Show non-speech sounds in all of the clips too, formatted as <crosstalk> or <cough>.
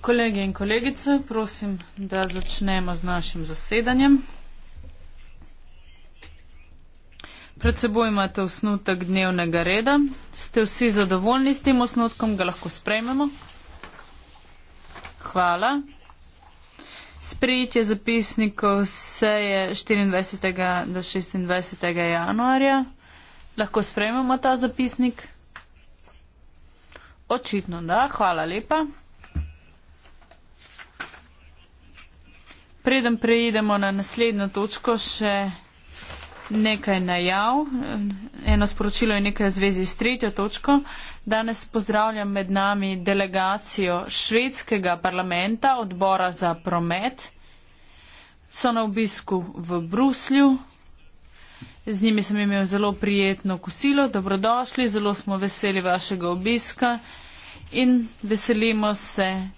Kolege in kolegice, prosim, da začnemo z našim zasedanjem. Pred seboj imate osnutek dnevnega reda. Ste vsi zadovoljni s tem osnutkom, ga lahko sprejmemo? Hvala. Sprejetje zapisnikov seje 24. do 26. januarja. Lahko sprejmemo ta zapisnik? Očitno da, hvala lepa. Preden preidemo na naslednjo točko, še nekaj najav. Eno sporočilo je nekaj v zvezi s tretjo točko. Danes pozdravljam med nami delegacijo švedskega parlamenta, odbora za promet. So na obisku v Bruslju. Z njimi sem imel zelo prijetno kosilo. Dobrodošli, zelo smo veseli vašega obiska in veselimo se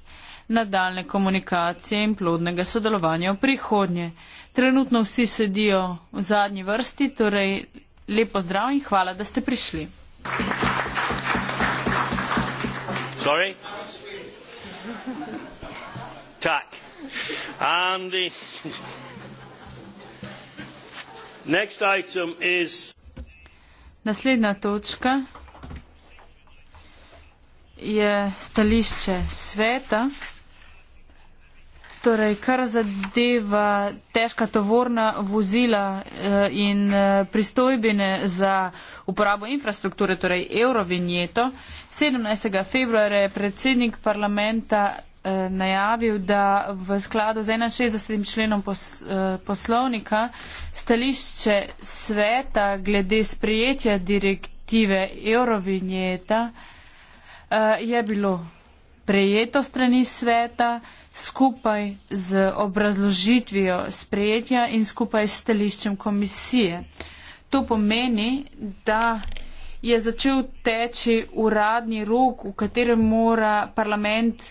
nadaljne komunikacije in plodnega sodelovanja v prihodnje. Trenutno vsi sedijo v zadnji vrsti, torej lepo zdrav in hvala, da ste prišli. Sorry. Tak. Um, the next item is... Naslednja točka je stališče sveta, torej kar zadeva težka tovorna vozila eh, in eh, pristojbine za uporabo infrastrukture, torej eurovinjeto. 17. februarja je predsednik parlamenta eh, najavil, da v skladu z 61. členom poslovnika stališče sveta glede sprejetja direktive eurovinjeta Eh, je bilo prejeto strani sveta skupaj z obrazložitvijo sprejetja in skupaj s stališčem komisije. To pomeni, da je začel teči uradni rok, v katerem mora parlament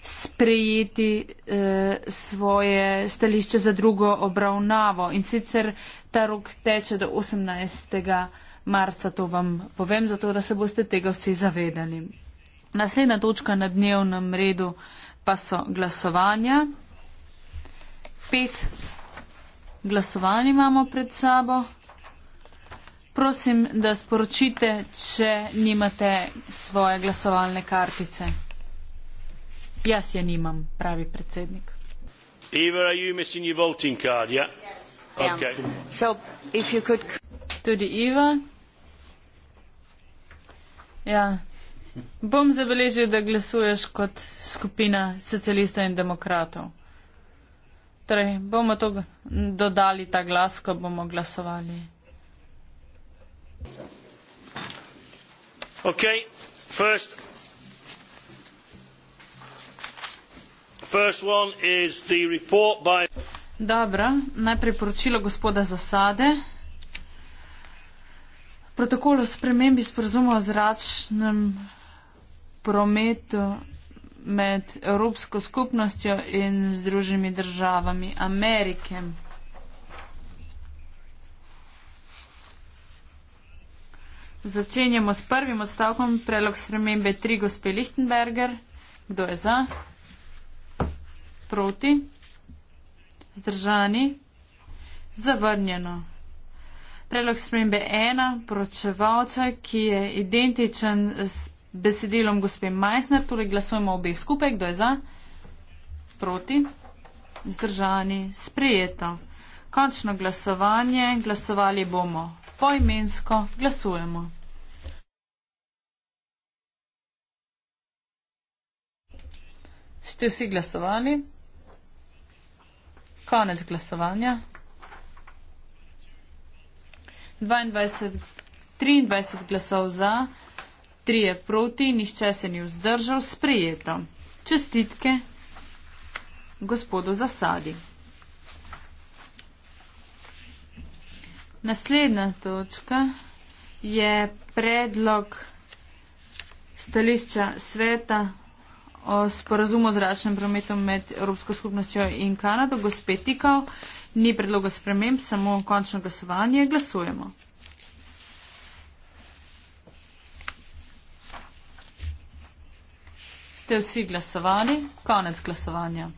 sprejeti eh, svoje stališče za drugo obravnavo. In sicer ta rok teče do 18. marca, to vam povem, zato da se boste tega vsi zavedali. Naslednja točka na dnevnem redu pa so glasovanja. Pet glasovanj imamo pred sabo. Prosim, da sporočite, če nimate svoje glasovalne kartice. Jaz je nimam, pravi predsednik. Eva, card, yeah? yes. okay. so, could... Tudi Eva. Ja. Bom zabeležil, da glasuješ kot skupina socialistov in demokratov. Torej, bomo to dodali ta glas, ko bomo glasovali. Ok, first. First one is the report by. Dobro, najprej poročilo gospoda Zasade. Protokol o spremembi sporozuma o zračnem prometu med Evropsko skupnostjo in Združenimi državami Amerike. Začenjamo s prvim odstavkom predlog spremembe 3 gospe Lichtenberger. Kdo je za? Proti? Zdržani? Zavrnjeno. Predlog spremembe 1 poročevalca, ki je identičen s besedilom gospe Majsner, torej glasujemo obe skupaj, kdo je za, proti, zdržani, sprejeto. Končno glasovanje, glasovali bomo poimensko, glasujemo. Ste vsi glasovali? Konec glasovanja. 22, 23 glasov za, tri je proti, nišče se ni vzdržal, sprejeto. Čestitke gospodu Zasadi. Naslednja točka je predlog stališča sveta o sporazumu o zračnem prometu med Evropsko skupnostjo in Kanado, gospod Tikal. Ni predloga sprememb, samo končno glasovanje. Glasujemo. ste vsi glasovali. Konec glasovanja.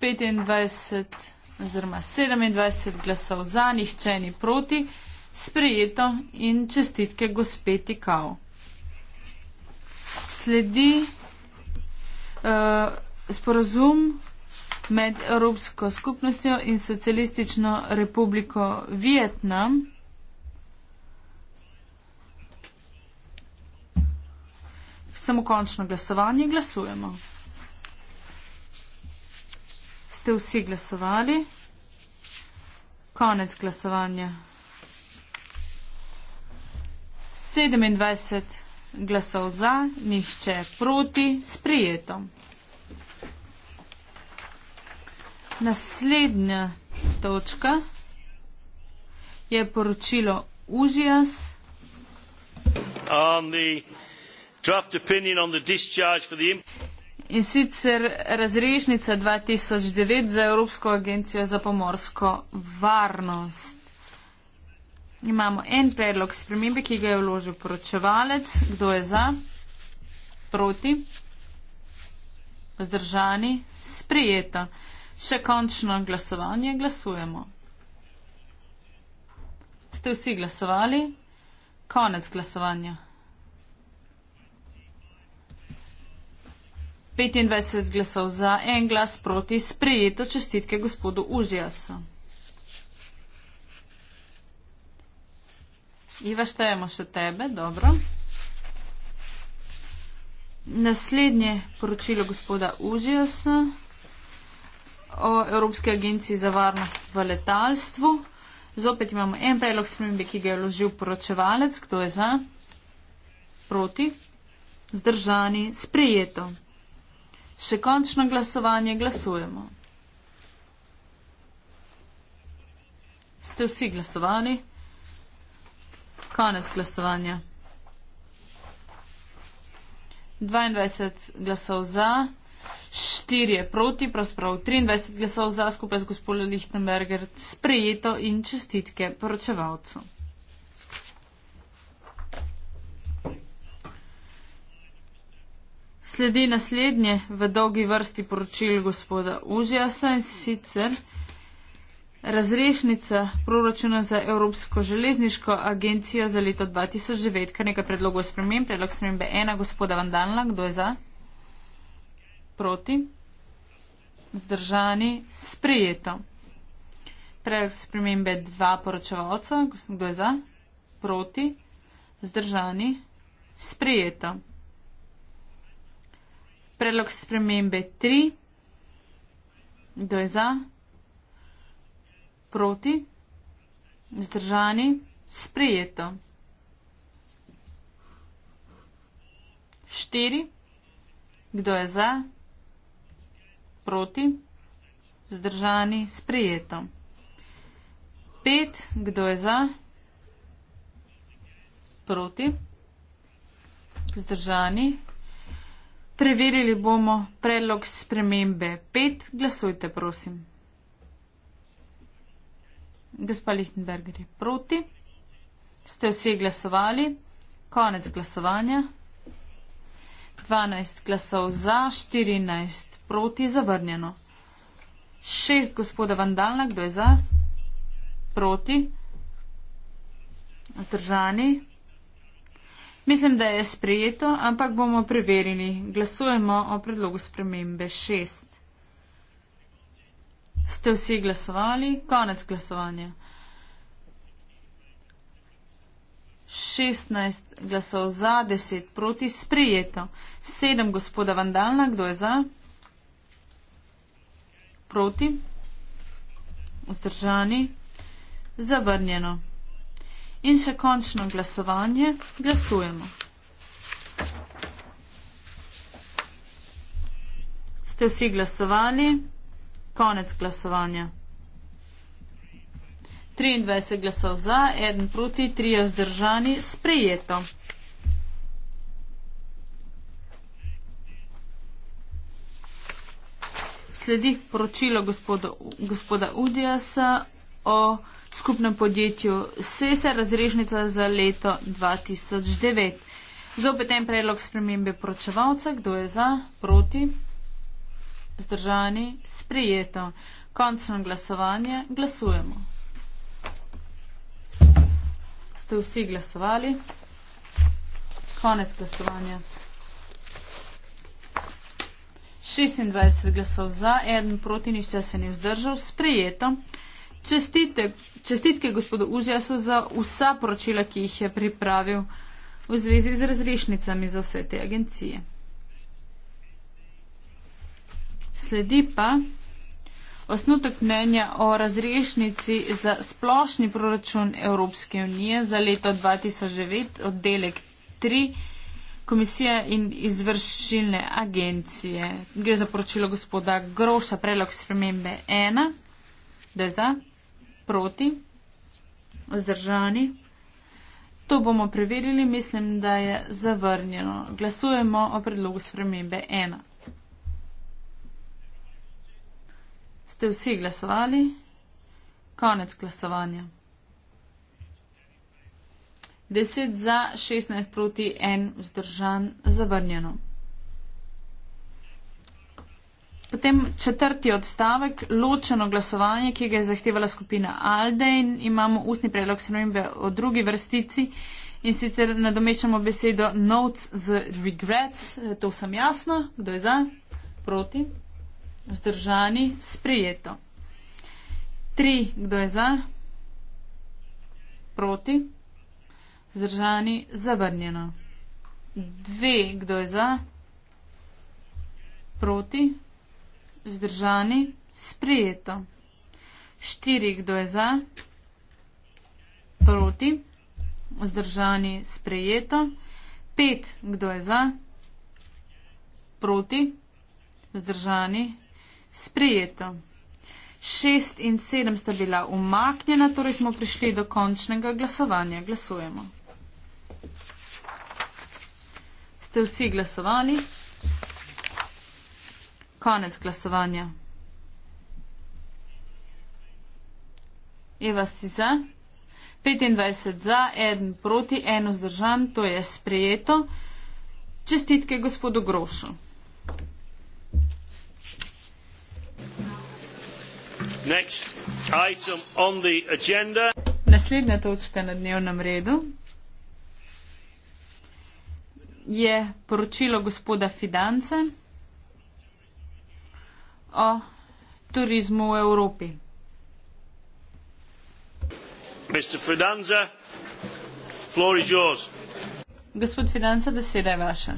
25 oziroma 27 glasov za, nihče ni proti, sprejeto in čestitke gospeti Kao. Sledi uh, sporazum med Evropsko skupnostjo in Socialistično republiko Vietnam. sem v končno glasovanje glasujemo. Ste vsi glasovali? Konec glasovanja. 27 glasov za, nihče proti, sprijeto. Naslednja točka je poročilo Užijas. On the draft opinion on the discharge for the In sicer razrešnica 2009 za Evropsko agencijo za pomorsko varnost. Imamo en predlog spremembe, ki ga je vložil poročevalec. Kdo je za? Proti? Zdržani? Sprijeto. Še končno glasovanje. Glasujemo. Ste vsi glasovali? Konec glasovanja. 25 glasov za, en glas proti, sprejeto čestitke gospodu Užijasu. Iva, štejemo še tebe, dobro. Naslednje poročilo gospoda Užijasa o Evropski agenciji za varnost v letalstvu. Zopet imamo en predlog spremembe, ki ga je vložil poročevalec. Kdo je za? Proti? Zdržani? Sprejeto. Še končno glasovanje glasujemo. Ste vsi glasovani? Konec glasovanja. 22 glasov za, 4 je proti, pravzaprav 23 glasov za, skupaj z gospodom Lichtenberger, sprejeto in čestitke poročevalcu. Sledi naslednje v dolgi vrsti poročil gospoda Užjasa in sicer razrešnica proračuna za Evropsko železniško agencijo za leto 2009. Kar nekaj predlogov spremem. Predlog spremembe ena gospoda Vandalna. Kdo je za? Proti? Zdržani? Sprejeto. Predlog spremembe dva poročevalca. Kdo je za? Proti? Zdržani? Sprejeto. Predlog spremembe 3. Kdo je za? Proti? Zdržani? Sprejeto. 4. Kdo je za? Proti? Zdržani? Sprejeto. 5. Kdo je za? Proti? Zdržani? Preverili bomo predlog spremembe 5. Glasujte, prosim. Gospa Lichtenberger je proti. Ste vsi glasovali? Konec glasovanja. 12 glasov za, 14 proti, zavrnjeno. 6 gospoda Vandalna, kdo je za? Proti. Zdržani. Mislim, da je sprejeto, ampak bomo preverili. Glasujemo o predlogu spremembe 6. Ste vsi glasovali? Konec glasovanja. 16 glasov za, 10 proti, sprejeto. 7 gospoda Vandalna, kdo je za? Proti? Vzdržani? Zavrnjeno. In še končno glasovanje. Glasujemo. Ste vsi glasovali? Konec glasovanja. 23 glasov za, 1 proti, 3 vzdržani, sprejeto. Sledi poročilo gospoda, gospoda Udijasa o skupnem podjetju SESA razrežnica za leto 2009. Zopet en predlog spremembe poročevalca, kdo je za, proti, zdržani, sprijeto. Končno glasovanje, glasujemo. Ste vsi glasovali? Konec glasovanja. 26 glasov za, 1 proti, nišče se ni vzdržal, sprijeto čestite, čestitke gospodu Užijasu za vsa poročila, ki jih je pripravil v zvezi z razrešnicami za vse te agencije. Sledi pa osnutek mnenja o razrešnici za splošni proračun Evropske unije za leto 2009, oddelek 3, komisija in izvršilne agencije. Gre za poročilo gospoda Groša, prelog spremembe 1. Da je za proti, vzdržani. To bomo preverili, mislim, da je zavrnjeno. Glasujemo o predlogu spremembe 1. Ste vsi glasovali? Konec glasovanja. 10 za, 16 proti, 1 vzdržan, zavrnjeno. Potem četrti odstavek, ločeno glasovanje, ki ga je zahtevala skupina Alde in imamo ustni predlog spremembe o drugi vrstici in sicer nadomešamo besedo notes z regrets, eh, to sem jasno, kdo je za, proti, vzdržani, sprijeto. Tri, kdo je za, proti, vzdržani, zavrnjeno. Dve, kdo je za, proti, vzdržani. Zdržani. Sprejeto. Štiri, kdo je za? Proti. Vzdržani. Sprejeto. Pet, kdo je za? Proti. Zdržani. Sprejeto. Šest in sedem sta bila umaknjena, torej smo prišli do končnega glasovanja. Glasujemo. Ste vsi glasovali? Konec glasovanja. Eva si za. 25 za, 1 proti, 1 zdržan, to je sprejeto. Čestitke gospodu Grošu. Next item on the agenda. Naslednja točka na dnevnem redu je poročilo gospoda Fidance o turizmu v Evropi. Gospod Fidanza, beseda je vaša.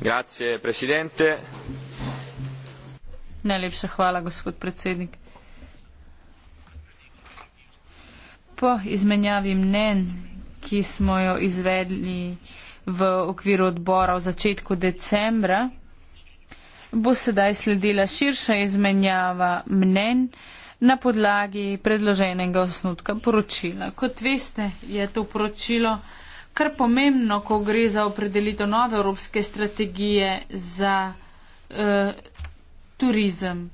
Grazie, presidente. Najlepša hvala, gospod predsednik. Po izmenjavi mnen, ki smo jo izvedli v okviru odbora v začetku decembra, bo sedaj sledila širša izmenjava mnen na podlagi predloženega osnutka poročila. Kot veste, je to poročilo kar pomembno, ko gre za opredelitev nove evropske strategije za eh, turizem.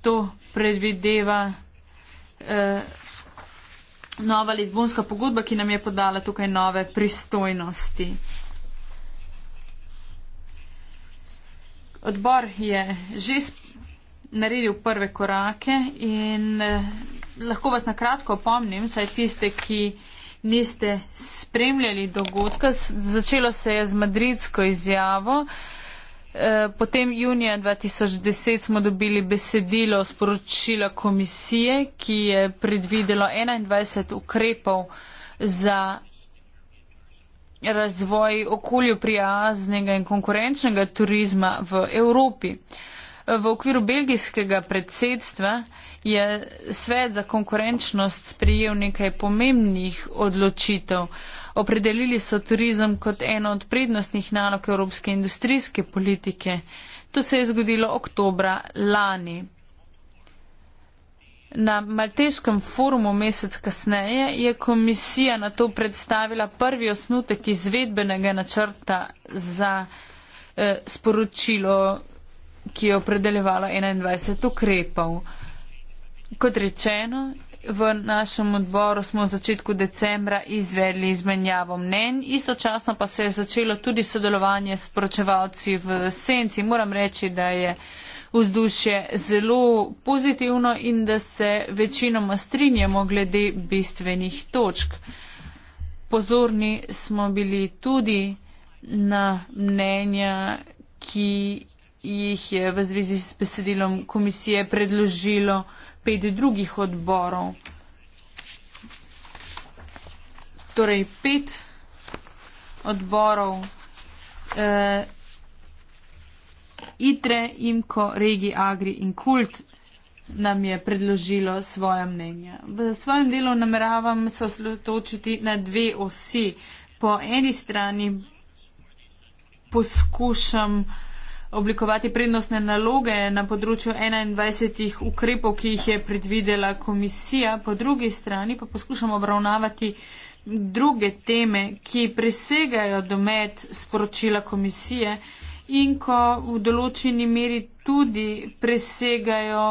To predvideva eh, nova Lizbonska pogodba, ki nam je podala tukaj nove pristojnosti. Odbor je že naredil prve korake in eh, lahko vas nakratko opomnim, saj tiste, ki niste spremljali dogodka, začelo se je z madridsko izjavo. Eh, potem junija 2010 smo dobili besedilo sporočila komisije, ki je predvidelo 21 ukrepov za razvoj okolju prijaznega in konkurenčnega turizma v Evropi. V okviru belgijskega predsedstva je svet za konkurenčnost sprejel nekaj pomembnih odločitev. Opredelili so turizem kot eno od prednostnih nalog evropske industrijske politike. To se je zgodilo oktobra lani. Na Malteškem forumu mesec kasneje je komisija na to predstavila prvi osnutek izvedbenega načrta za eh, sporočilo, ki je opredeljevalo 21 ukrepov. Kot rečeno, v našem odboru smo v začetku decembra izvedli izmenjavo mnen, istočasno pa se je začelo tudi sodelovanje s poročevalci v senci. Moram reči, da je eh, vzdušje zelo pozitivno in da se večinoma strinjamo glede bistvenih točk. Pozorni smo bili tudi na mnenja, ki jih je v zvezi s besedilom komisije predložilo pet drugih odborov. Torej pet odborov. Eh, ITRE, IMKO, REGI, AGRI in KULT nam je predložilo svoje mnenje. V svojem delu nameravam se osredotočiti na dve osi. Po eni strani poskušam oblikovati prednostne naloge na področju 21 ukrepov, ki jih je predvidela komisija, po drugi strani pa poskušam obravnavati druge teme, ki presegajo domet sporočila komisije in ko v določeni meri tudi presegajo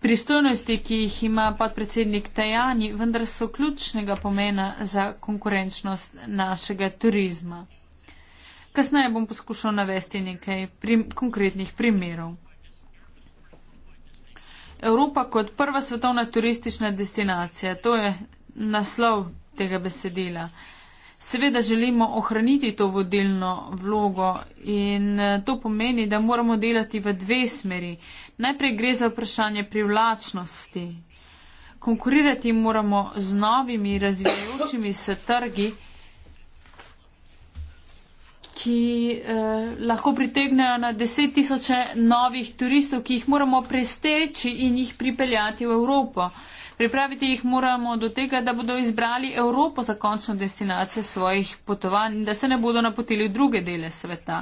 pristojnosti, ki jih ima podpredsednik Tajani, vendar so ključnega pomena za konkurenčnost našega turizma. Kasneje bom poskušal navesti nekaj prim konkretnih primerov. Evropa kot prva svetovna turistična destinacija, to je naslov tega besedila. Uh, seveda želimo ohraniti to vodilno vlogo in eh, to pomeni, da moramo delati v dve smeri. Najprej gre za vprašanje privlačnosti. Konkurirati moramo z novimi razvijajočimi se trgi, ki eh, lahko pritegnejo na deset tisoče novih turistov, ki jih moramo presteči in jih pripeljati v Evropo. Pripraviti jih moramo do tega, da bodo izbrali Evropo za končno destinacijo svojih potovanj in da se ne bodo napotili v druge dele sveta.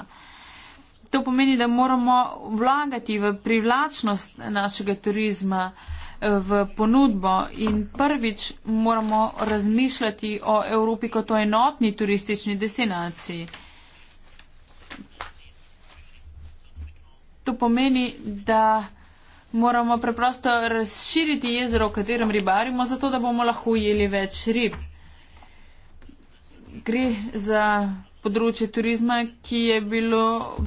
To pomeni, da moramo vlagati v privlačnost našega turizma, eh, v ponudbo in prvič moramo razmišljati o Evropi kot o enotni turistični destinaciji. To pomeni, da moramo preprosto razširiti jezero, v katerem ribarimo, zato da bomo lahko jeli več rib. Gre za področje turizma, ki je bilo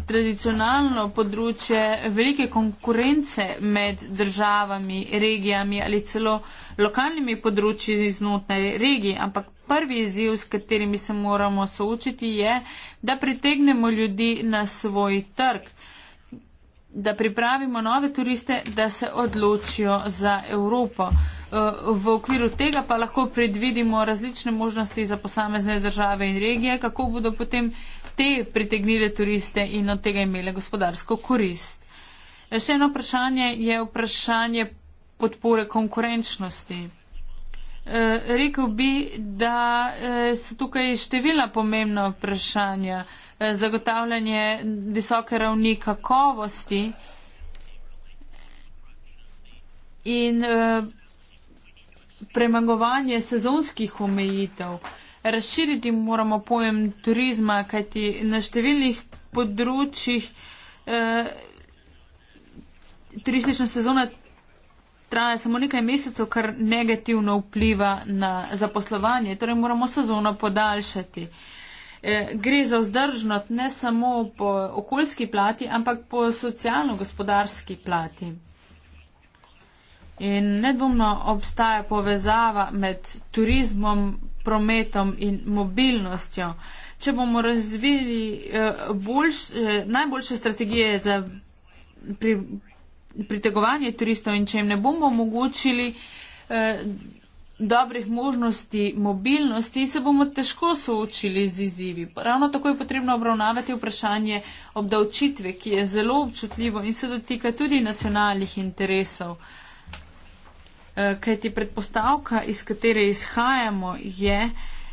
tradicionalno področje velike konkurence med državami, regijami ali celo lokalnimi področji iznotnej regiji. Ampak prvi izziv, s katerimi se moramo soočiti, je, da pritegnemo ljudi na svoj trg da pripravimo nove turiste, da se odločijo za Evropo. Eh, v okviru tega pa lahko predvidimo različne možnosti za posamezne države in regije, kako bodo potem te pritegnile turiste in od tega imele gospodarsko korist. Eh, še eno vprašanje je vprašanje podpore konkurenčnosti. Eh, Rekl bi, da so tukaj številna pomembna vprašanja. Eh, zagotavljanje visoke ravni kakovosti in eh, premagovanje sezonskih omejitev. Razširiti moramo pojem turizma, kajti na številnih področjih eh, turistična sezona traja samo nekaj mesecev, kar negativno vpliva na zaposlovanje. Torej moramo sezono podaljšati. Eh, gre za vzdržnost ne samo po okoljski plati, ampak po socialno-gospodarski plati. In nedvomno obstaja povezava med turizmom, prometom in mobilnostjo. Če bomo razvili eh, boljš, eh, najboljše strategije za pri, pritegovanje turistov in če jim ne bomo omogočili dobrih možnosti mobilnosti, se bomo težko soočili z izzivi. Ravno tako je potrebno obravnavati vprašanje obdavčitve, ki je zelo občutljivo in se dotika tudi nacionalnih interesov. Eh, kajti predpostavka, iz katere izhajamo, je,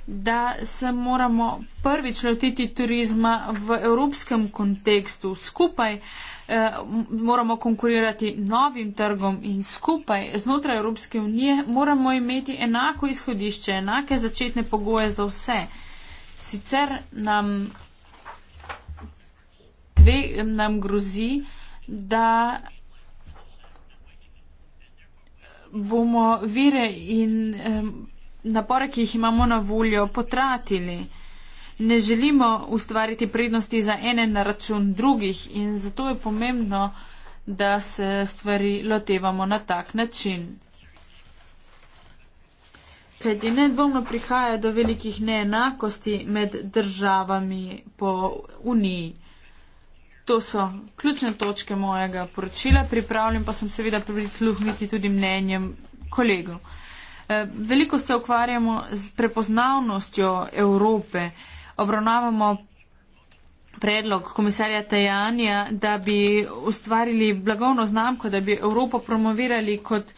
da se moramo prvič lotiti turizma v evropskem kontekstu skupaj. Eh, moramo konkurirati novim trgom in skupaj znotraj Evropske unije moramo imeti enako izhodišče, enake začetne pogoje za vse. Sicer nam, dve, nam grozi, da bomo vire in um, napore, ki jih imamo na voljo, potratili ne želimo ustvariti prednosti za ene na račun drugih in zato je pomembno, da se stvari lotevamo na tak način. Kajti nedvomno prihaja do velikih neenakosti med državami po Uniji. To so ključne točke mojega poročila, pripravljen pa sem seveda pribrihluhniti tudi mnenjem kolegov. Eh, veliko se ukvarjamo s prepoznavnostjo Evrope obravnavamo predlog komisarja Tajanja, da bi ustvarili blagovno znamko, da bi Evropo promovirali kot eh,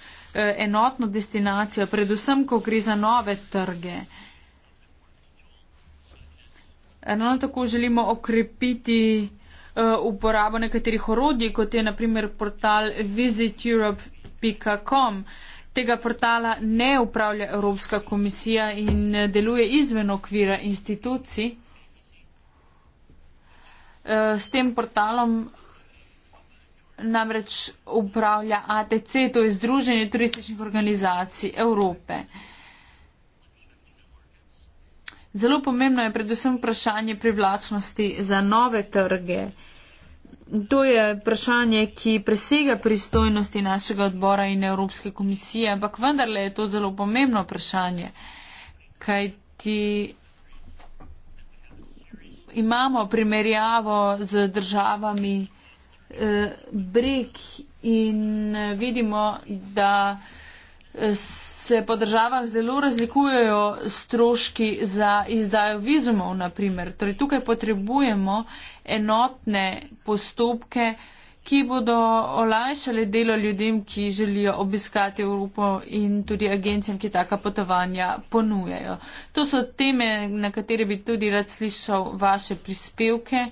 enotno destinacijo, predvsem, ko gre za nove trge. Ravno tako želimo okrepiti eh, uporabo nekaterih orodij, kot je naprimer portal visiteurope.com tega portala ne upravlja Evropska komisija in deluje izven okvira institucij. Eh, s tem portalom namreč upravlja ATC, to je Združenje turističnih organizacij Evrope. Zelo pomembno je predvsem vprašanje privlačnosti za nove trge to je vprašanje, ki presega pristojnosti našega odbora in Evropske komisije, ampak vendarle je to zelo pomembno vprašanje, kaj ti imamo primerjavo z državami eh, Brek in eh, vidimo, da s se po državah zelo razlikujejo stroški za izdajo vizumov, naprimer. Torej, tukaj potrebujemo enotne postopke, ki bodo olajšali delo ljudem, ki želijo obiskati Evropo in tudi agencijam, ki taka potovanja ponujajo. To so teme, na katere bi tudi rad slišal vaše prispevke.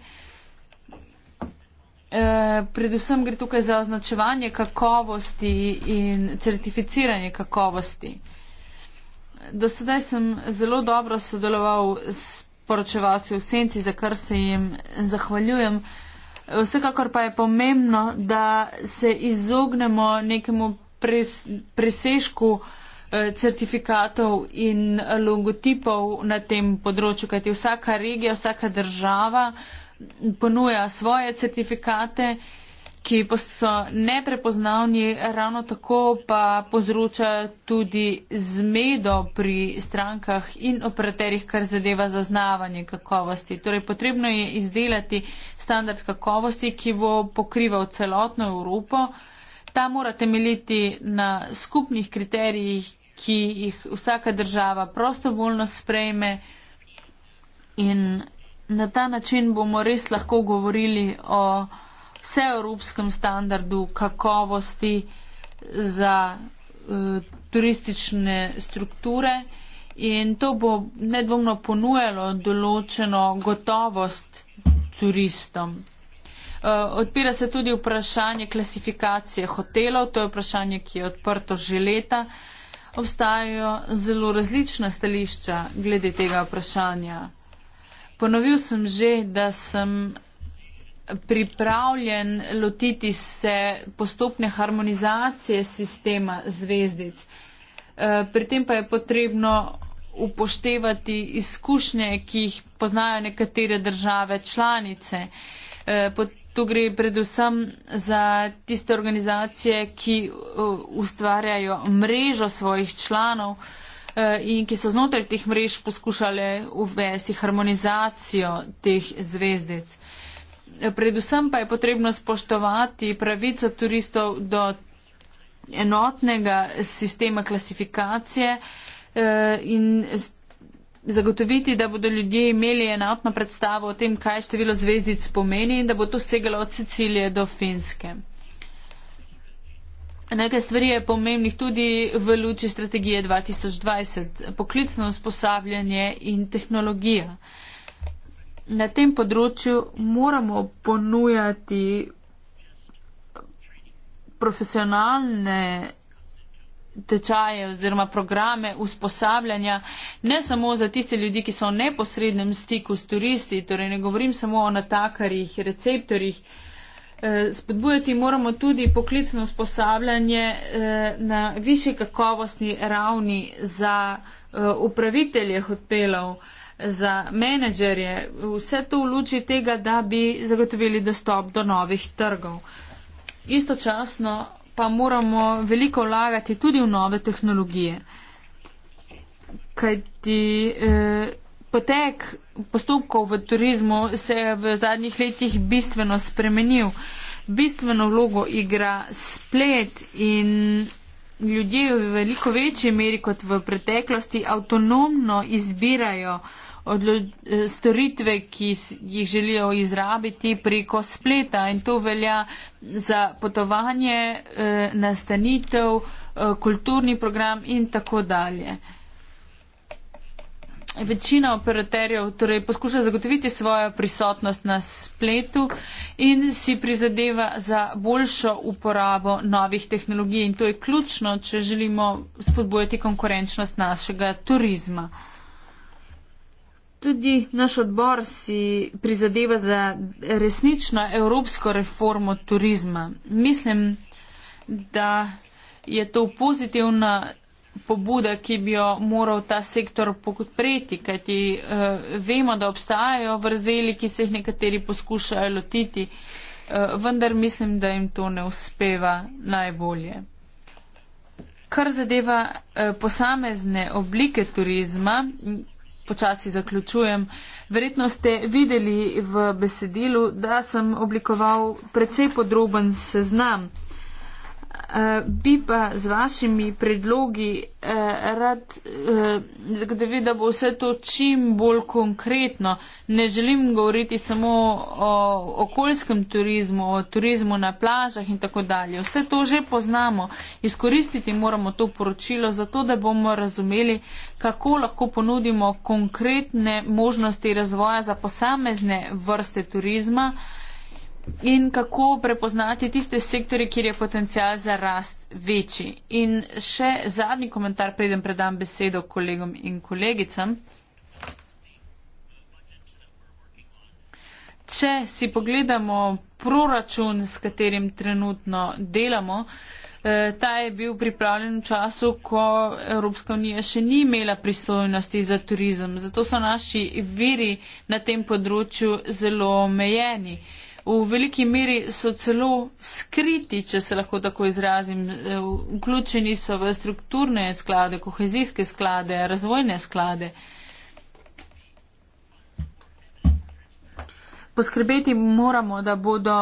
Eh, predvsem gre tukaj za označevanje kakovosti in certificiranje kakovosti. Do sedaj sem zelo dobro sodeloval s poročevalci v senci, za kar se jim zahvaljujem. Vsekakor pa je pomembno, da se izognemo nekemu presežku eh, certifikatov in logotipov na tem področju, kajti vsaka regija, vsaka država ponuja svoje certifikate, ki pa so neprepoznavni, ravno tako pa povzroča tudi zmedo pri strankah in operaterjih, kar zadeva zaznavanje kakovosti. Torej, potrebno je izdelati standard kakovosti, ki bo pokrival celotno Evropo. Ta mora temeljiti na skupnih kriterijih, ki jih vsaka država prostovoljno sprejme. In na ta način bomo res lahko govorili o vseevropskem standardu kakovosti za eh, turistične strukture in to bo nedvomno ponujalo določeno gotovost turistom. Eh, odpira se tudi vprašanje klasifikacije hotelov, to je vprašanje, ki je odprto že leta. Obstajajo zelo različna stališča glede tega vprašanja. Ponovil sem že, da sem pripravljen lotiti se postopne harmonizacije sistema zvezdic. Eh, pri tem pa je potrebno upoštevati izkušnje, ki jih poznajo nekatere države članice. Eh, tu gre predvsem za tiste organizacije, ki eh, ustvarjajo mrežo svojih članov, Eh, in ki so znotraj teh mrež poskušale uvesti harmonizacijo teh zvezdec. Eh, predvsem pa je potrebno spoštovati pravico turistov do enotnega sistema klasifikacije eh, in zagotoviti, da bodo ljudje imeli enotno predstavo o tem, kaj število zvezdic pomeni in da bo to segalo od Sicilije do Finske. Nekaj stvari je pomembnih tudi v luči strategije 2020. Poklicno usposabljanje in tehnologija. Na tem področju moramo ponujati profesionalne tečaje oziroma programe usposabljanja, ne samo za tiste ljudi, ki so v neposrednem stiku s turisti, torej ne govorim samo o natakarjih, receptorjih, Eh, spodbujati moramo tudi poklicno usposabljanje eh, na više kakovostni ravni za eh, upravitelje hotelov, za menedžerje. Vse to v luči tega, da bi zagotovili dostop do novih trgov. Istočasno pa moramo veliko vlagati tudi v nove tehnologije. Kaj ti. Eh, potek postopkov v turizmu se je v zadnjih letih bistveno spremenil. Bistveno vlogo igra splet in ljudje v veliko večji meri kot v preteklosti avtonomno izbirajo storitve, ki jih želijo izrabiti preko spleta in to velja za potovanje, eh, nastanitev, eh, kulturni program in tako dalje večina operaterjev torej, poskuša zagotoviti svojo prisotnost na spletu in si prizadeva za boljšo uporabo novih tehnologij. In to je ključno, če želimo spodbojati konkurenčnost našega turizma. Tudi naš odbor si prizadeva za resnično evropsko reformo turizma. Mislim, da je to pozitivna pobuda, ki bi jo moral ta sektor podpreti, kajti uh, vemo, da obstajajo vrzeli, ki se jih nekateri poskušajo lotiti, uh, vendar mislim, da jim to ne uspeva najbolje. Kar zadeva uh, posamezne oblike turizma, počasi zaključujem, verjetno ste videli v besedilu, da sem oblikoval precej podroben seznam. Uh, bi pa z vašimi predlogi uh, rad uh, zagotovil, da bo vse to čim bolj konkretno. Ne želim govoriti samo o okoljskem turizmu, o turizmu na plažah in tako dalje. Vse to že poznamo. Izkoristiti moramo to poročilo zato, da bomo razumeli, kako lahko ponudimo konkretne možnosti razvoja za posamezne vrste turizma. Uh, in kako prepoznati tiste sektore, kjer je potencial za rast večji. In še zadnji komentar, preden predam besedo kolegom in kolegicam. Če si pogledamo proračun, s katerim trenutno delamo, eh, ta je bil pripravljen v času, ko Evropska unija še ni imela pristojnosti za turizem. Zato so naši viri na tem področju zelo omejeni v veliki meri so celo skriti, če se lahko tako izrazim. E, vključeni so v strukturne sklade, kohezijske sklade, razvojne sklade. Poskrbeti moramo, da bodo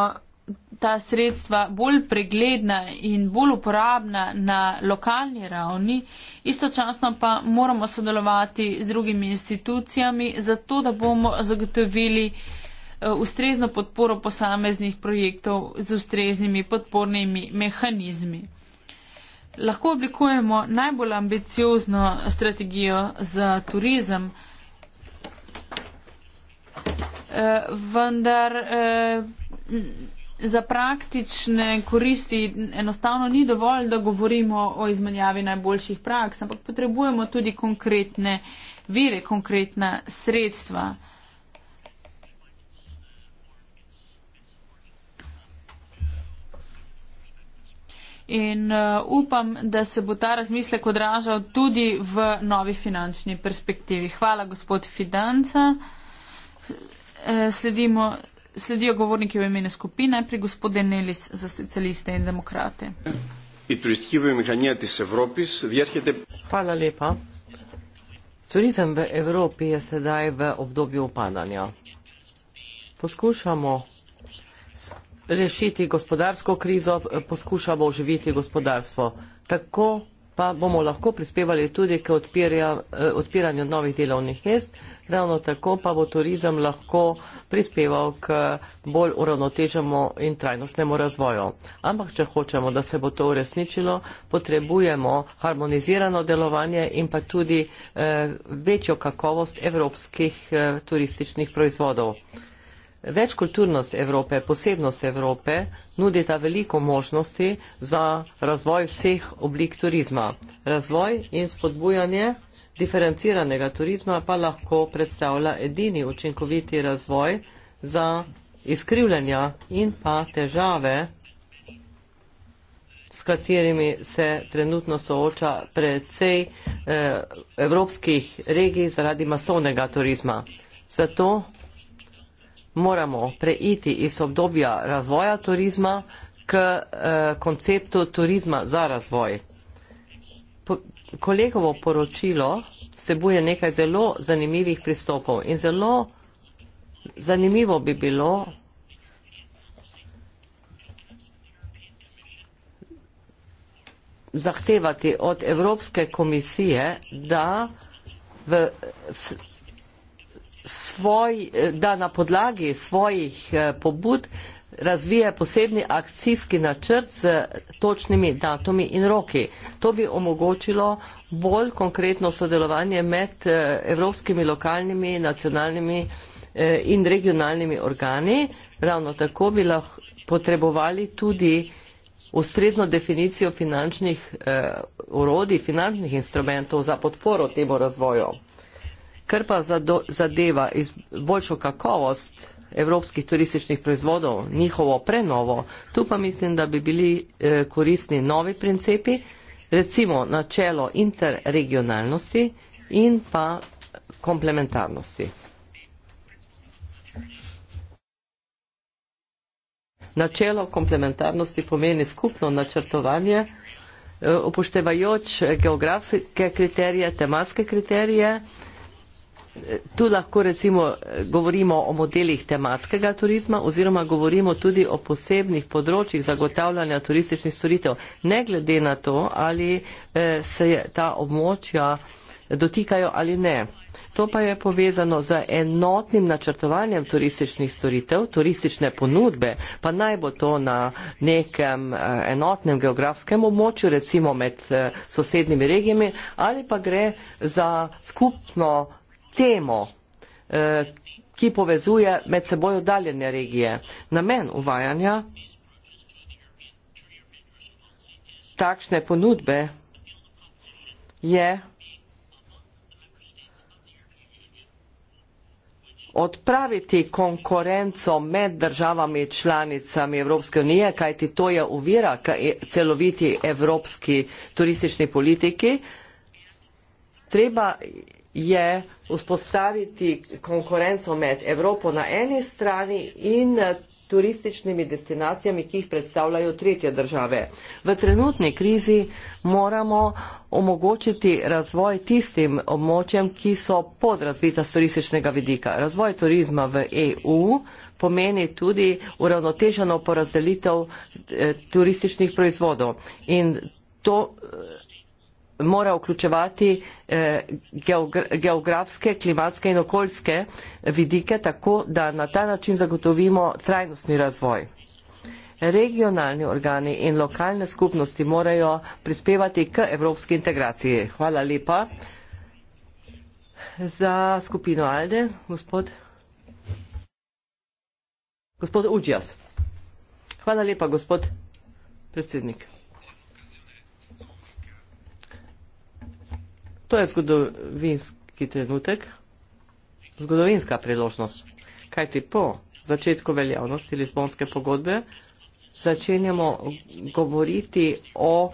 ta sredstva bolj pregledna in bolj uporabna na lokalni ravni, istočasno pa moramo sodelovati z drugimi institucijami, zato da bomo zagotovili uh, Eh, ustrezno podporo posameznih projektov z ustreznimi podpornimi mehanizmi. Lahko oblikujemo najbolj ambiciozno strategijo za turizem, eh, vendar eh, za praktične koristi enostavno ni dovolj, da govorimo o izmenjavi najboljših praks, ampak potrebujemo tudi konkretne vire, konkretna sredstva. in uh, upam, da se bo ta razmislek odražal tudi v novi finančni perspektivi. Hvala, gospod Fidanca. Eh, sledimo, sledijo govorniki v imenu skupine, pri gospode Nelis za socialiste in demokrate. Hvala lepa. Turizem v Evropi je sedaj v obdobju upadanja. Poskušamo rešiti gospodarsko krizo, poskušamo oživiti gospodarstvo. Tako pa bomo lahko prispevali tudi k eh, odpiranju novih delovnih mest, ravno tako pa bo turizem lahko prispeval k bolj uravnotežemu in trajnostnemu razvoju. Ampak, če hočemo, da se bo to uresničilo, potrebujemo harmonizirano delovanje in pa tudi eh, večjo kakovost evropskih eh, turističnih proizvodov. Eh, Večkulturnost Evrope, posebnost Evrope nudita veliko možnosti za razvoj vseh oblik turizma. Razvoj in spodbujanje diferenciranega turizma pa lahko predstavlja edini učinkoviti razvoj za izkrivljanja in pa težave, s katerimi se trenutno sooča predvsej eh, evropskih regij zaradi masovnega turizma. Zato moramo preiti iz obdobja razvoja turizma k eh, konceptu turizma za razvoj. Po, kolegovo poročilo vsebuje nekaj zelo zanimivih pristopov in zelo zanimivo bi bilo zahtevati od Evropske komisije, da v, v, svoj, da na podlagi svojih eh, pobud razvije posebni akcijski načrt z točnimi datumi in roki. To bi omogočilo bolj konkretno sodelovanje med eh, evropskimi lokalnimi, nacionalnimi eh, in regionalnimi organi. Ravno tako bi lahko potrebovali tudi ustrezno definicijo finančnih orodij, finančnih instrumentov za podporo temu razvoju. Ker pa zadeva boljšo kakovost evropskih turističnih proizvodov, njihovo prenovo, tu pa mislim, da bi bili eh, koristni novi principi, recimo načelo interregionalnosti in pa komplementarnosti. Načelo komplementarnosti pomeni skupno načrtovanje, eh, upoštevajoč geografske kriterije, tematske kriterije, Tu lahko recimo eh, govorimo o modelih tematskega turizma oziroma govorimo tudi o posebnih področjih zagotavljanja turističnih storitev, ne glede na to, ali eh, se ta območja dotikajo ali ne. To pa je povezano z enotnim načrtovanjem turističnih storitev, turistične ponudbe, pa naj bo to na nekem eh, enotnem geografskem območju, recimo med sosednjimi regijami, ali pa gre za skupno temo, eh, ki povezuje med seboj oddaljene regije. Namen uvajanja takšne ponudbe je odpraviti konkurenco med državami članicami Evropske unije, kajti to je uvira e, celoviti evropski turistični politiki. Treba je vzpostaviti konkurenco med Evropo na eni strani in eh, turističnimi destinacijami, ki jih predstavljajo tretje države. V trenutni krizi moramo omogočiti razvoj tistim območjem, ki so podrazvita z turističnega vidika. Razvoj turizma v EU pomeni tudi uravnoteženo porazdelitev eh, turističnih proizvodov. In to, eh, mora vključevati eh, geografske, klimatske in okoljske vidike, tako da na ta način zagotovimo trajnostni razvoj. Regionalni organi in lokalne skupnosti morajo prispevati k evropski integraciji. Hvala lepa za skupino Alde, gospod. Gospod Uđijas. Hvala lepa, gospod predsednik. To je zgodovinski trenutek, zgodovinska priložnost. Kaj ti po začetku veljavnosti Lizbonske pogodbe začenjamo govoriti o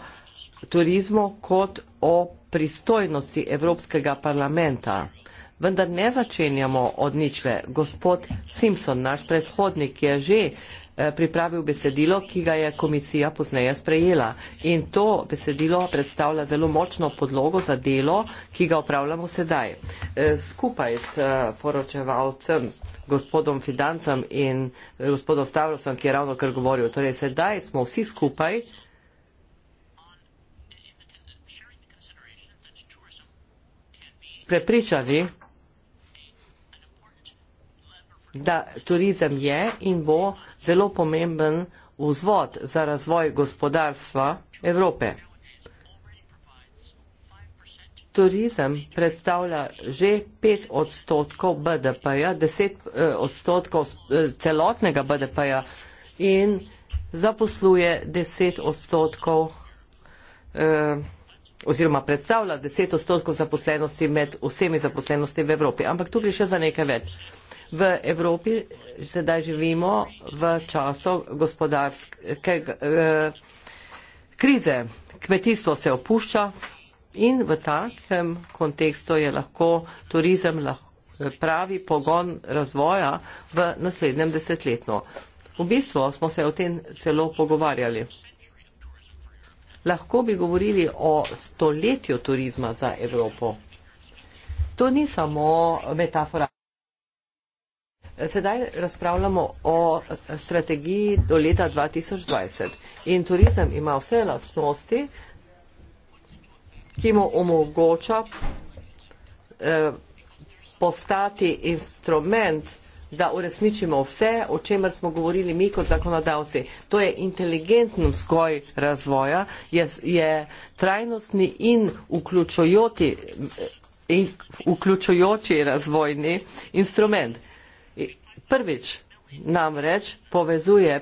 turizmu kot o pristojnosti Evropskega parlamenta. Vendar ne začenjamo od ničle. Gospod Simpson, naš predhodnik, je že Eh, pripravil besedilo, ki ga je komisija pozneje sprejela. In to besedilo predstavlja zelo močno podlogo za delo, ki ga upravljamo sedaj. Eh, skupaj s eh, poročevalcem gospodom Fidancem in gospodom Stavrosom, ki je ravno kar govoril, torej sedaj smo vsi skupaj. prepričani, da turizem je in bo uh, zelo pomemben vzvod za razvoj gospodarstva Evrope. Turizem predstavlja že 5 odstotkov BDP-ja, 10 eh, odstotkov eh, celotnega BDP-ja in zaposluje 10 odstotkov eh, oziroma predstavlja 10 odstotkov zaposlenosti med vsemi zaposlenosti v Evropi. Ampak tu gre še za nekaj več. V Evropi sedaj živimo v času gospodarske eh, krize. Kmetijstvo se opušča in v takem kontekstu je lahko turizem eh, pravi pogon razvoja v naslednjem desetletju. V bistvu smo se o tem celo pogovarjali. Lahko bi govorili o stoletju turizma za Evropo. To ni samo metafora. Sedaj razpravljamo o strategiji do leta 2020 in turizem ima vse lastnosti, ki mu omogoča eh, postati instrument, da uresničimo vse, o čemer smo govorili mi kot zakonodavci. To je inteligentni vzgoj razvoja, je, je trajnostni in vključujoči, in vključujoči razvojni instrument prvič namreč povezuje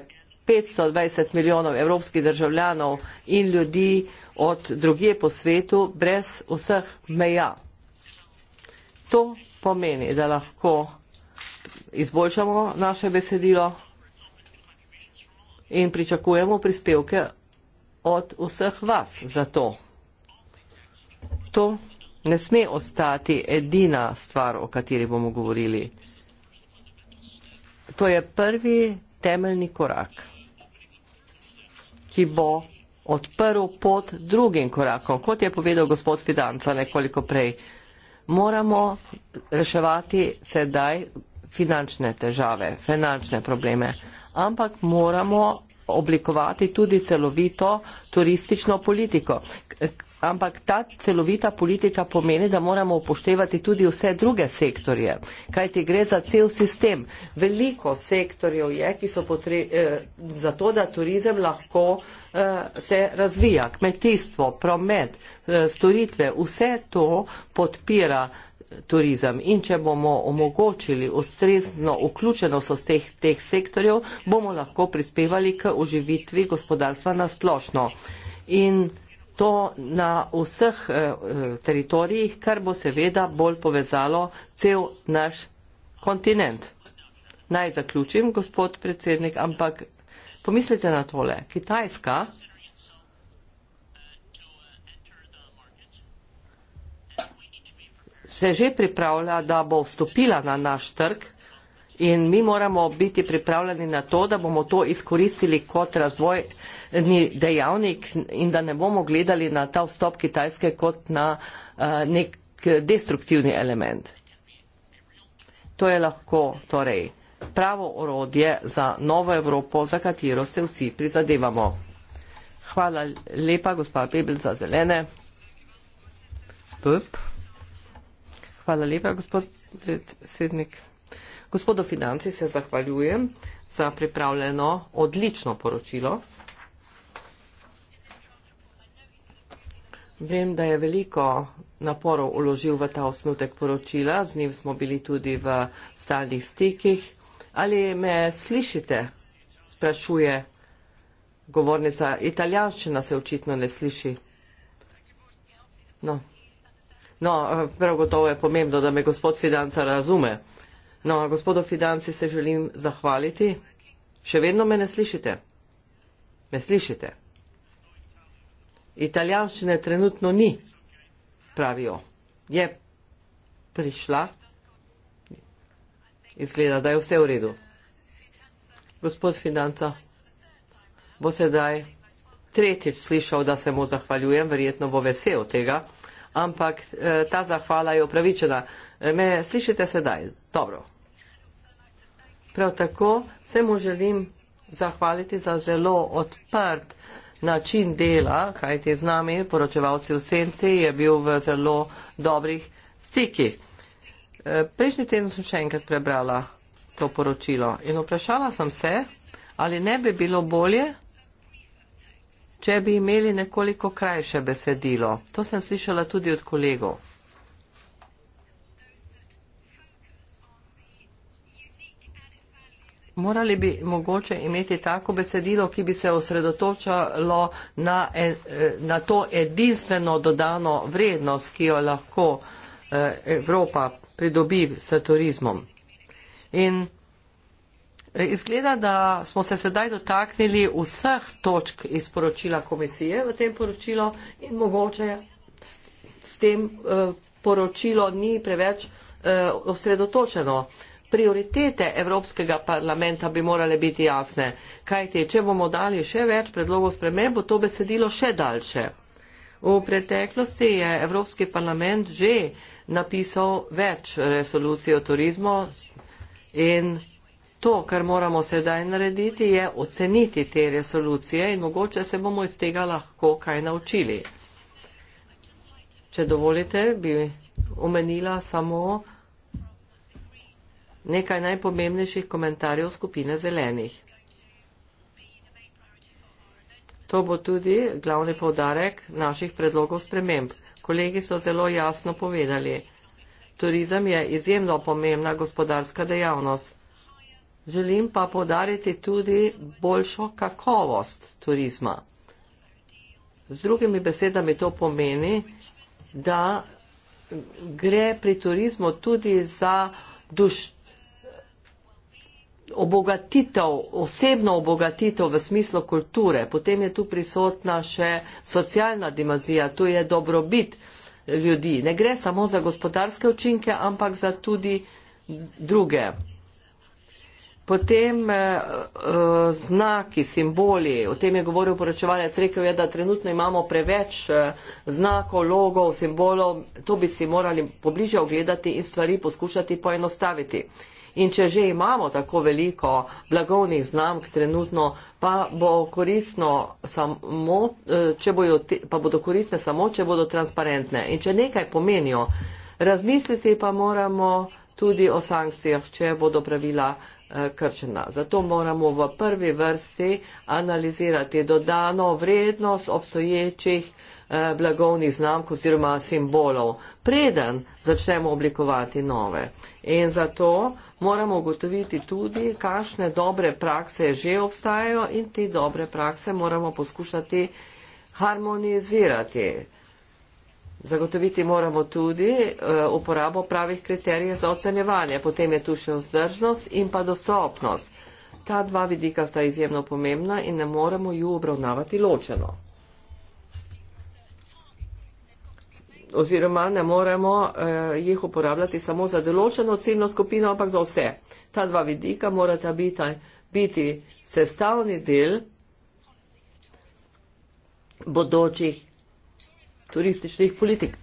520 milijonov evropskih državljanov in ljudi od druge po svetu brez vseh meja. To pomeni, da lahko izboljšamo naše besedilo in pričakujemo prispevke od vseh vas za to. To ne sme ostati edina stvar, o kateri bomo govorili. To je prvi temeljni korak, ki bo odprl pot drugim korakom. Kot je povedal gospod Fidanca nekoliko prej, moramo reševati sedaj finančne težave, finančne probleme, ampak moramo oblikovati tudi celovito turistično politiko. Ampak ta celovita politika pomeni, da moramo upoštevati tudi vse druge sektorje, kajti gre za cel sistem. Veliko sektorjev je, ki so potre, eh, za to, da turizem lahko eh, se razvija. Kmetijstvo, promet, eh, storitve, vse to podpira eh, turizem. In če bomo omogočili ustrezno vključenost vseh teh, teh sektorjev, bomo lahko prispevali k oživitvi gospodarstva nasplošno. In to na vseh eh, eh, teritorijih, kar bo seveda bolj povezalo cel naš kontinent. Naj zaključim, gospod predsednik, ampak pomislite na tole. Kitajska se je že pripravila, da bo vstopila na naš trg in mi moramo biti pripravljeni na to, da bomo to izkoristili kot razvojni dejavnik in da ne bomo gledali na ta vstop Kitajske kot na eh, nek destruktivni element. To je lahko torej pravo orodje za novo Evropo, za katero se vsi prizadevamo. Hvala lepa, gospa Pebel, za zelene. Pup. Hvala lepa, gospod predsednik. Gospodu financi se zahvaljujem za pripravljeno odlično poročilo. Vem, da je veliko naporov uložil v ta osnutek poročila, z njim smo bili tudi v stalnih stikih. Ali me slišite? Sprašuje govornica. Italijanščina se očitno ne sliši. No, no prav gotovo je pomembno, da me gospod financa razume. No, gospodu Fidanci se želim zahvaliti. Še vedno me ne slišite. Me slišite. Italijanščine trenutno ni, pravijo. Je prišla. Izgleda, da je vse v redu. Gospod Financa bo sedaj tretjič slišal, da se mu zahvaljujem, verjetno bo vesel tega, ampak eh, ta zahvala je upravičena. Me slišite sedaj? Dobro. Prav tako se mu želim zahvaliti za zelo odprt način dela, kajti z nami, poročevalci v senci, je bil v zelo dobrih stikih. E, prejšnji teden sem še enkrat prebrala to poročilo in vprašala sem se, ali ne bi bilo bolje, če bi imeli nekoliko krajše besedilo. To sem slišala tudi od kolegov. Morali bi mogoče imeti tako besedilo, ki bi se osredotočalo na, eh, na to edinstveno dodano vrednost, ki jo lahko eh, Evropa pridobi s turizmom. In eh, izgleda, da smo se sedaj dotaknili vseh točk iz poročila komisije v tem poročilu in mogoče s, s tem poročilo ni preveč osredotočeno. Prioritete Evropskega parlamenta bi morale biti jasne, kajti če bomo dali še več predlogov sprememb, bo to besedilo še daljše. V preteklosti je Evropski parlament že napisal več resolucij o turizmu in to, kar moramo sedaj narediti, je oceniti te resolucije in mogoče se bomo iz tega lahko kaj naučili. Če dovolite, bi omenila samo nekaj najpomembnejših komentarjev skupine zelenih. To bo tudi glavni povdarek naših predlogov sprememb. Kolegi so zelo jasno povedali, turizem je izjemno pomembna gospodarska dejavnost. Želim pa povdariti tudi boljšo kakovost turizma. Z drugimi besedami to pomeni, da gre pri turizmu tudi za obogatitev, osebno obogatitev v smislu kulture, potem je tu prisotna še socialna dimenzija, tu je dobrobit ljudi. Ne gre samo za gospodarske učinke, ampak za tudi druge. Potem eh, eh, znaki, simboli, o tem je govoril poročevalec, rekel je, da trenutno imamo preveč eh, znakov, logov, simbolov, to bi si morali pobliže ogledati in stvari poskušati poenostaviti. Eh, In če že imamo tako veliko blagovnih znamk trenutno, pa, bo samo, eh, te, pa bodo koristne samo, če bodo transparentne in če nekaj pomenijo. Razmisliti pa moramo tudi o sankcijah, če bodo pravila eh, krčena. Zato moramo v prvi vrsti analizirati dodano vrednost obstoječih eh, blagovnih znamk oziroma simbolov, preden začnemo oblikovati nove. In zato moramo ugotoviti tudi, kakšne dobre prakse že obstajajo in te dobre prakse moramo poskušati harmonizirati. Zagotoviti moramo tudi eh, uporabo pravih kriterijev za ocenjevanje, potem je tu še vzdržnost in pa dostopnost. Ta dva vidika sta izjemno pomembna in ne moremo ju obravnavati ločeno. oziroma ne moremo eh, jih uporabljati samo za določeno ciljno skupino, ampak za vse. Ta dva vidika morata biti, biti sestavni del bodočih turističnih politik.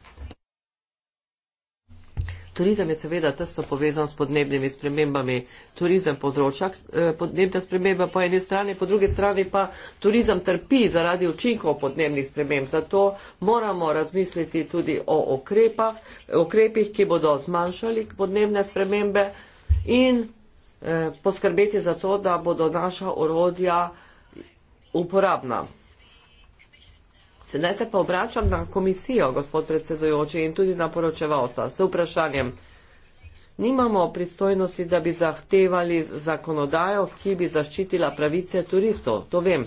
Turizem je seveda tesno povezan s podnebnimi spremembami. Turizem povzroča eh, podnebne spremembe po eni strani, po drugi strani pa turizem trpi zaradi učinkov podnebnih sprememb. Zato moramo razmisliti tudi o okrepah, okrepih, ki bodo zmanjšali podnebne spremembe in eh, poskrbeti za to, da bodo naša orodja uporabna. Sedaj se pa obračam na komisijo, gospod predsedujoči, in tudi na poročevalca s vprašanjem. Nimamo pristojnosti, da bi zahtevali zakonodajo, ki bi zaščitila pravice turistov, to vem.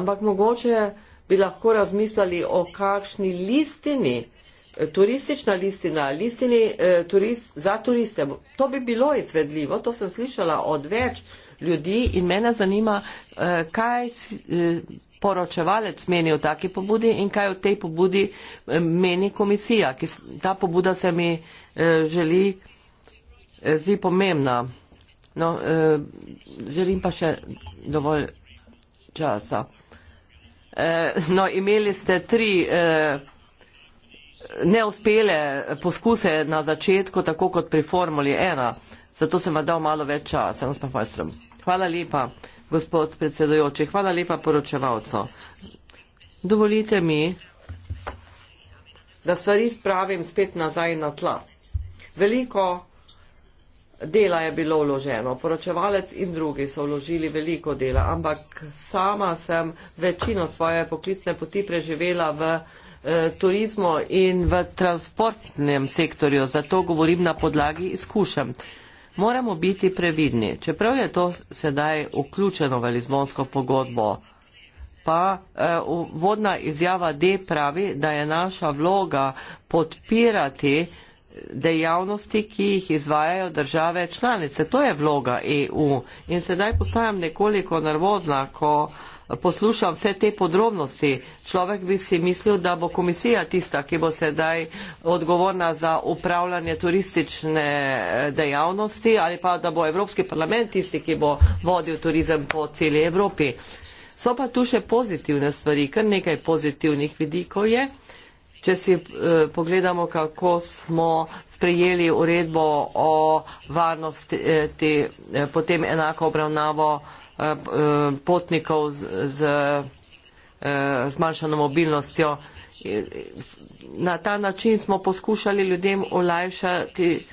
Ampak mogoče bi lahko razmislili o kakšni listini, turistična listina, listini eh, turist, za turiste. To bi bilo izvedljivo, to sem slišala od več ljudi in mene zanima, eh, kaj. Eh, poročevalec meni o taki pobudi in kaj o tej pobudi eh, meni komisija, ki ta pobuda se mi eh, želi, eh, zdi pomembna. No, želim pa še dovolj časa. No, imeli ste tri neuspele poskuse na začetku, tako kot pri formuli ena, zato sem vam dal malo več časa, gospod Fajstrom. Hvala lepa. Gospod predsedujoči, hvala lepa poročevalcu. Dovolite mi, da stvari spravim spet nazaj na tla. Veliko dela je bilo vloženo, poročevalec in drugi so vložili veliko dela, ampak sama sem večino svoje poklicne poti preživela v eh, turizmu in v transportnem sektorju, zato govorim na podlagi izkušenj moramo biti previdni. Čeprav je to sedaj vključeno v Lizbonsko pogodbo, pa eh, vodna izjava D pravi, da je naša vloga podpirati dejavnosti, ki jih izvajajo države članice. To je vloga EU. In sedaj postajam nekoliko nervozna, ko eh, posluša vse te podrobnosti. Človek bi si mislil, da bo komisija tista, ki bo sedaj odgovorna za upravljanje turistične eh, dejavnosti ali pa da bo Evropski parlament tisti, ki bo vodil turizem po celi Evropi. So pa tu še pozitivne stvari, kar nekaj pozitivnih vidikov je. Če si eh, pogledamo, kako smo sprejeli uredbo o varnosti, eh, te, eh, potem enako obravnavo eh, Eh, potnikov z, z eh, zmanjšano mobilnostjo. Na ta način smo poskušali ljudem olajšati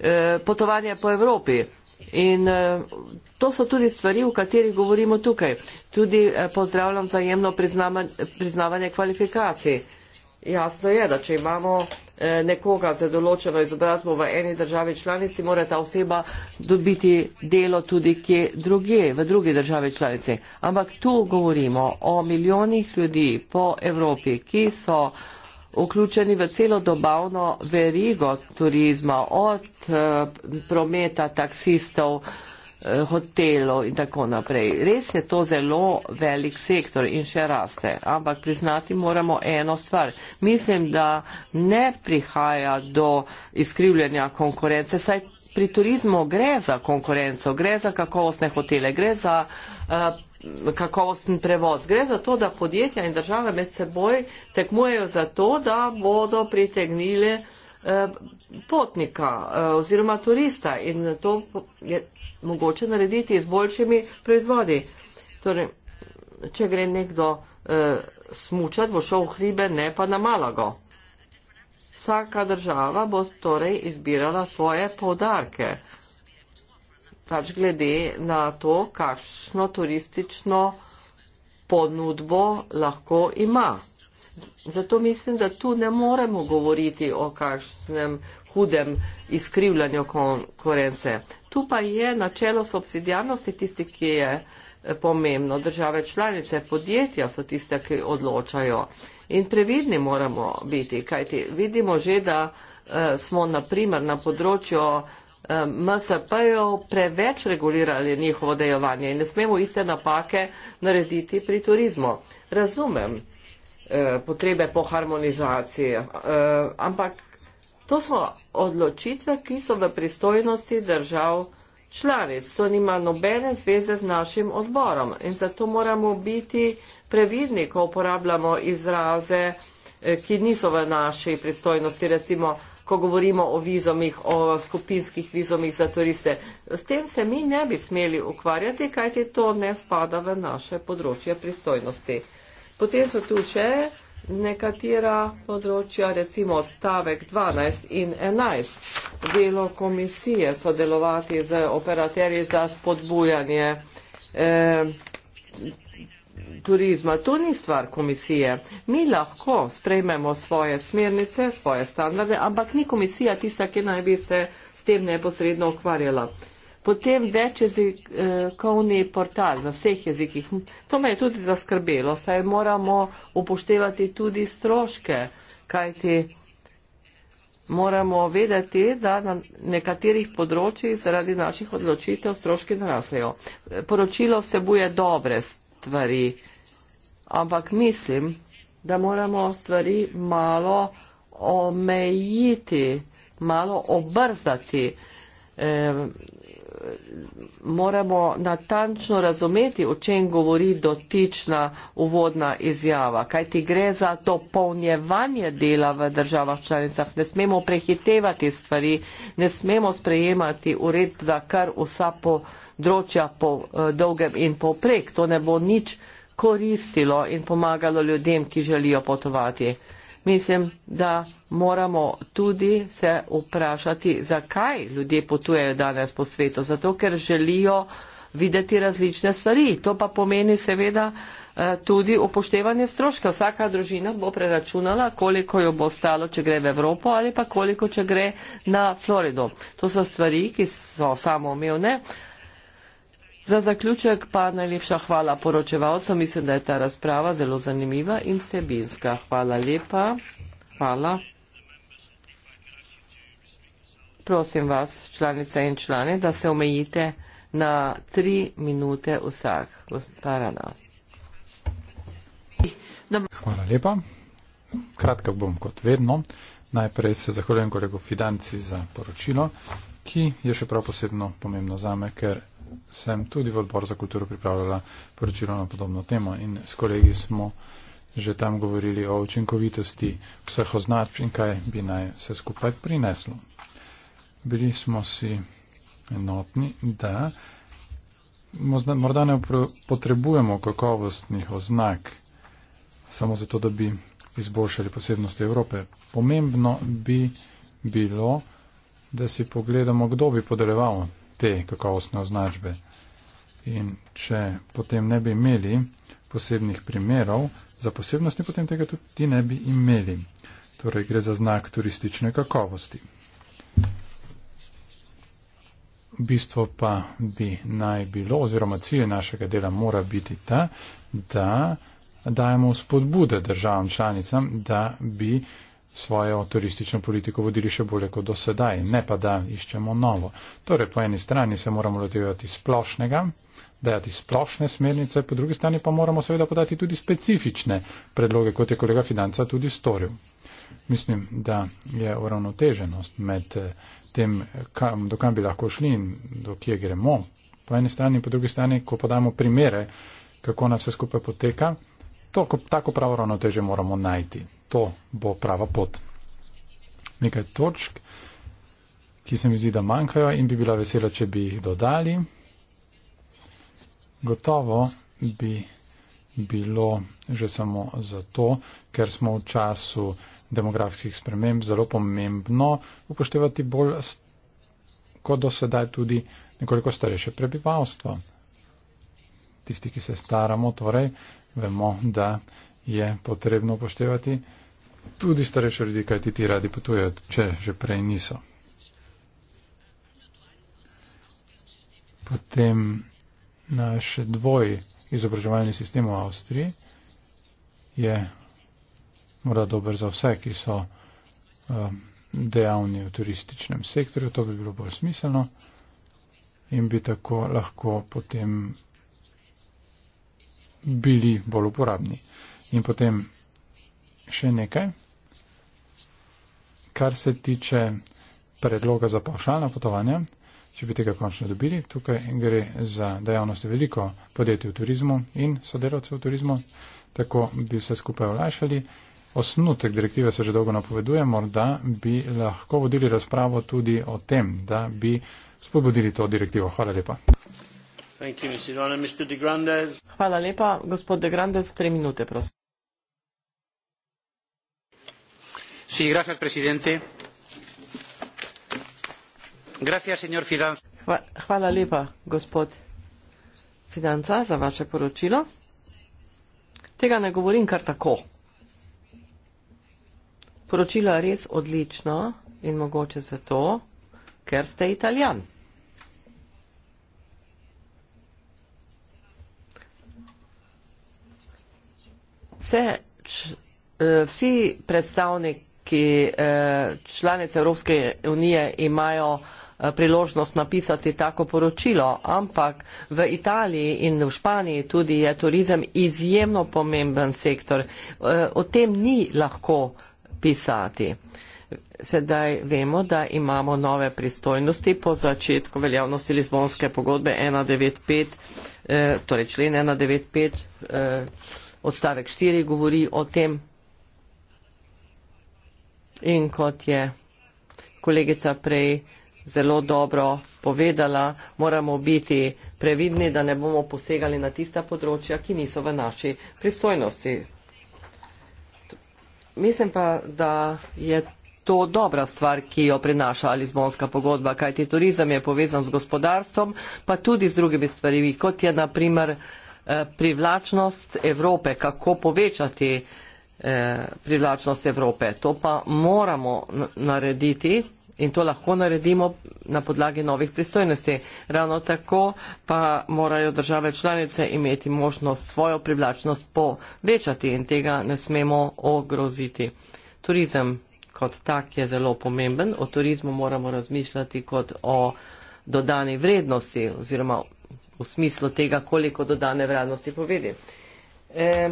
eh, potovanje po Evropi. In to so tudi stvari, o katerih govorimo tukaj. Tudi pozdravljam zajemno priznavanje kvalifikacij. Jasno je, da če imamo Eh, nekoga za določeno izobrazbo v eni državi članici, mora ta oseba dobiti delo tudi kje druge, v drugi državi članici. Ampak tu govorimo o milijonih ljudi po Evropi, ki so vključeni v celo dobavno verigo turizma, od eh, prometa, taksistov, Eh, hotelov in tako naprej. Res je to zelo velik sektor in še raste, ampak priznati moramo eno stvar. Mislim, da ne prihaja do izkrivljanja konkurence, saj pri turizmu gre za konkurenco, gre za kakovostne hotele, gre za uh, kakovosten prevoz. Gre za to, da podjetja in države med seboj tekmujejo za to, da bodo pritegnile uh, Eh, potnika eh, oziroma turista in to je mogoče narediti z boljšimi proizvodi. Torej, če gre nekdo uh, eh, smučati, bo šel v hribe, ne pa na Malago. Vsaka država bo torej izbirala svoje podarke, pač glede na to, kakšno turistično ponudbo lahko ima. Zato mislim, da tu ne moremo govoriti o kakšnem hudem izkrivljanju konkurence. Tu pa je načelo subsidijarnosti tisti, ki je eh, pomembno. Države članice, podjetja so tiste, ki odločajo. In previdni moramo biti, kajti vidimo že, da eh, smo naprimer na področju eh, MSP-jev preveč regulirali njihovo dejovanje in ne smemo iste napake narediti pri turizmu. Razumem. Eh, potrebe po harmonizaciji. Eh, ampak to so odločitve, ki so v pristojnosti držav članic. To nima nobene zveze z našim odborom in zato moramo biti previdni, ko uporabljamo izraze, eh, ki niso v naši pristojnosti. Recimo, ko govorimo o vizomih, o skupinskih vizomih za turiste. S tem se mi ne bi smeli ukvarjati, kajti to ne spada v naše področje pristojnosti. Potem so tu še nekatera področja, recimo odstavek 12 in 11. Delo komisije sodelovati z operaterji za spodbujanje eh, turizma. To ni stvar komisije. Mi lahko sprejmemo svoje smernice, svoje standarde, ampak ni komisija tista, ki naj bi se s tem neposredno ukvarjala potem večjezikovni portal na vseh jezikih. To me je tudi zaskrbelo, saj moramo upoštevati tudi stroške, kajti moramo vedeti, da na nekaterih področjih zaradi naših odločitev stroški narasljajo. Poročilo vsebuje dobre stvari, ampak mislim, da moramo stvari malo omejiti, malo obrzati moramo natančno razumeti, o čem govori dotična uvodna izjava. Kaj ti gre za dopolnjevanje dela v državah članicah? Ne smemo prehitevati stvari, ne smemo sprejemati uredb za kar vsa področja po eh, dolgem in poprek. To ne bo nič koristilo in pomagalo ljudem, ki želijo potovati. Mislim, da moramo tudi se vprašati, zakaj ljudje potujejo danes po svetu. Zato, ker želijo videti različne stvari. To pa pomeni seveda eh, tudi upoštevanje stroška. Vsaka družina bo preračunala, koliko jo bo stalo, če gre v Evropo ali pa koliko, če gre na Florido. To so stvari, ki so samoumevne, Za zaključek pa najlepša hvala poročevalcem, mislim, da je ta razprava zelo zanimiva in vsebinska. Hvala lepa. Hvala. Prosim vas, članice in člane, da se omejite na tri minute vsak. Gospod Hvala lepa. Kratka bom kot vedno. Najprej se zahvaljujem kolegu Fidanci za poročilo, ki je še prav posebno pomembno zame, ker sem tudi v odboru za kulturo pripravljala poročilo na podobno temo in s kolegi smo že tam govorili o učinkovitosti vseh označb in kaj bi naj se skupaj prineslo. Bili smo si enotni, da morda ne potrebujemo kakovostnih oznak samo zato, da bi izboljšali posebnosti Evrope. Pomembno bi bilo, da si pogledamo, kdo bi podeleval te kakovostne označbe. In če potem ne bi imeli posebnih primerov za posebnosti, potem tega tudi ne bi imeli. Torej gre za znak turistične kakovosti. Bistvo pa bi naj bilo, oziroma cilj našega dela mora biti ta, da dajemo spodbude državam članicam, da bi uh, svojo turistično politiko vodili še bolje kot do sedaj, ne pa da iščemo novo. Torej, po eni strani se moramo lotevati splošnega, dajati splošne smernice, po drugi strani pa moramo seveda podati tudi specifične predloge, kot je kolega Financa tudi storil. Mislim, da je uravnoteženost med eh, tem, kam, do kam bi lahko šli in do kje gremo, po eni strani, po drugi strani, ko podamo primere, kako na vse skupaj poteka, To, tako pravo ravnoteže moramo najti. To bo prava pot. Nekaj točk, ki se mi zdi, da manjkajo in bi bila vesela, če bi jih dodali. Gotovo bi bilo že samo zato, ker smo v času demografskih sprememb zelo pomembno upoštevati bolj kot do sedaj tudi nekoliko starejše prebivalstvo. Tisti, ki se staramo, torej vemo, da je potrebno upoštevati tudi starejše ljudi, kaj ti ti radi potujejo, če že prej niso. Potem naš dvoj izobraževalni sistem v Avstriji je mora dober za vse, ki so um, dejavni v turističnem sektorju. To bi bilo bolj smiselno in bi tako lahko potem bili bolj uporabni. In potem še nekaj, kar se tiče predloga za pavšalna potovanja, če bi tega končno dobili. Tukaj gre za dejavnost veliko podjetij v turizmu in sodelavcev v turizmu, tako bi se skupaj olajšali. Osnutek direktive se že dolgo napoveduje, morda bi lahko vodili razpravo tudi o tem, da bi spodbudili to direktivo. Hvala lepa. Hvala lepa. Gospod de Grandes, tri minute, prosim. Sí, gracias, presidente. Gracias, señor Fidanza. Hva, hvala lepa, gospod Fidanca, za vaše poročilo. Tega ne govorim kar tako. Poročilo je res odlično in mogoče zato, ker ste italijan. vse č, eh, vsi predstavniki eh, članice Evropske unije imajo eh, priložnost napisati tako poročilo, ampak v Italiji in v Španiji tudi je turizem izjemno pomemben sektor. O tem ni lahko pisati. Sedaj vemo, da imamo nove pristojnosti po začetku veljavnosti Lizbonske pogodbe 195, torej člen 195 odstavek 4 govori o tem. In kot je kolegica prej zelo dobro povedala, moramo biti previdni, da ne bomo posegali na tista področja, ki niso v naši pristojnosti. Mislim pa, da je to dobra stvar, ki jo prinaša Lizbonska pogodba, kajti turizem je povezan z gospodarstvom, pa tudi z drugimi stvarimi, kot je naprimer. Eh, privlačnost Evrope, kako povečati eh, privlačnost Evrope. To pa moramo narediti in to lahko naredimo na podlagi novih pristojnosti. Ravno tako pa morajo države članice imeti možnost svojo privlačnost povečati in tega ne smemo ogroziti. Turizem kot tak je zelo pomemben. O turizmu moramo razmišljati kot o dodani vrednosti oziroma v smislu tega, koliko dodane vrednosti povedi. E,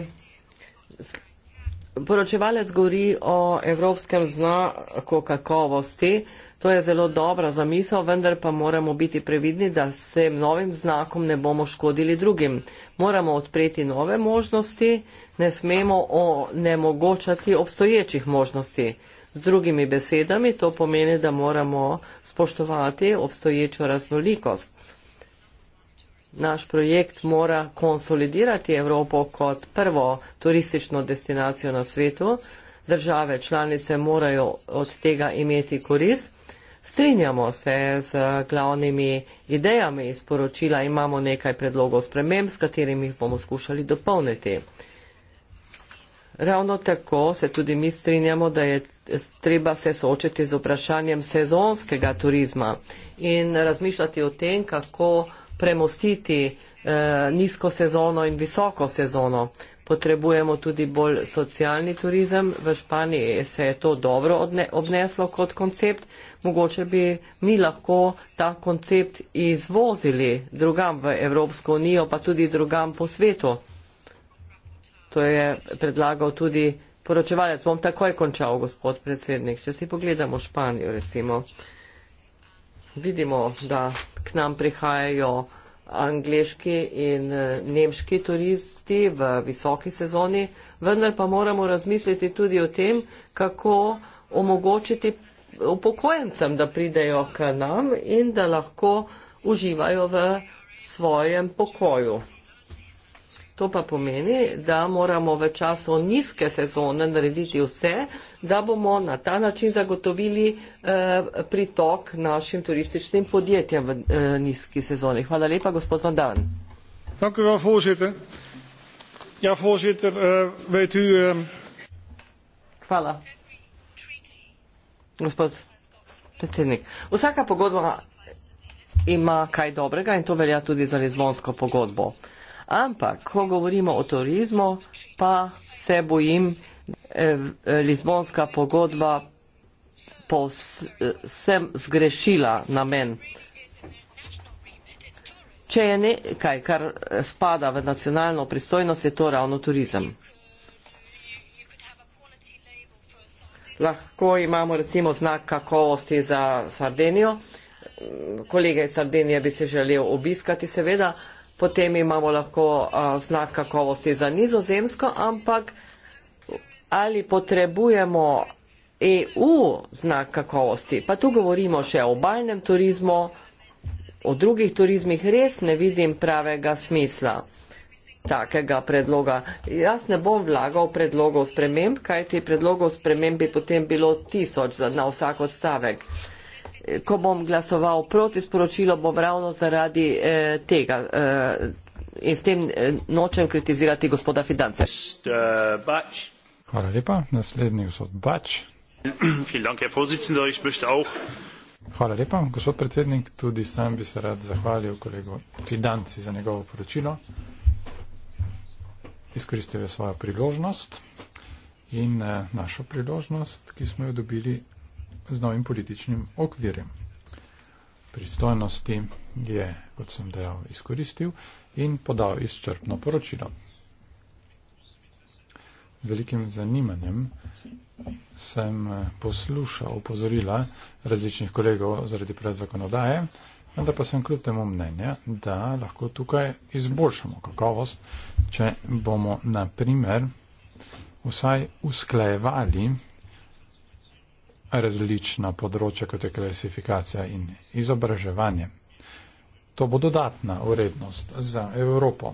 poročevalec govori o evropskem znaku kakovosti. To je zelo dobra zamisel, vendar pa moramo biti previdni, da se novim znakom ne bomo škodili drugim. Moramo odpreti nove možnosti, ne smemo onemogočati obstoječih možnosti. Z drugimi besedami to pomeni, da moramo spoštovati obstoječo raznolikost naš projekt mora konsolidirati Evropo kot prvo turistično destinacijo na svetu. Države članice morajo od tega imeti korist. Strinjamo se z glavnimi idejami iz poročila, imamo nekaj predlogov sprememb, s katerimi jih bomo skušali dopolniti. Ravno tako se tudi mi strinjamo, da je treba se soočiti z vprašanjem sezonskega turizma in razmišljati o tem, kako premostiti eh, nizko sezono in visoko sezono. Potrebujemo tudi bolj socialni turizem. V Španiji se je to dobro obneslo kot koncept. Mogoče bi mi lahko ta koncept izvozili drugam v Evropsko unijo, pa tudi drugam po svetu. To je predlagal tudi poročevalec. Bom takoj končal, gospod predsednik. Če si pogledamo Španijo, recimo vidimo, da k nam prihajajo angliški in eh, nemški turisti v visoki sezoni, vendar pa moramo razmisliti tudi o tem, kako omogočiti upokojencem, da pridejo k nam in da lahko uživajo v svojem pokoju. To pa pomeni, da moramo v času nizke sezone narediti vse, da bomo na ta način zagotovili eh, pritok našim turističnim podjetjem v eh, nizki sezoni. Hvala lepa, gospod Van Dan. Dank u wel, voorzitter. Ja, voorzitter, uh, weet u. Uh... Hvala. Gospod predsednik. Vsaka pogodba ima kaj dobrega in to velja tudi za Lizbonsko pogodbo. Ampak, ko govorimo o turizmu, pa se bojim, eh, Lizbonska pogodba povsem zgrešila namen. Če je nekaj, kar spada v nacionalno pristojnost, je to ravno turizem. Lahko imamo recimo znak kakovosti za Sardenijo. Kolege iz Sardenije bi se želel obiskati, seveda potem imamo lahko uh, znak kakovosti za nizozemsko, ampak ali potrebujemo EU znak kakovosti, pa tu govorimo še o obaljnem turizmu, o drugih turizmih, res ne vidim pravega smisla takega predloga. Jaz ne bom vlagal predlogov sprememb, kaj ti predlogov sprememb bi potem bilo tisoč na vsak odstavek ko bom glasoval proti sporočilu, bom ravno zaradi eh, tega. Eh, in s tem eh, nočem kritizirati gospoda Fidance. Hvala lepa. Naslednji gospod Bač. <clears throat> Hvala lepa, gospod predsednik. Tudi sam bi se rad zahvalil kolegu Fidanci za njegovo poročilo. Izkoristil je svojo priložnost in eh, našo priložnost, ki smo jo dobili z novim političnim okvirjem. Pristojnosti je, kot sem dejal, izkoristil in podal izčrpno poročilo. Z velikim zanimanjem sem eh, poslušal upozorila različnih kolegov zaradi predzakonodaje, vendar pa sem kljub temu mnenja, da lahko tukaj izboljšamo kakovost, če bomo na primer vsaj usklajevali različna področja, kot je klasifikacija in izobraževanje. To bo dodatna urednost za Evropo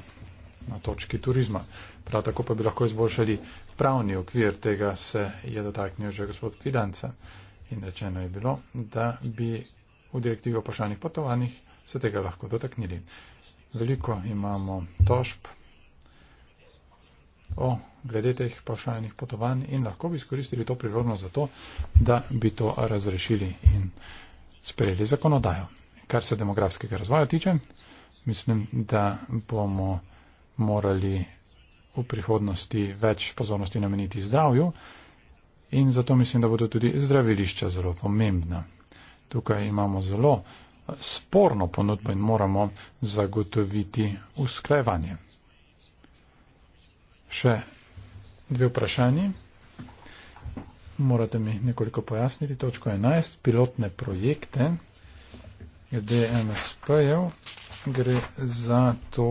na točki turizma. Prav tako pa bi lahko izboljšali pravni okvir, tega se je dotaknil že gospod Kvidanca in rečeno je bilo, da bi v direktivi o pošaljnih potovanjih se tega lahko dotaknili. Veliko imamo tožb o glede teh pavšalnih potovanj in lahko bi izkoristili to priložnost za to, da bi to razrešili in sprejeli zakonodajo. Kar se demografskega razvoja tiče, mislim, da bomo morali v prihodnosti več pozornosti nameniti zdravju in zato mislim, da bodo tudi zdravilišča zelo pomembna. Tukaj imamo zelo sporno ponudbo in moramo zagotoviti usklajevanje še dve vprašanji. Morate mi nekoliko pojasniti. Točko 11. Pilotne projekte glede MSP-jev gre za to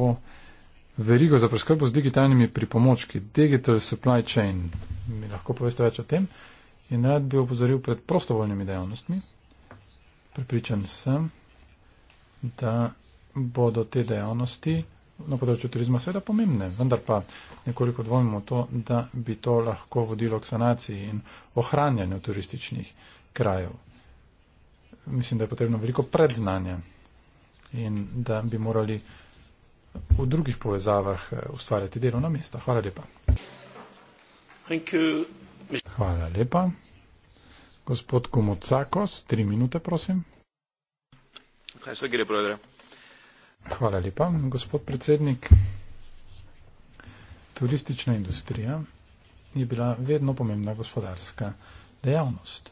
verigo za preskrbo z digitalnimi pripomočki. Digital supply chain. Mi lahko poveste več o tem. In rad bi opozoril pred prostovoljnimi dejavnostmi. Pripričan sem, da bodo te dejavnosti na področju turizma seveda pomembne, vendar pa nekoliko dvomimo to, da bi to lahko vodilo k sanaciji in ohranjanju turističnih krajev. Mislim, da je potrebno veliko predznanja in da bi morali v drugih povezavah eh, ustvarjati delovna mesta. Hvala lepa. Hvala lepa. Gospod Kumocakos, tri minute, prosim. Kaj se gre, brodre? Hvala lepa, gospod predsednik. Turistična industrija je bila vedno pomembna gospodarska dejavnost.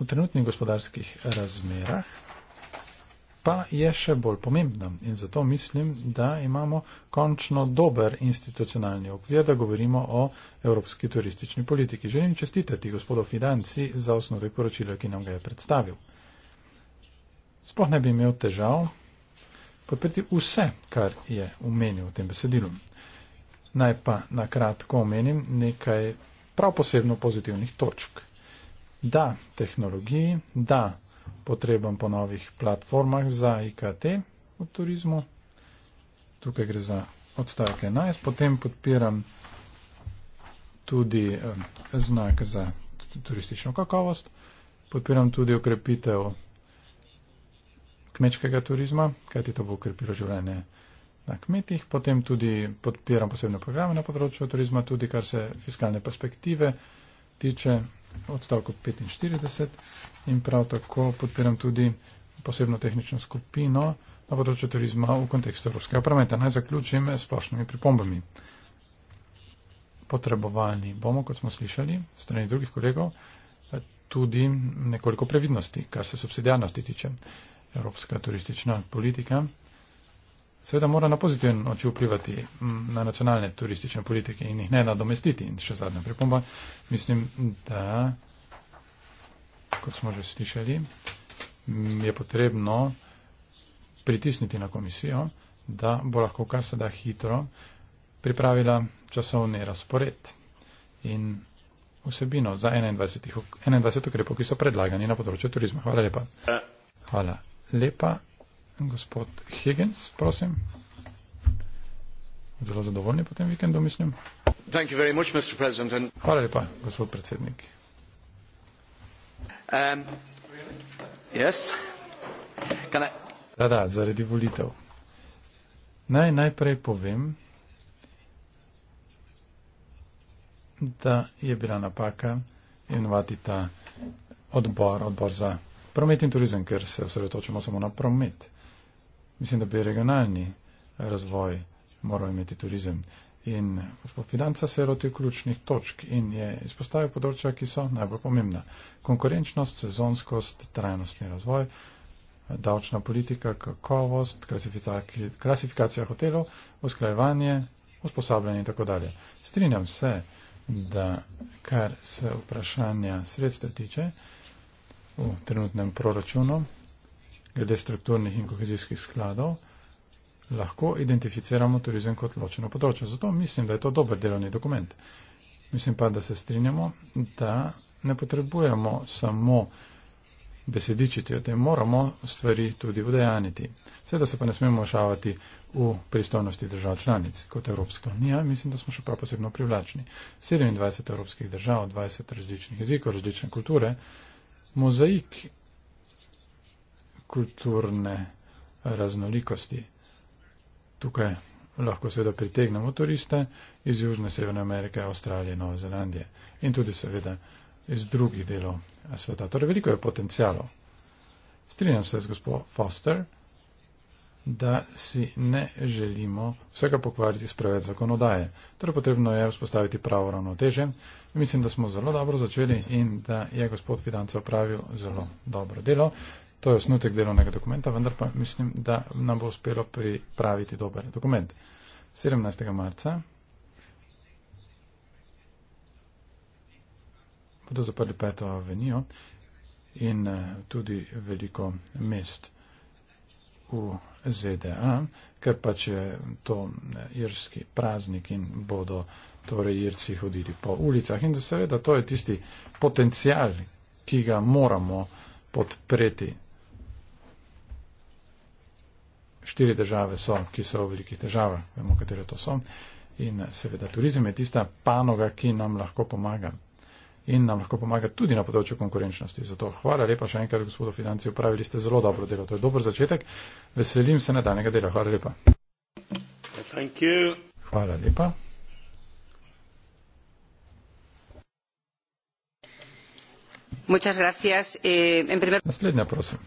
V trenutnih gospodarskih razmerah pa je še bolj pomembna in zato mislim, da imamo končno dober institucionalni okvir, da govorimo o evropski turistični politiki. Želim čestitati gospodu Financi za osnovek poročila, ki nam ga je predstavil sploh ne bi imel težav podpreti vse, kar je omenil v tem besedilu. Naj pa na kratko omenim nekaj prav posebno pozitivnih točk. Da tehnologiji, da potrebam po novih platformah za IKT v turizmu. Tukaj gre za odstavek 11. Potem podpiram tudi eh, znak za turistično kakovost. Podpiram tudi okrepitev kmečkega turizma, kajti to bo ukrepilo življenje na kmetih. Potem tudi podpiram posebne programe na področju turizma, tudi kar se fiskalne perspektive tiče odstavku 45 in prav tako podpiram tudi posebno tehnično skupino na področju turizma v kontekstu Evropskega parlamenta. Naj zaključim s splošnimi pripombami. Potrebovali bomo, kot smo slišali, strani drugih kolegov, tudi nekoliko previdnosti, kar se subsidijarnosti tiče evropska turistična politika, seveda mora na pozitiven oči vplivati mm, na nacionalne turistične politike in jih ne nadomestiti. In še zadnja pripomba, mislim, da, kot smo že slišali, mm, je potrebno pritisniti na komisijo, da bo lahko kar se da hitro pripravila časovni razpored in vsebino za 21, 21 ukrepov, ki so predlagani na področju turizma. Hvala lepa. Ja. Hvala lepa. Gospod Higgins, prosim. Zelo zadovoljni po tem vikendu, mislim. Thank you very much, Mr. President. And... Hvala lepa, gospod predsednik. Um, yes. I... Da, da, zaradi volitev. Naj najprej povem, da je bila napaka imenovati ta odbor, odbor za promet in turizem, ker se osredotočamo samo na promet. Mislim, da bi regionalni razvoj moral imeti turizem. In gospod Financa se je rotil ključnih točk in je izpostavil področja, ki so najbolj pomembna. Konkurenčnost, sezonskost, trajnostni razvoj, davčna politika, kakovost, klasifikacija hotelov, usklajevanje, usposabljanje in tako dalje. Strinjam se, da kar se vprašanja sredstev tiče, v trenutnem proračunu glede strukturnih in kohezijskih skladov, lahko identificiramo turizem kot ločeno področje. Zato mislim, da je to dober delovni dokument. Mislim pa, da se strinjamo, da ne potrebujemo samo besedičiti o tem, moramo stvari tudi vdejaniti. Seveda se pa ne smemo šavati v pristojnosti držav članic kot Evropska unija, mislim, da smo še prav posebno privlačni. 27 evropskih držav, 20 različnih jezikov, različne kulture, mozaik kulturne raznolikosti. Tukaj lahko seveda pritegnemo turiste iz Južne Severne Amerike, Avstralije, Nove Zelandije in tudi seveda iz drugih delov sveta. Torej veliko je potencijalov. Strinjam se z gospod Foster da si ne želimo vsega pokvariti s preveč zakonodaje. Torej potrebno je vzpostaviti pravo ravnoteže. Mislim, da smo zelo dobro začeli in da je gospod Fidanca opravil zelo dobro delo. To je osnutek delovnega dokumenta, vendar pa mislim, da nam bo uspelo pripraviti dober dokument. 17. marca bodo zaprli peto avenijo in eh, tudi veliko mest v ZDA, ker pa če to irski praznik in bodo torej irci hodili po ulicah in da seveda to je tisti potencial, ki ga moramo podpreti. Štiri države so, ki so v velikih težavah, vemo, katere to so. In seveda turizem je tista panoga, ki nam lahko pomaga in nam lahko pomaga tudi na področju konkurenčnosti. Zato hvala lepa še enkrat, gospodo financi, upravili ste zelo dobro delo. To je dober začetek. Veselim se nadaljnega dela. Hvala lepa. Hvala lepa. Eh, Naslednja, prosim.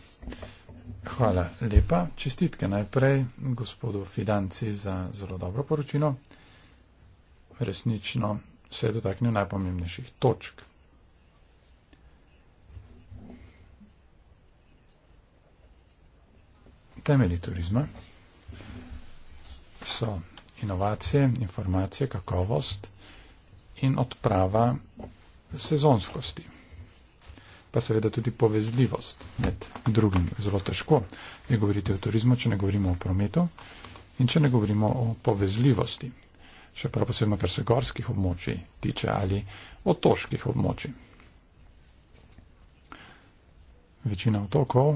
Hvala lepa. Čestitke najprej gospodu financi za zelo dobro poročilo. Resnično se dotaknil najpomembnejših točk. Temelji turizma so inovacije, informacije, kakovost in odprava sezonskosti. Pa seveda tudi povezljivost med drugim. Zelo težko je govoriti o turizmu, če ne govorimo o prometu in če ne govorimo o povezljivosti še prav posebno, ker se gorskih območij tiče ali otoških območij. Večina otokov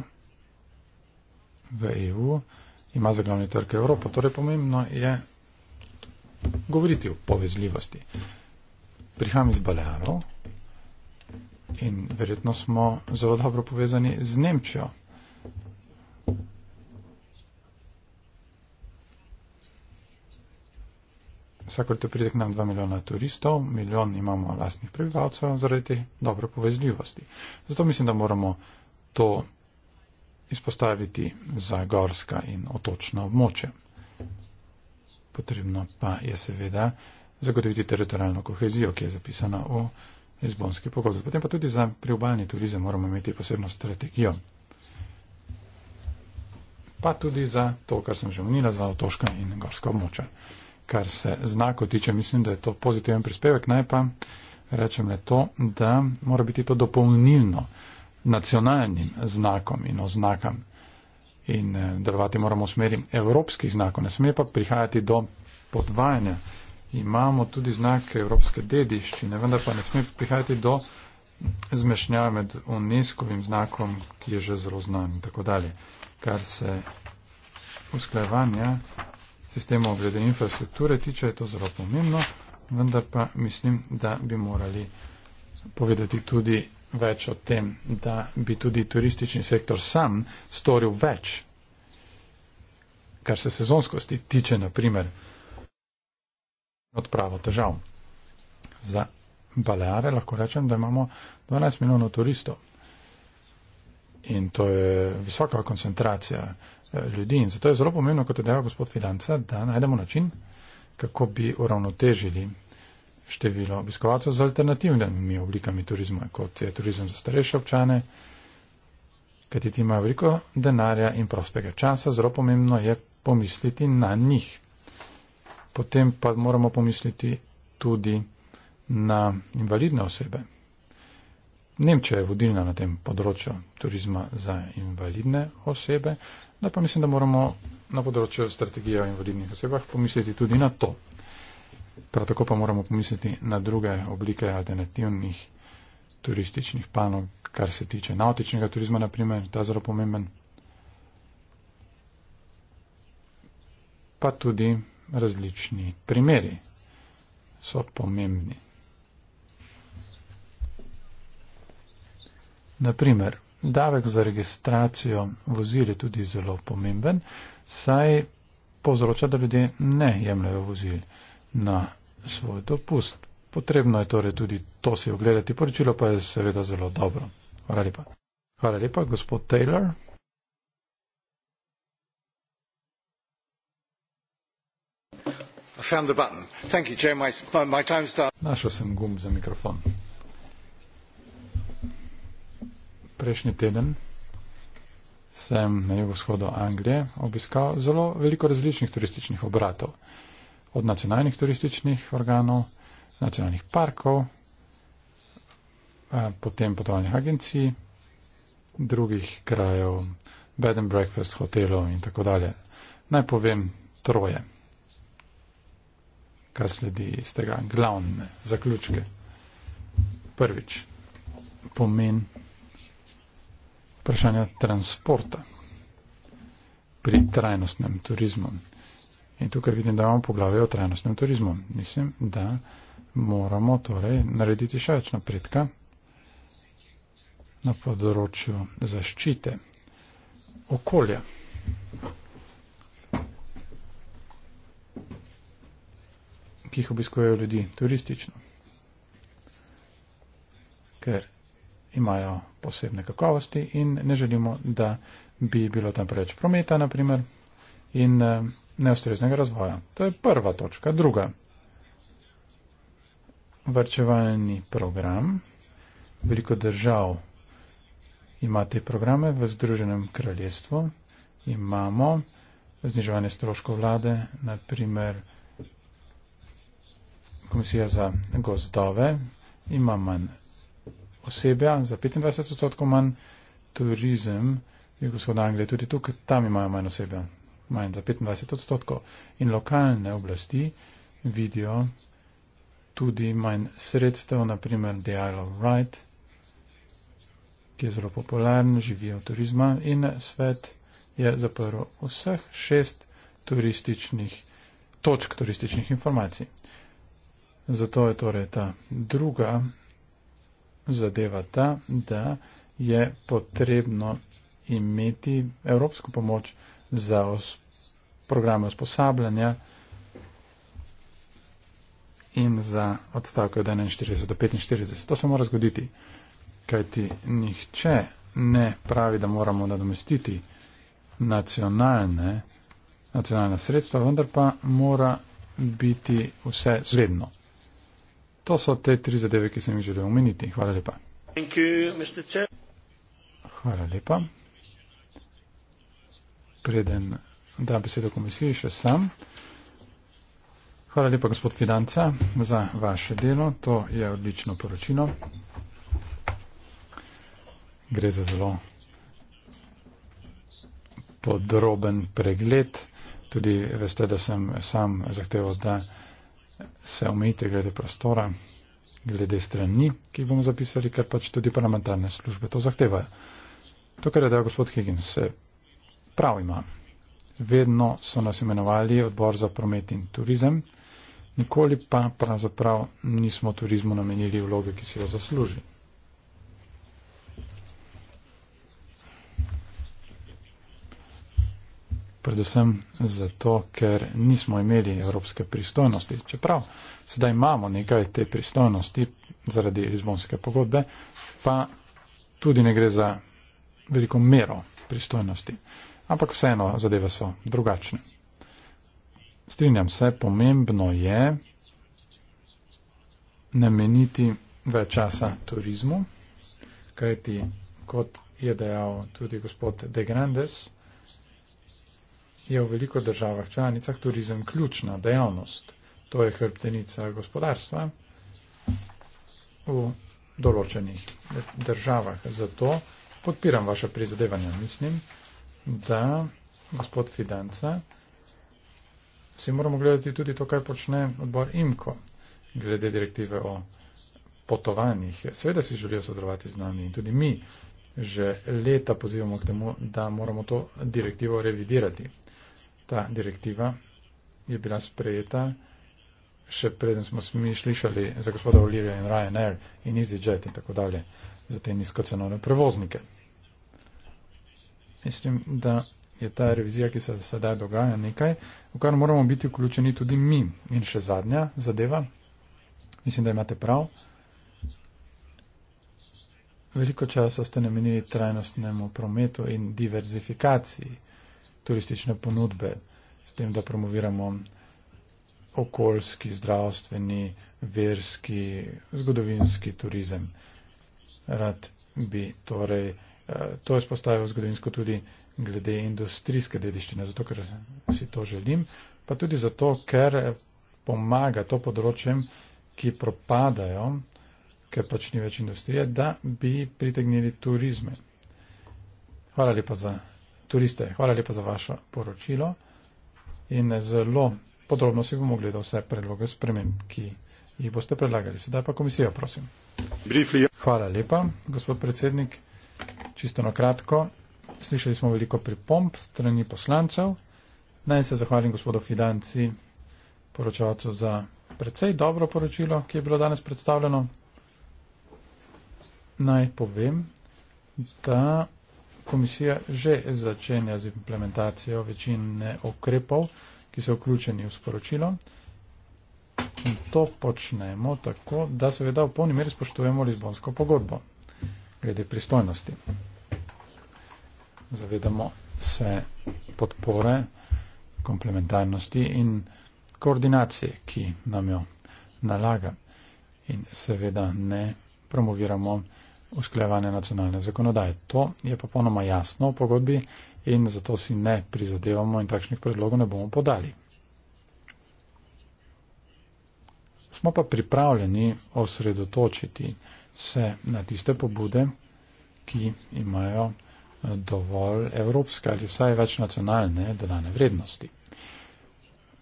v EU ima za glavni trg Evropo, torej pomembno je govoriti o povezljivosti. Priham iz Balearov in verjetno smo zelo dobro povezani z Nemčijo. vsako leto pride k nam 2 milijona turistov, milijon imamo lastnih prebivalcev zaradi te dobre povezljivosti. Zato mislim, da moramo to izpostaviti za gorska in otočna območja. Potrebno pa je seveda zagotoviti teritorijalno kohezijo, ki je zapisana v izbonski pogodbi. Potem pa tudi za priobalni turizem moramo imeti posebno strategijo. Pa tudi za to, kar sem že omenila, za otoška in gorska območja kar se znako tiče, mislim, da je to pozitiven prispevek. Naj pa rečem le to, da mora biti to dopolnilno nacionalnim znakom in oznakam in eh, delovati moramo v smeri evropskih znakov. Ne sme pa prihajati do podvajanja. Imamo tudi znak evropske dediščine, vendar pa ne sme prihajati do zmešnjave med UNESCO-vim znakom, ki je že zelo znan in tako dalje. Kar se usklajevanja sistemov glede infrastrukture tiče, je to zelo pomembno, vendar pa mislim, da bi morali povedati tudi več o tem, da bi tudi turistični sektor sam storil več, kar se sezonskosti tiče, naprimer odpravo težav. Za Baleare lahko rečem, da imamo 12 milijonov turistov. In to je visoka koncentracija Eh, ljudi. In zato je zelo pomembno, kot je dejal gospod Financa, da najdemo način, kako bi uravnotežili število obiskovalcev z alternativnimi oblikami turizma, kot je turizem za starejše občane, kajti ti imajo veliko denarja in prostega časa, zelo pomembno je pomisliti na njih. Potem pa moramo pomisliti tudi na invalidne osebe. Nemčija je vodilna na tem področju turizma za invalidne osebe, da pa mislim, da moramo na področju strategije o invalidnih osebah pomisliti tudi na to. Prav tako pa moramo pomisliti na druge oblike alternativnih turističnih panov, kar se tiče nautičnega turizma, naprimer, ta zelo pomemben. Pa tudi različni primeri so pomembni. Naprimer, Davek za registracijo vozil je tudi zelo pomemben, saj povzroča, da ljudje ne jemljajo vozil na svoj dopust. Potrebno je torej tudi to si ogledati, poročilo pa je seveda zelo dobro. Hvala lepa. Hvala lepa, gospod Taylor. Našel sem gumb za mikrofon. prejšnji teden sem na jugovzhodu Anglije obiskal zelo veliko različnih turističnih obratov. Od nacionalnih turističnih organov, nacionalnih parkov, eh, potem potovalnih agencij, drugih krajev, bed and breakfast, hotelov in tako dalje. Naj povem troje, kar sledi iz tega glavne zaključke. Prvič, pomen vprašanja transporta pri trajnostnem turizmu. In tukaj vidim, da imamo poglavje o trajnostnem turizmu. Mislim, da moramo torej narediti še več napredka na področju zaščite okolja. ki jih obiskujejo ljudi turistično. Ker imajo posebne kakovosti in ne želimo, da bi bilo tam preveč prometa, naprimer, in eh, neustreznega razvoja. To je prva točka. Druga. Vrčevalni program. Veliko držav ima te programe v Združenem kraljestvu. Imamo zniževanje stroškov vlade, naprimer Komisija za gozdove ima manj osebja, za 25 odstotkov manj turizem, jugoshodna Anglija, tudi tukaj, tam imajo manj osebja, manj za 25 odstotkov. In lokalne oblasti vidijo tudi manj sredstev, naprimer The Isle of Wight, ki je zelo popularen, živijo turizma in svet je zaprl vseh šest turističnih točk, turističnih informacij. Zato je torej ta druga zadeva ta, da je potrebno imeti evropsko pomoč za os programe usposabljanja in za odstavke od 41 do 45. To se mora zgoditi, kajti nihče ne pravi, da moramo nadomestiti nacionalne, nacionalne sredstva, vendar pa mora biti vse zredno to so te tri zadeve, ki sem jih želel omeniti. Hvala lepa. You, Hvala lepa. Preden da besedo komisiji, še sam. Hvala lepa, gospod Fidanca, za vaše delo. To je odlično poročilo. Gre za zelo podroben pregled. Tudi veste, da sem sam zahteval, da se omejite glede prostora, glede strani, ki bomo zapisali, ker pač tudi parlamentarne službe to zahtevajo. To, kar je dejal gospod Higgins, se prav ima. Vedno so nas imenovali odbor za promet in turizem, nikoli pa pravzaprav nismo turizmu namenili vloge, ki si jo zasluži. predvsem zato, ker nismo imeli evropske pristojnosti. Čeprav sedaj imamo nekaj te pristojnosti zaradi Lizbonske pogodbe, pa tudi ne gre za veliko mero pristojnosti. Ampak vseeno zadeve so drugačne. Strinjam se, pomembno je nameniti več časa turizmu, kajti kot je dejal tudi gospod De Grandes, je v veliko državah članicah turizem ključna dejavnost. To je hrbtenica gospodarstva v določenih državah. Zato podpiram vaše prizadevanja. Mislim, da gospod Fidanca si moramo gledati tudi to, kar počne odbor IMKO glede direktive o potovanjih. Sveda si želijo sodelovati z nami in tudi mi že leta pozivamo k temu, da moramo to direktivo revidirati ta direktiva je bila sprejeta, še preden smo mi slišali za gospoda Olivia in Ryanair in EasyJet in tako dalje, za te nizkocenovne prevoznike. Mislim, da je ta revizija, ki se sedaj dogaja, nekaj, v kar moramo biti vključeni tudi mi. In še zadnja zadeva, mislim, da imate prav. Veliko časa ste namenili trajnostnemu prometu in diverzifikaciji turistične ponudbe, s tem, da promoviramo okoljski, zdravstveni, verski, zgodovinski turizem. Rad bi torej eh, to izpostavil zgodovinsko tudi glede industrijske dediščine, zato ker si to želim, pa tudi zato, ker eh, pomaga to področjem, ki propadajo, ker pač ni več industrije, da bi pritegnili turizme. Hvala lepa za turiste. Hvala lepa za vaše poročilo in zelo podrobno si bomo gledali vse predloge sprememb, ki jih boste predlagali. Sedaj pa komisijo, prosim. Briefly. Hvala lepa, gospod predsednik. Čisto na kratko, slišali smo veliko pripomp strani poslancev. Naj se zahvalim gospodu Fidanci, poročevalcu, za precej dobro poročilo, ki je bilo danes predstavljeno. Naj povem, da komisija že začenja z implementacijo večine okrepov, ki so vključeni v sporočilo. In to počnemo tako, da seveda v polni meri spoštujemo Lizbonsko pogodbo glede pristojnosti. Zavedamo se podpore, komplementarnosti in koordinacije, ki nam jo nalaga. In seveda ne promoviramo usklejevanja nacionalne zakonodaje. To je popolnoma jasno v pogodbi in zato si ne prizadevamo in takšnih predlogov ne bomo podali. Smo pa pripravljeni osredotočiti se na tiste pobude, ki imajo eh, dovolj evropske ali vsaj večnacionalne dodane vrednosti.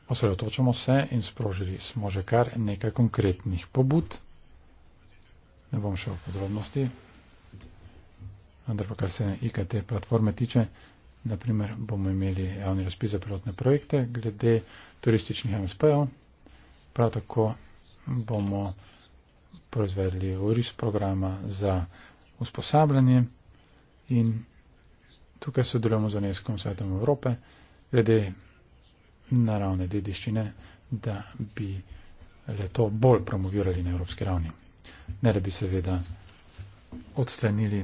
Osredotočamo se in sprožili smo že kar nekaj konkretnih pobud ne bom šel v podrobnosti, vendar pa kar se IKT platforme tiče, naprimer bomo imeli javni razpis za pilotne projekte glede turističnih MSP-ov, prav tako bomo proizvedli URIS programa za usposabljanje in tukaj sodelujemo z UNESCO svetom Evrope glede naravne dediščine, da bi le to bolj promovirali na evropski ravni ne da bi seveda odstranili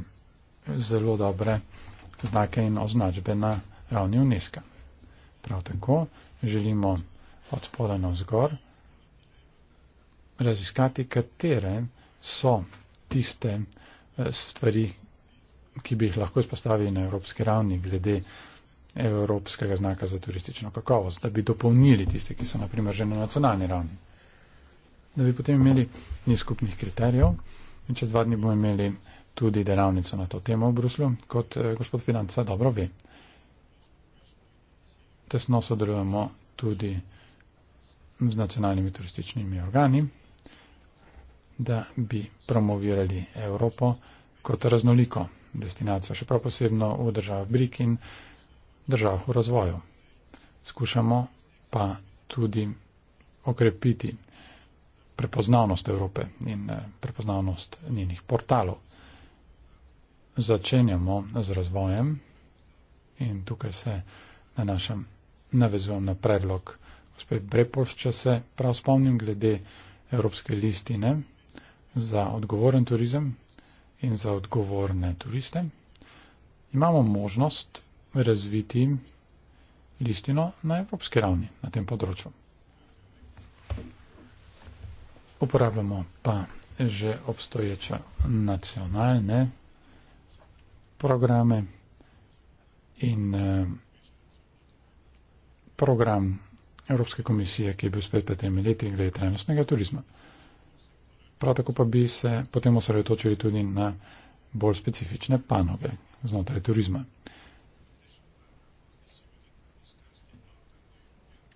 zelo dobre znake in označbe na ravni UNESCO. Prav tako želimo od spoda na vzgor raziskati, katere so tiste eh, stvari, ki bi jih lahko izpostavili na evropski ravni glede evropskega znaka za turistično kakovost, da bi dopolnili tiste, ki so naprimer že na nacionalni ravni da bi potem imeli ni skupnih kriterijev. In čez dva dni bomo imeli tudi delavnico na to temo v Bruslju, kot eh, gospod Financa dobro ve. Tesno sodelujemo tudi z nacionalnimi turističnimi organi, da bi promovirali Evropo kot raznoliko destinacijo, še prav posebno v državah Brik in državah v razvoju. Skušamo pa tudi okrepiti prepoznavnost Evrope in eh, prepoznavnost njenih portalov. Začenjamo z razvojem in tukaj se na našem navezujem na predlog gospe Brepolš, če se prav spomnim glede Evropske listine za odgovoren turizem in za odgovorne turiste. Imamo možnost razviti listino na evropski ravni na tem področju uporabljamo pa že obstoječe nacionalne programe in eh, program Evropske komisije, ki je bil spet pred temi leti glede trajnostnega turizma. Prav tako pa bi se potem osredotočili tudi na bolj specifične panoge znotraj turizma.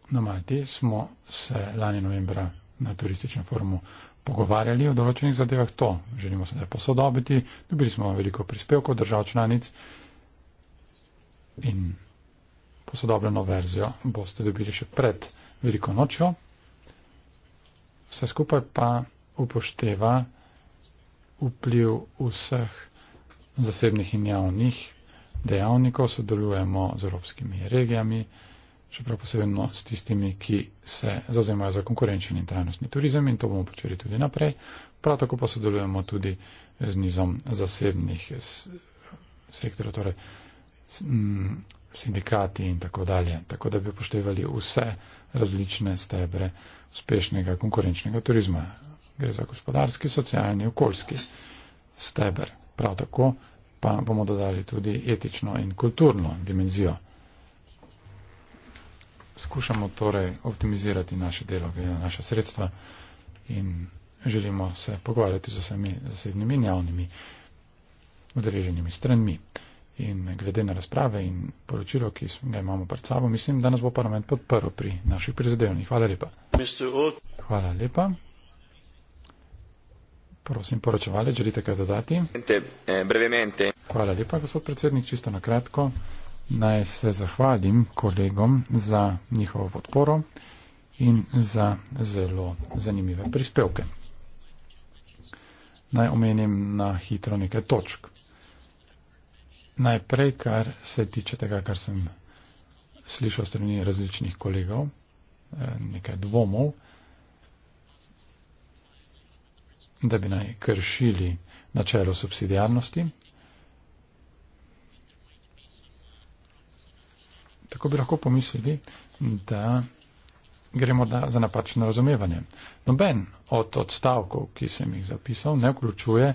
Na Malti smo se lani novembra na turističnem forumu pogovarjali o določenih zadevah, to želimo sedaj posodobiti, dobili smo veliko prispevkov držav članic in posodobljeno verzijo boste dobili še pred veliko nočjo. Vse skupaj pa upošteva vpliv vseh zasebnih in javnih dejavnikov, sodelujemo z evropskimi regijami še prav posebno s tistimi, ki se zazemajo za konkurenčen in trajnostni turizem in to bomo počeli tudi naprej. Prav tako pa sodelujemo tudi z nizom zasebnih sektorov, torej sindikati in tako dalje, tako da bi upoštevali vse različne stebre uspešnega konkurenčnega turizma. Gre za gospodarski, socialni, okoljski steber. Prav tako pa bomo dodali tudi etično in kulturno dimenzijo skušamo torej optimizirati naše delo, glede na naše sredstva in želimo se pogovarjati z vsemi zasebnimi in javnimi udeleženimi stranmi. In glede na razprave in poročilo, ki ga imamo pred sabo, mislim, da nas bo parlament podprl pri naših prizadevanjih. Hvala lepa. Hvala lepa. Prosim, poročevalec, želite kaj dodati? Hvala lepa, gospod predsednik, čisto na kratko. Naj se zahvalim kolegom za njihovo podporo in za zelo zanimive prispevke. Naj omenim na hitro nekaj točk. Najprej, kar se tiče tega, kar sem slišal strani različnih kolegov, eh, nekaj dvomov, da bi naj kršili načelo subsidijarnosti, tako bi lahko pomislili, da gremo na, za napačno razumevanje. Noben od odstavkov, ki sem jih zapisal, ne vključuje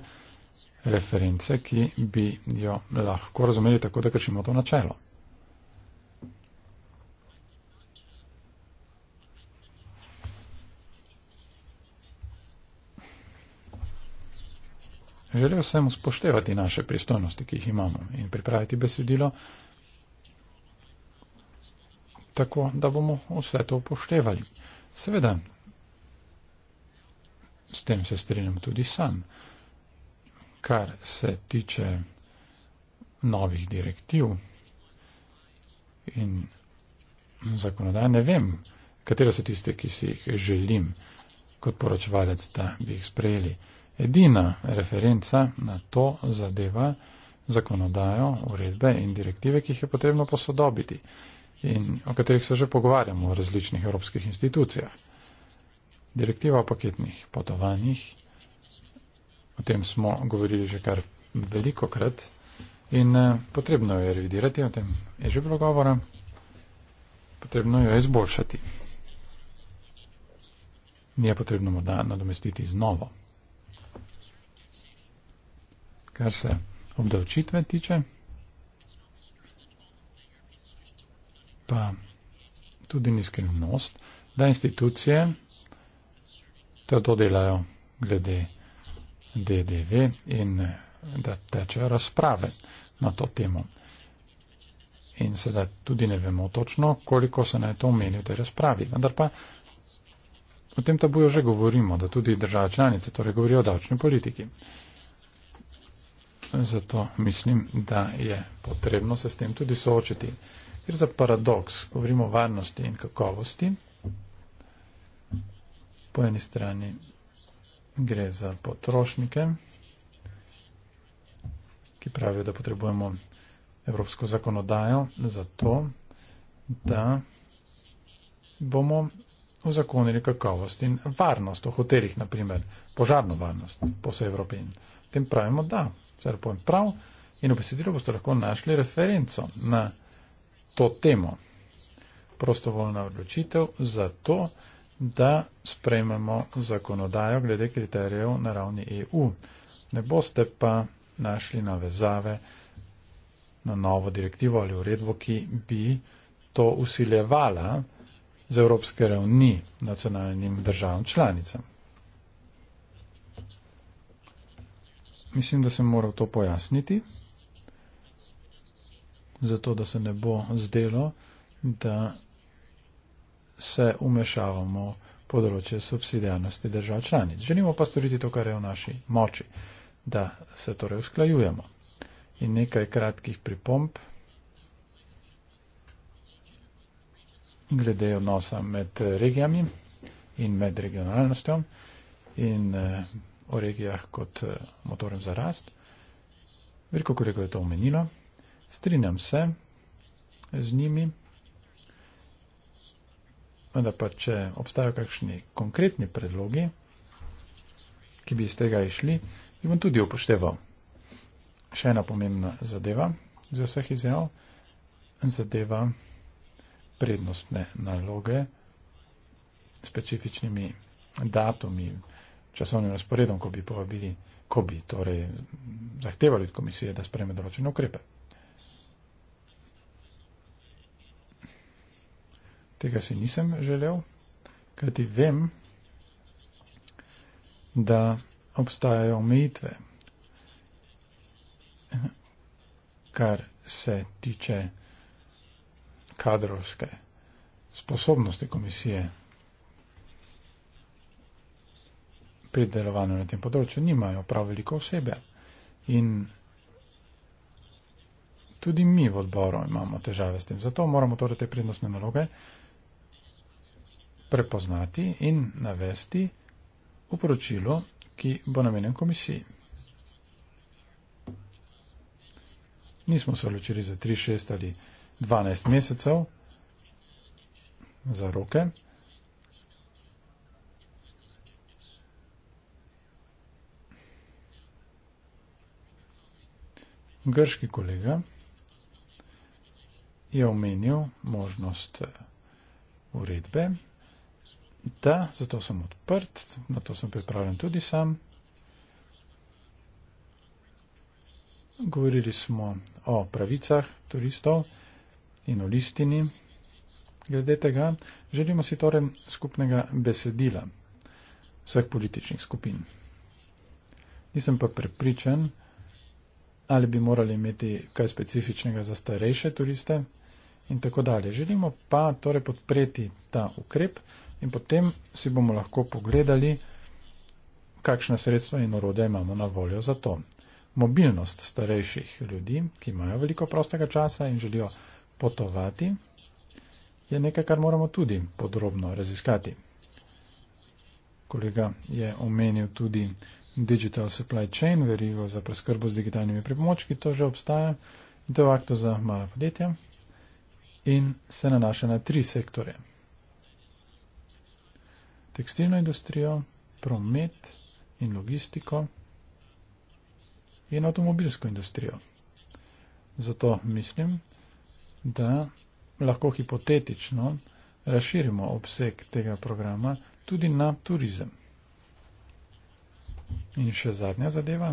reference, ki bi jo lahko razumeli tako, da kršimo to načelo. Želel sem spoštevati naše pristojnosti, ki jih imamo, in pripraviti besedilo, tako da bomo vse to upoštevali. Seveda, s tem se strinjam tudi sam, kar se tiče novih direktiv in zakonodaje. Ne vem, katere so tiste, ki si jih želim kot poročevalec, da bi jih sprejeli. Edina referenca na to zadeva zakonodajo, uredbe in direktive, ki jih je potrebno posodobiti in mhm. o katerih se že pogovarjamo v različnih evropskih institucijah. Direktiva o paketnih potovanjih, o tem smo govorili že kar veliko krat in eh, potrebno jo je revidirati, o tem je že bilo govora, potrebno jo je izboljšati. Nije potrebno morda nadomestiti z novo. Kar se obdavčitve tiče, pa tudi ni skrivnost, da institucije to delajo glede DDV in da tečejo razprave na to temo. In sedaj tudi ne vemo točno, koliko se naj to omeni v tej razpravi. Vendar pa o tem tabuju že govorimo, da tudi države članice torej govorijo o davčni politiki. Zato mislim, da je potrebno se s tem tudi soočiti gre za paradoks, govorimo o varnosti in kakovosti. Po eni strani gre za potrošnike, ki pravijo, da potrebujemo evropsko zakonodajo za to, da bomo ozakonili kakovost in varnost v hotelih, naprimer požarno varnost po vsej Evropi. In tem pravimo, da, vse je prav, in v besedilu boste lahko našli referenco na to temo. Prostovoljna odločitev za to, da sprejmemo zakonodajo glede kriterijev na ravni EU. Ne boste pa našli navezave na novo direktivo ali uredbo, ki bi to usiljevala z evropske ravni nacionalnim državam članicam. Mislim, da sem moral to pojasniti zato da se ne bo zdelo, da se umešavamo področje subsidijarnosti držav članic. Želimo pa storiti to, kar je v naši moči, da se torej usklajujemo. In nekaj kratkih pripomp glede odnosa med regijami in med regionalnostjo in eh, o regijah kot eh, motorem za rast. Veliko kolegov je to omenilo strinjam se z njimi, vendar pa če obstajajo kakšni konkretni predlogi, ki bi iz tega išli, jih bom tudi upošteval. Še ena pomembna zadeva za vseh izjav, e zadeva prednostne naloge specifičnimi datumi, časovnim razporedom, ko bi, povabili, ko bi torej zahtevali od komisije, da spreme določene ukrepe. Tega si nisem želel, kajti vem, da obstajajo omejitve, kar se tiče kadrovske sposobnosti komisije pri delovanju na tem področju. Nimajo prav veliko osebe in tudi mi v odboru imamo težave s tem. Zato moramo torej te prednostne naloge prepoznati in navesti v poročilo, ki bo namenjen komisiji. Nismo se ločili za 3, 6 ali 12 mesecev za roke. Grški kolega je omenil možnost uredbe, Da, zato sem odprt, na to sem pripravljen tudi sam. Govorili smo o pravicah turistov in o listini. Glede tega želimo si torej skupnega besedila vseh političnih skupin. Nisem pa prepričan, ali bi morali imeti kaj specifičnega za starejše turiste in tako dalje. Želimo pa torej podpreti ta ukrep, in potem si bomo lahko pogledali, kakšna sredstva in orode imamo na voljo za to. Mobilnost starejših ljudi, ki imajo veliko prostega časa in želijo potovati, je nekaj, kar moramo tudi podrobno raziskati. Kolega je omenil tudi Digital Supply Chain, verigo za preskrbo z digitalnimi pripomočki, to že obstaja, to je akto za mala podjetja in se nanaša na tri sektore tekstilno industrijo, promet in logistiko in avtomobilsko industrijo. Zato mislim, da lahko hipotetično razširimo obseg tega programa tudi na turizem. In še zadnja zadeva,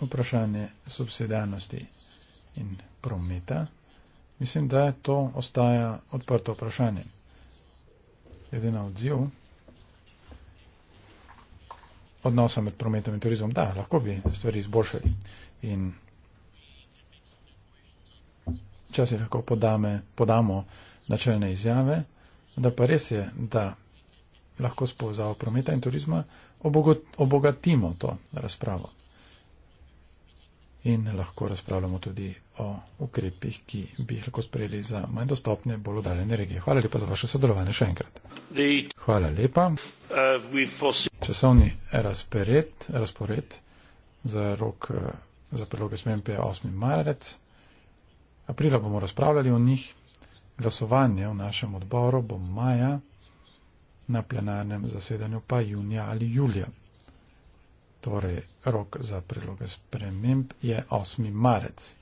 vprašanje subsidijalnosti in prometa. Mislim, da to ostaja odprto vprašanje glede na odziv odnosa med prometom in turizmom, da, lahko bi stvari izboljšali. In včasih lahko podame, podamo načeljne izjave, da pa res je, da lahko s povezavo prometa in turizma obogatimo to razpravo in lahko razpravljamo tudi o ukrepih, ki bi jih lahko sprejeli za manj dostopne, bolj odaljene regije. Hvala lepa za vaše sodelovanje še enkrat. Hvala lepa. Uh, Časovni razpored, razpored za rok uh, za predloge SMP je 8. marec. Aprila bomo razpravljali o njih. Glasovanje v našem odboru bo maja, na plenarnem zasedanju pa junija ali julija. Torej, rok za predloge sprememb je 8. marec.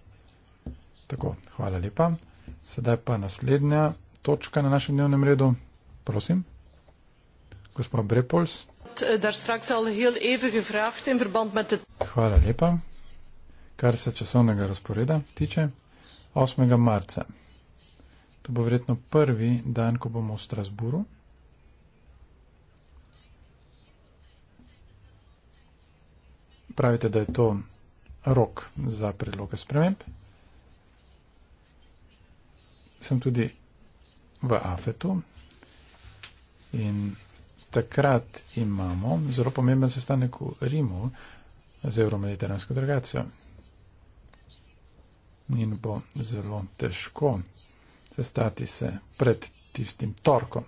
Tako, hvala lepa. Sedaj pa naslednja točka na našem dnevnem redu. Prosim. Gospod Brepols. Hvala lepa. Kar se časovnega razporeda tiče, 8. marca. To bo verjetno prvi dan, ko bomo v Strasburu. pravite, da je to rok za predloge sprememb. Sem tudi v AFET-u in takrat imamo zelo pomemben sestanek v Rimu z euromediteransko delegacijo. In bo zelo težko sestati se pred tistim torkom.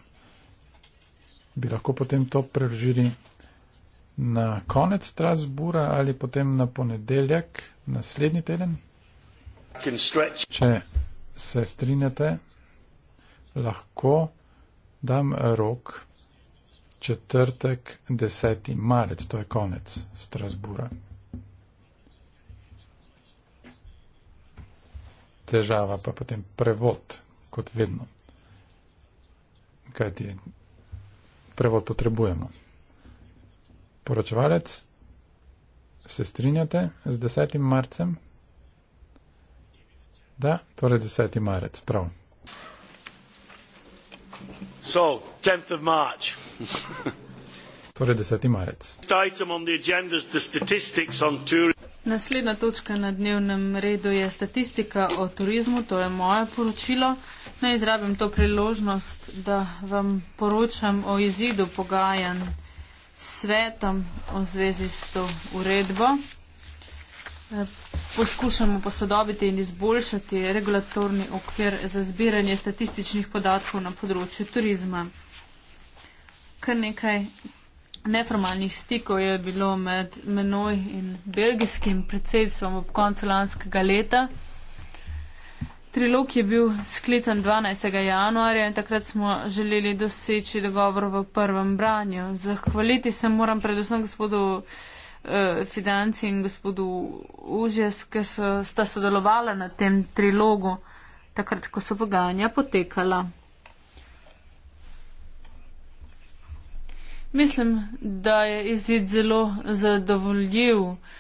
Bi lahko potem to preložili na konec Strasbura ali potem na ponedeljek, naslednji teden. Če se strinjate, lahko dam rok četrtek 10. marec, to je konec Strasbura. Težava pa potem prevod, kot vedno. Kaj ti prevod potrebujemo? poročevalec, se strinjate z 10. marcem? Da, torej 10. marec, prav. So, 10. <laughs> Torej marec. torej 10. marec. Naslednja točka na dnevnem redu je statistika o turizmu, to je moje poročilo. Naj izrabim to priložnost, da vam poročam o izidu pogajanj svetom v zvezi s to uredbo. E, poskušamo posodobiti in izboljšati regulatorni okvir za zbiranje statističnih podatkov na področju turizma. Kar nekaj neformalnih stikov je bilo med menoj in belgijskim predsedstvom ob koncu lanskega leta. Trilog je bil sklican 12. januarja in takrat smo želeli doseči dogovor v prvem branju. Zahvaliti se moram predvsem gospodu eh, Financi in gospodu Užes, ki so, sta sodelovala na tem trilogu, takrat, ko so pogajanja potekala. Mislim, da je izid zelo zadovoljiv. Eh,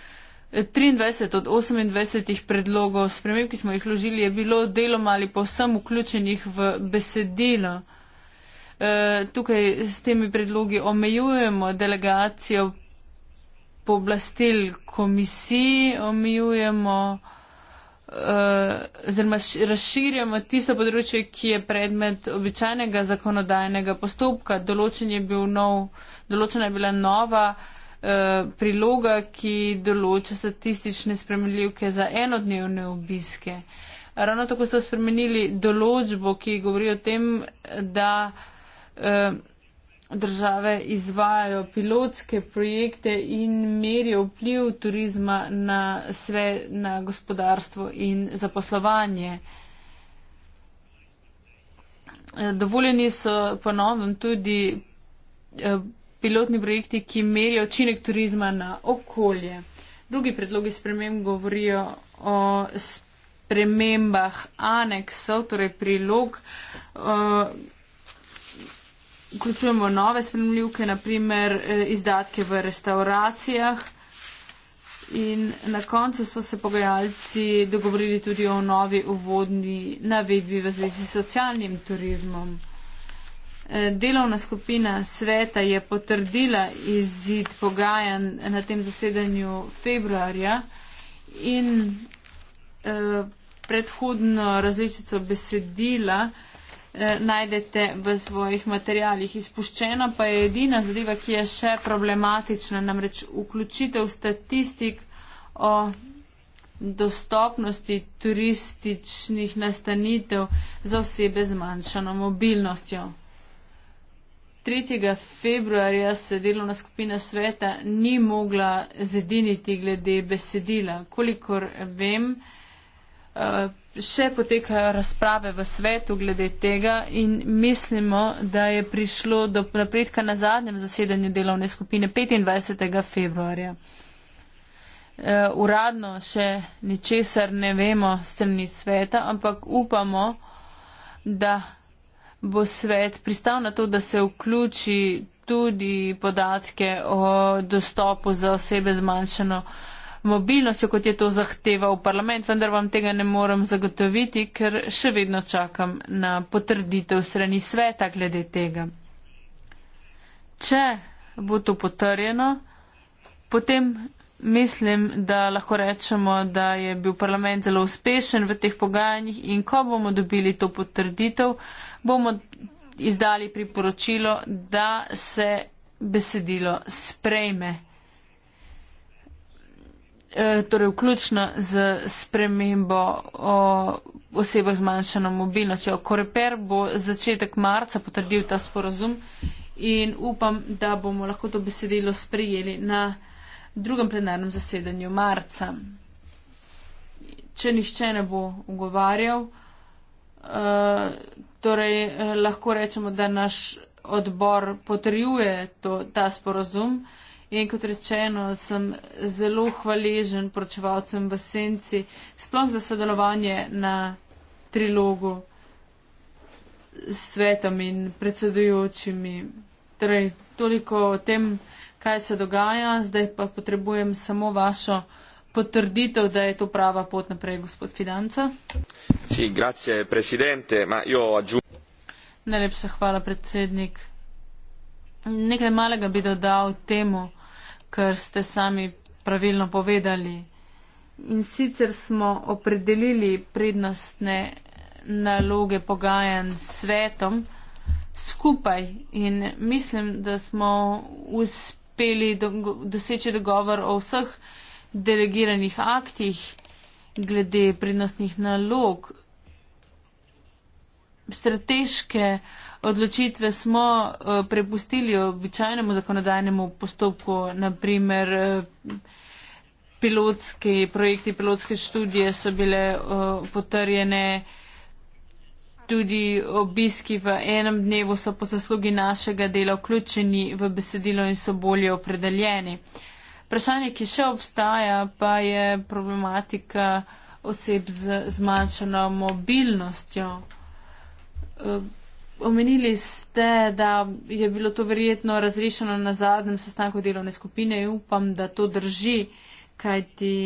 23 od 28 predlogov sprememb, ki smo jih ložili, je bilo deloma ali povsem vključenih v besedilo. E, tukaj s temi predlogi omejujemo delegacijo pooblastil komisiji, omejujemo e, oziroma razširjamo tisto področje, ki je predmet običajnega zakonodajnega postopka. Določen je bil nov, določena je bila nova. Eh, priloga, ki določa statistične spremljivke za enodnevne obiske. Ravno tako ste spremenili določbo, ki govori o tem, da eh, države izvajajo pilotske projekte in merijo vpliv turizma na sve, na gospodarstvo in zaposlovanje. Eh, dovoljeni so ponovno tudi pilotni projekti, ki merijo učinek turizma na okolje. Drugi predlogi sprememb govorijo o spremembah aneksov, torej prilog. Vključujemo nove spremljivke, naprimer e, izdatke v restauracijah. In na koncu so se pogajalci dogovorili tudi o novi uvodni navedbi v zvezi s socialnim turizmom. Eh, delovna skupina sveta je potrdila izid pogajanj na tem zasedanju februarja in eh, predhodno različico besedila eh, najdete v svojih materijalih. Izpuščena pa je edina zadeva, ki je še problematična, namreč vključitev statistik o dostopnosti turističnih nastanitev za osebe z manjšano mobilnostjo. 3. februarja se delovna skupina sveta ni mogla zediniti glede besedila. Kolikor vem, eh, še potekajo razprave v svetu glede tega in mislimo, da je prišlo do napredka na zadnjem zasedanju delovne skupine 25. februarja. Eh, uradno še ničesar ne vemo strani sveta, ampak upamo, da bo svet pristal na to, da se vključi tudi podatke o dostopu za osebe zmanjšano mobilnostjo, kot je to zahteval parlament, vendar vam tega ne morem zagotoviti, ker še vedno čakam na potrditev strani sveta glede tega. Če bo to potrjeno, potem Mislim, da lahko rečemo, da je bil parlament zelo uspešen v teh pogajanjih in ko bomo dobili to potrditev, bomo izdali priporočilo, da se besedilo sprejme. E, torej, vključno z spremembo o osebah zmanjšano mobilnostjo. Koreper bo začetek marca potrdil ta sporazum in upam, da bomo lahko to besedilo sprejeli na drugem plenarnem zasedanju marca. Če nihče ne bo ugovarjal, eh, torej eh, lahko rečemo, da naš odbor potrjuje to, ta sporozum. In kot rečeno, sem zelo hvaležen poročevalcem v Senci, sploh za sodelovanje na trilogu s svetom in predsedujočimi. Torej, toliko o tem kaj se dogaja, zdaj pa potrebujem samo vašo potrditev, da je to prava pot naprej, gospod Fidanca. Si, grazie, presidente, ma jo aggiù. Najlepša hvala, predsednik. Nekaj malega bi dodal temu, kar ste sami pravilno povedali. In sicer smo opredelili prednostne naloge pogajan s svetom skupaj in mislim, da smo uspeli uspeli doseči dogovor o vseh delegiranih aktih glede prednostnih nalog. Strateške odločitve smo eh, prepustili običajnemu zakonodajnemu postopku, naprimer eh, pilotski projekti, pilotske študije so bile eh, potrjene. Tudi obiski v enem dnevu so po zaslugi našega dela vključeni v besedilo in so bolje opredeljeni. Vprašanje, ki še obstaja, pa je problematika oseb z zmanjšano mobilnostjo. Eh, omenili ste, da je bilo to verjetno razrešeno na zadnjem sestanku delovne skupine in upam, da to drži, kajti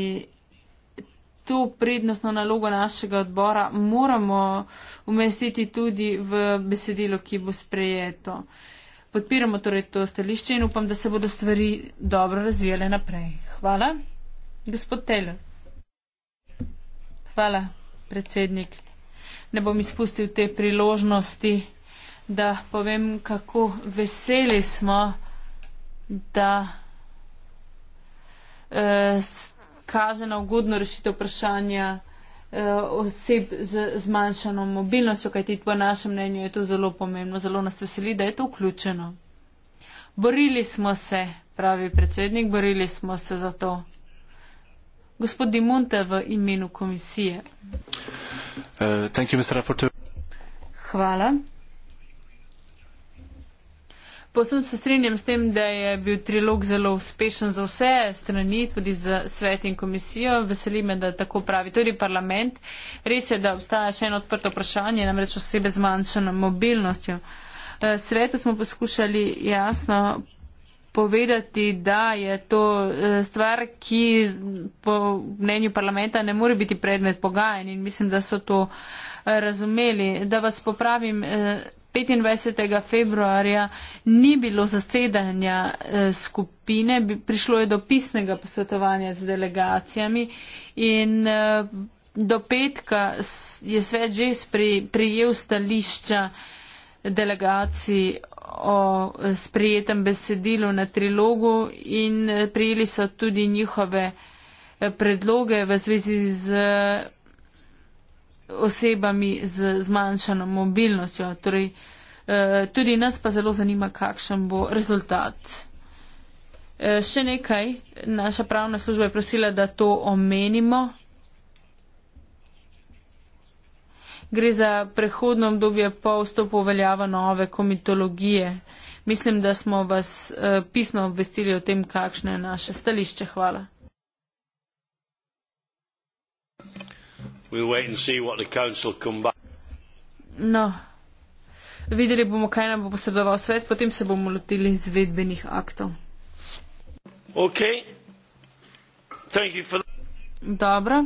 to prednostno nalogo našega odbora moramo umestiti tudi v besedilo, ki bo sprejeto. Podpiramo torej to stališče in upam, da se bodo stvari dobro razvijale naprej. Hvala. Gospod Taylor. Hvala, predsednik. Ne bom izpustil te priložnosti, da povem, kako veseli smo, da. Uh, kaže na ugodno rešitev vprašanja eh, oseb z zmanjšano mobilnostjo, kajti po našem mnenju je to zelo pomembno, zelo nas veseli, da je to vključeno. Borili smo se, pravi predsednik, borili smo se za to. Gospod Dimonte v imenu komisije. Uh, Hvala. Posem se strinjam s tem, da je bil trilog zelo uspešen za vse strani, tudi za svet in komisijo. Veseli me, da tako pravi tudi parlament. Res je, da obstaja še eno odprto vprašanje, namreč osebe z manjšo mobilnostjo. Eh, svetu smo poskušali jasno povedati, da je to eh, stvar, ki po mnenju parlamenta ne more biti predmet pogajanj in mislim, da so to eh, razumeli. Da vas popravim. 25. februarja ni bilo zasedanja eh, skupine, prišlo je do pisnega posvetovanja z delegacijami in eh, do petka je svet že prijel stališča delegacij o eh, sprijetem besedilu na trilogu in prijeli so tudi njihove predloge v zvezi z osebami z zmanjšano mobilnostjo. Torej, eh, tudi nas pa zelo zanima, kakšen bo rezultat. Eh, še nekaj, naša pravna služba je prosila, da to omenimo. Gre za prehodno obdobje po vstopu veljava nove komitologije. Mislim, da smo vas eh, pisno obvestili o tem, kakšno je naše stališče. Hvala. we'll wait and see what the council come back. No. Videli bomo, kaj nam bo posredoval svet, potem se bomo lotili izvedbenih aktov. Okay. Dobro.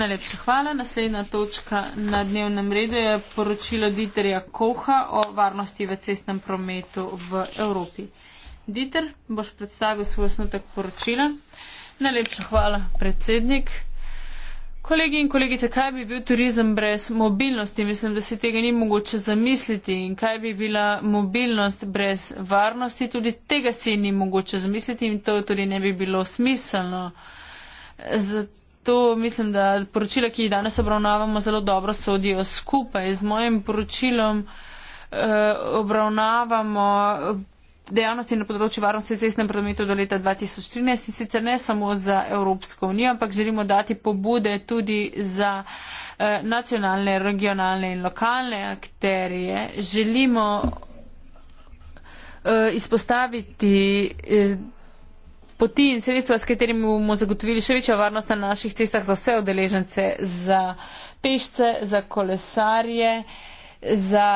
Najlepša hvala. Naslednja točka na dnevnem redu je poročilo Diterja Koha o varnosti v cestnem prometu v Evropi. Diter, boš predstavil svoj osnutek poročila. Najlepša hvala, predsednik. Kolegi in kolegice, kaj bi bil turizem brez mobilnosti? Mislim, da si tega ni mogoče zamisliti. In kaj bi bila mobilnost brez varnosti? Tudi tega si ni mogoče zamisliti in to tudi ne bi bilo smiselno. Zato mislim, da poročila, ki jih danes obravnavamo, zelo dobro sodijo skupaj. Z mojim poročilom eh, obravnavamo dejavnosti na področju varnosti v cestnem prometu do leta 2013 in sicer ne samo za Evropsko unijo, ampak želimo dati pobude tudi za eh, nacionalne, regionalne in lokalne akterije. Želimo eh, izpostaviti eh, poti in sredstva, s katerimi bomo zagotovili še večjo varnost na naših cestah za vse odeležence, za pešce, za kolesarje, za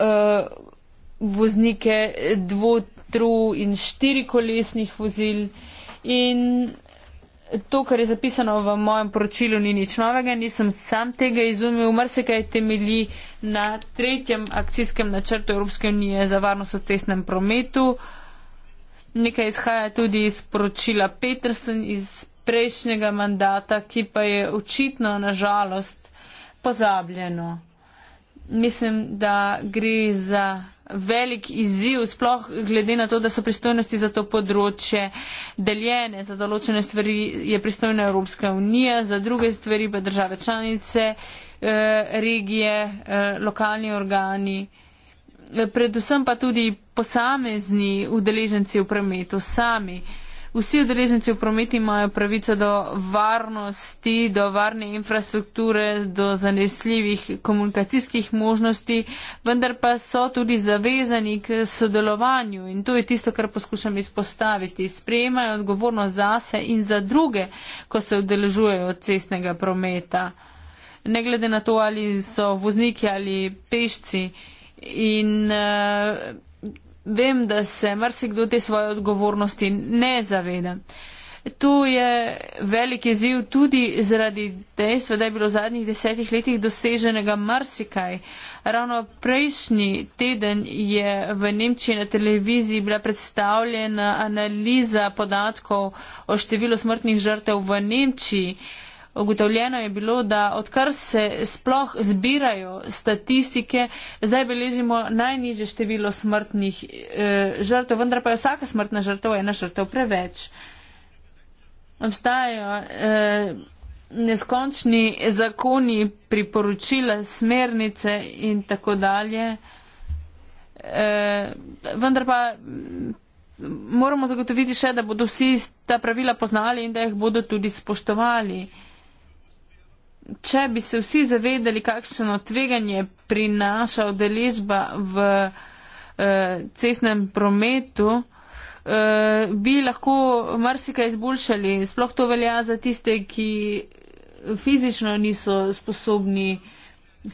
uh, voznike dvo, tru in štiri kolesnih vozil. In to, kar je zapisano v mojem poročilu, ni nič novega, nisem sam tega izumil. Mrsikaj temelji na tretjem akcijskem načrtu Evropske unije za varnost v cestnem prometu. Nekaj izhaja tudi iz poročila Petersen iz prejšnjega mandata, ki pa je očitno, nažalost, pozabljeno mislim, da gre za velik izziv, sploh glede na to, da so pristojnosti za to področje deljene. Za določene stvari je pristojna Evropska unija, za druge stvari pa države članice, eh, regije, eh, lokalni organi. Eh, predvsem pa tudi posamezni udeleženci v prometu sami. Uh, vsi udeleženci v prometu imajo pravico do varnosti, do varne infrastrukture, do zanesljivih komunikacijskih možnosti, vendar pa so tudi zavezani k sodelovanju in to je tisto, kar poskušam izpostaviti. Sprejemajo odgovornost zase in za druge, ko se udeležujejo cestnega prometa. Ne glede na to, ali so vozniki ali pešci. In, uh, vem, da se marsikdo te svoje odgovornosti ne zaveda. Tu je velik izziv tudi zaradi dejstva, da je bilo v zadnjih desetih letih doseženega marsikaj. Ravno prejšnji teden je v Nemčiji na televiziji bila predstavljena analiza podatkov o številu smrtnih žrtev v Nemčiji. Uh, Ugotovljeno je bilo, da odkar se sploh zbirajo statistike, zdaj beležimo najniže število smrtnih e, žrtev, vendar pa je vsaka smrtna žrtev ena žrtev preveč. Obstajajo e, neskončni zakoni, priporočila, smernice in tako dalje. Uh, vendar pa moramo zagotoviti še, da bodo vsi ta pravila poznali in da jih bodo tudi spoštovali. Uh, če bi se vsi zavedali, kakšno tveganje prinaša odeležba v eh, cestnem prometu, eh, bi lahko marsikaj izboljšali. Sploh to velja za tiste, ki fizično niso sposobni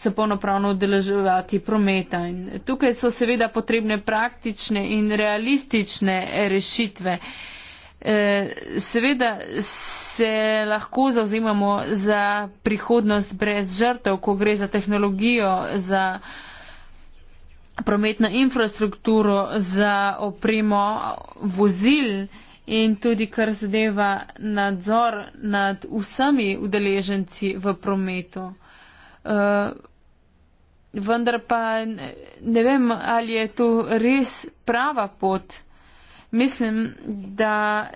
se polnopravno udeleževati prometa. In tukaj so seveda potrebne praktične in realistične rešitve. Eh, Eh, seveda se lahko zauzimamo za prihodnost brez žrtev, ko gre za tehnologijo, za prometno infrastrukturo, za opremo vozil in tudi kar zadeva nadzor nad vsemi udeleženci v prometu. Eh, vendar pa ne vem, ali je to res prava pot. Mislim, da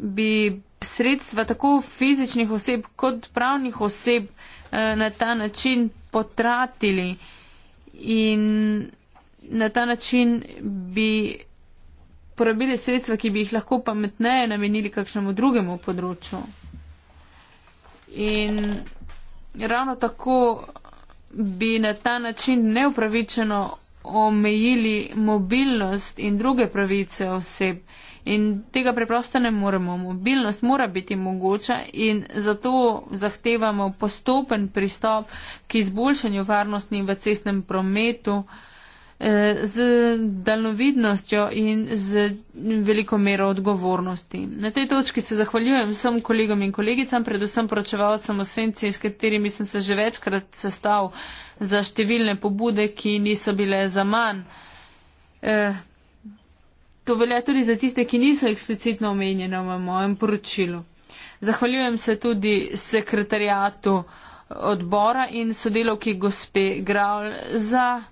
bi sredstva tako fizičnih oseb kot pravnih oseb eh, na ta način potratili in na ta način bi porabili sredstva, ki bi jih lahko pametneje namenili kakšnemu drugemu področju. In ravno tako bi na ta način neupravičeno omejili mobilnost in druge pravice oseb. In tega preprosto ne moremo. Mobilnost mora biti mogoča in zato zahtevamo postopen pristop k izboljšanju varnosti v cestnem prometu. Eh, z daljnovidnostjo in z veliko mero odgovornosti. Na tej točki se zahvaljujem vsem kolegom in kolegicam, predvsem poročevalcem o senci, s katerimi sem se že večkrat sestal za številne pobude, ki niso bile za manj. Eh, to velja tudi za tiste, ki niso eksplicitno omenjene v mojem poročilu. Zahvaljujem se tudi sekretarijatu odbora in sodelovki gospe Graul za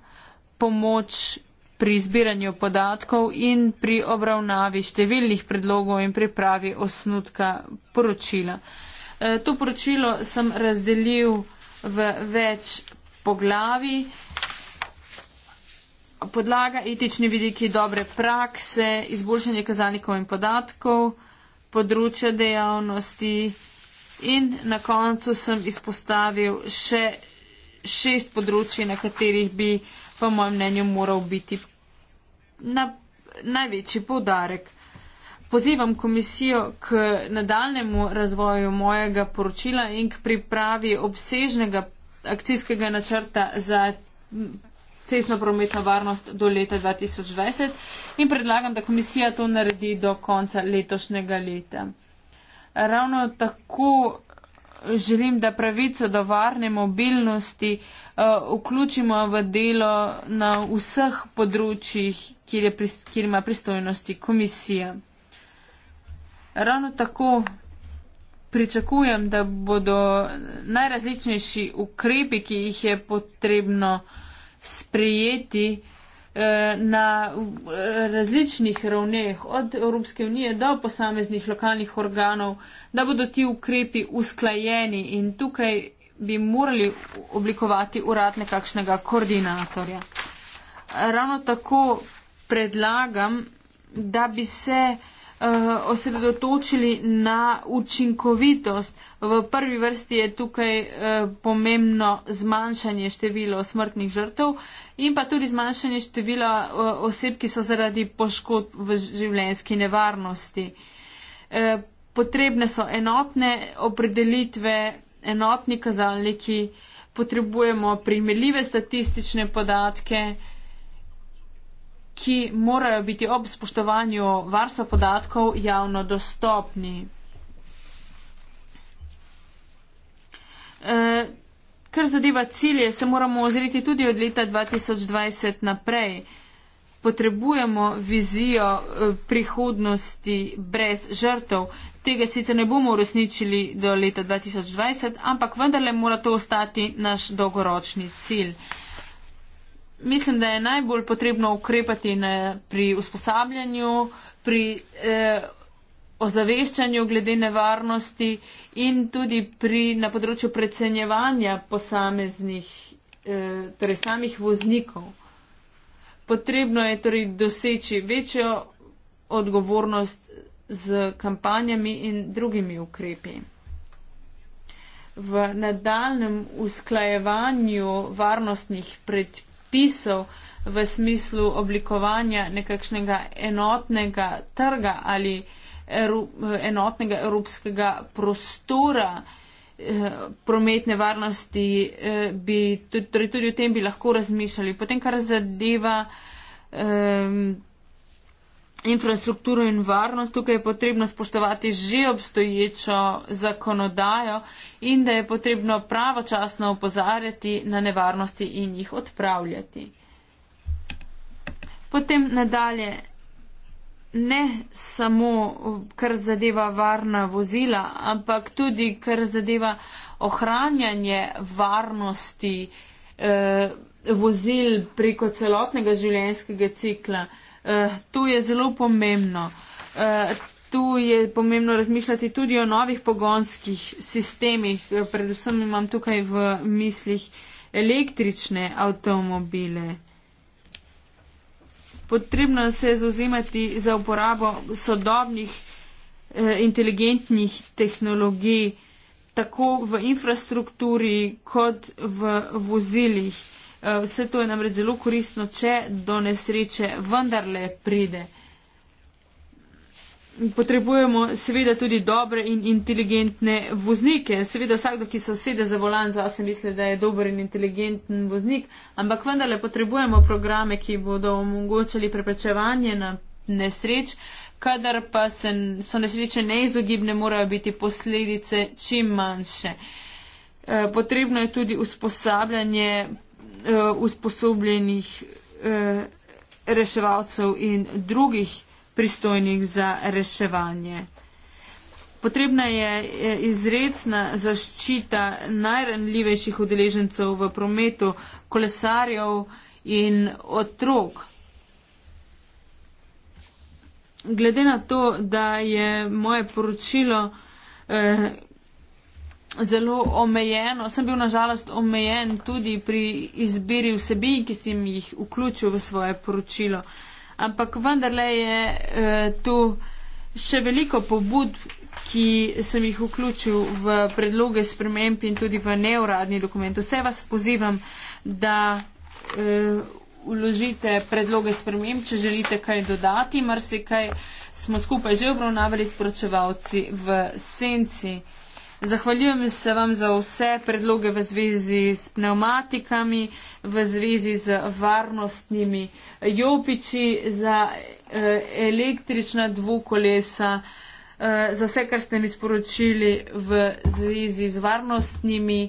pomoč pri zbiranju podatkov in pri obravnavi številnih predlogov in pripravi osnutka poročila. E, to poročilo sem razdelil v več poglavi. Podlaga etični vidiki dobre prakse, izboljšanje kazalnikov in podatkov, področja dejavnosti in na koncu sem izpostavil še šest področji, na katerih bi po mojem mnenju moral biti na največji povdarek. Pozivam komisijo k nadaljnemu razvoju mojega poročila in k pripravi obsežnega akcijskega načrta za cestno prometno varnost do leta 2020 in predlagam, da komisija to naredi do konca letošnjega leta. Ravno tako želim, da pravico do varne mobilnosti uh, vključimo v delo na vseh področjih, kjer, pri, kjer ima pristojnosti komisija. Ravno tako pričakujem, da bodo najrazličnejši ukrepi, ki jih je potrebno sprejeti, uh, Eh, na različnih ravneh, od Evropske unije do posameznih lokalnih organov, da bodo ti ukrepi usklajeni in tukaj bi morali oblikovati urad nekakšnega koordinatorja. Ravno tako predlagam, da bi se uh, Eh, osredotočili na učinkovitost. V prvi vrsti je tukaj eh, pomembno zmanjšanje števila smrtnih žrtev in pa tudi zmanjšanje števila eh, oseb, ki so zaradi poškodb v življenjski nevarnosti. Potrebne so enotne opredelitve, enotni kazalniki, potrebujemo primerljive statistične podatke ki morajo biti ob spoštovanju varstva podatkov javno dostopni. Eh, kar zadeva cilje, se moramo ozriti tudi od leta 2020 naprej. Potrebujemo vizijo eh, prihodnosti brez žrtev. Tega sicer ne bomo uresničili do leta 2020, ampak vendarle mora to ostati naš dolgoročni cilj mislim, da je najbolj potrebno ukrepati ne, pri usposabljanju, pri eh, ozaveščanju glede nevarnosti in tudi pri, na področju predsenjevanja posameznih, eh, torej samih voznikov. Potrebno je torej doseči večjo odgovornost z kampanjami in drugimi ukrepi. V nadaljem usklajevanju varnostnih predpisov predpisov v smislu oblikovanja nekakšnega enotnega trga ali eru, enotnega evropskega prostora eh, prometne varnosti, eh, bi, tudi, torej tudi o tem bi lahko razmišljali. Potem, kar zadeva eh, infrastrukturo in varnost, tukaj je potrebno spoštovati že obstoječo zakonodajo in da je potrebno pravočasno opozarjati na nevarnosti in jih odpravljati. Potem nadalje, ne samo kar zadeva varna vozila, ampak tudi kar zadeva ohranjanje varnosti eh, vozil preko celotnega življenjskega cikla. Eh, Eh, to je zelo pomembno. Eh, tu je pomembno razmišljati tudi o novih pogonskih sistemih. Eh, predvsem imam tukaj v mislih električne avtomobile. Potrebno se je zauzimati za uporabo sodobnih inteligentnih tehnologij tako v infrastrukturi kot v vozilih. Eh, vse to je namreč zelo koristno, če do nesreče vendarle pride. Potrebujemo seveda tudi dobre in inteligentne voznike. Seveda vsakdo, ki se usede za volan, zase misli, da je dober in inteligenten voznik, ampak vendarle potrebujemo programe, ki bodo omogočali preprečevanje na nesreč. Kadar pa se, so nesreče neizogibne, morajo biti posledice čim manjše. E, potrebno je tudi usposabljanje uh, usposobljenih uh, reševalcev in drugih pristojnih za reševanje. Potrebna je eh, izredna zaščita najranljivejših udeležencev v prometu, kolesarjev in otrok. Glede na to, da je moje poročilo eh, zelo omejen, sem bil nažalost omejen tudi pri izbiri vsebin, ki sem jih vključil v svoje poročilo. Ampak vendarle je eh, tu še veliko pobud, ki sem jih vključil v predloge sprememb in tudi v neuradni dokument. Vse vas pozivam, da uložite eh, predloge sprememb, če želite kaj dodati, mar se kaj smo skupaj že obravnavali s poročevalci v senci. Zahvaljujem se vam za vse predloge v zvezi s pneumatikami, v zvezi z varnostnimi jopiči, za eh, električna dvokolesa, eh, za vse, kar ste mi sporočili v zvezi z varnostnimi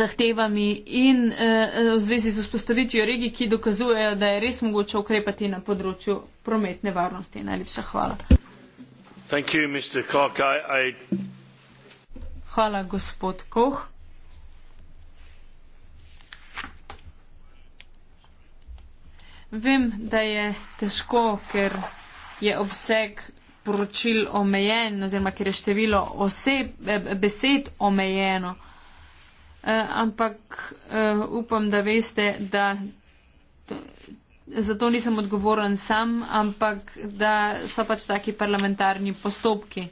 zahtevami in eh, v zvezi z vzpostavitvijo regij, ki dokazujejo, da je res mogoče ukrepati na področju prometne varnosti. Najlepša hvala. Hvala, gospod Koh. Vem, da je težko, ker je obseg poročil omejen oziroma ker je število oseb, eh, besed omejeno. Eh, ampak eh, upam, da veste, da zato nisem odgovoren sam, ampak da so pač taki parlamentarni postopki.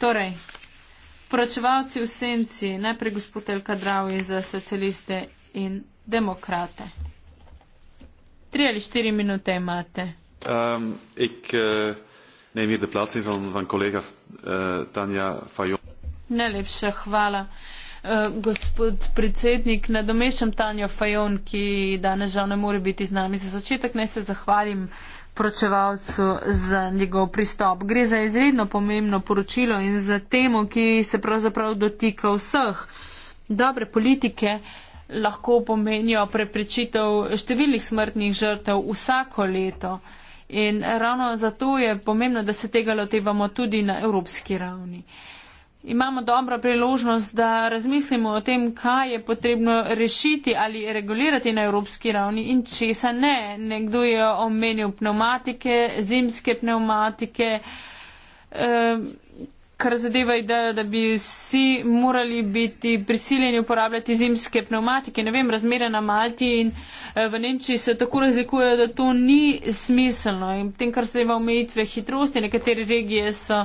Torej, poročevalci v senci, najprej gospod El Kadravi za socialiste in demokrate. Tri ali štiri minute imate. Um, ik uh, neem hier de plaats in van, van collega uh, Tanja Fajon. Najlepša hvala. Uh, Eh, gospod predsednik, nadomešam Tanja Fajon, ki danes žal ne more biti z nami. Za začetek naj se zahvalim pročevalcu za njegov pristop. Gre za izredno pomembno poročilo in za temo, ki se pravzaprav dotika vseh. Dobre politike lahko pomenijo preprečitev številnih smrtnih žrtev vsako leto. In ravno zato je pomembno, da se tega lotevamo tudi na evropski ravni. Uh, imamo dobro priložnost, da razmislimo o tem, kaj je potrebno rešiti ali regulirati na evropski ravni in česa ne. Nekdo je omenil pneumatike, zimske pneumatike. Um, eh, kar zadeva idejo, da bi vsi morali biti prisiljeni uporabljati zimske pneumatike. Ne vem, razmere na Malti in eh, v Nemčiji se tako razlikujejo, da to ni smiselno. In tem, kar zadeva omejitve hitrosti, nekatere regije so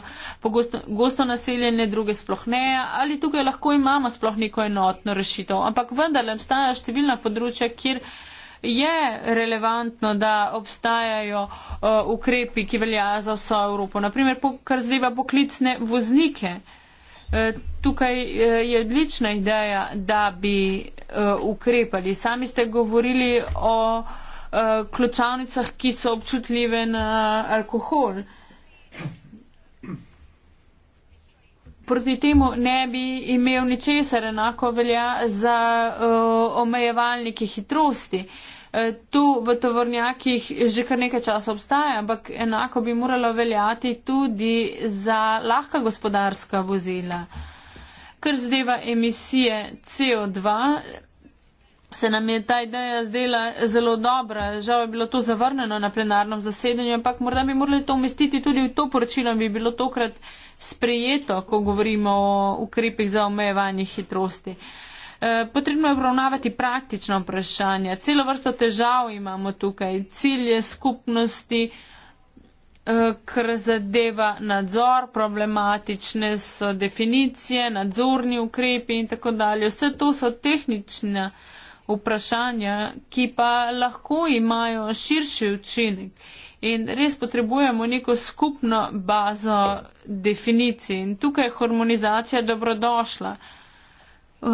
pogosto gosto naseljene, druge sploh ne, ali tukaj lahko imamo sploh neko enotno rešitev. Ampak vendar, le obstajajo številna področja, kjer je relevantno, da obstajajo uh, ukrepi, ki velja za vso Evropo. Naprimer, po, kar zdeva poklicne voznike. Uh, tukaj uh, je odlična ideja, da bi uh, ukrepali. Sami ste govorili o ključavnicah, ki so občutljive na alkohol. proti temu ne bi imel ničesar, enako velja za uh, omejevalnike hitrosti. Eh, tu v tovornjakih že kar nekaj časa obstaja, ampak enako bi moralo veljati tudi za lahka gospodarska vozila. Kar zdeva emisije CO2, se nam je ta ideja zdela zelo dobra. Žal je bilo to zavrneno na plenarnem zasedanju, ampak morda bi morali to umestiti tudi v to poročilo, bi bilo tokrat sprejeto, ko govorimo o ukrepih za omejevanje hitrosti. E, potrebno je obravnavati praktična vprašanja. Celo vrsto težav imamo tukaj. Cilje skupnosti, e, kar zadeva nadzor, problematične so definicije, nadzorni ukrepi in tako dalje. Vse to so tehnična vprašanja, ki pa lahko imajo širši učinek. In res potrebujemo neko skupno bazo definicij. In tukaj je harmonizacija dobrodošla. Eh,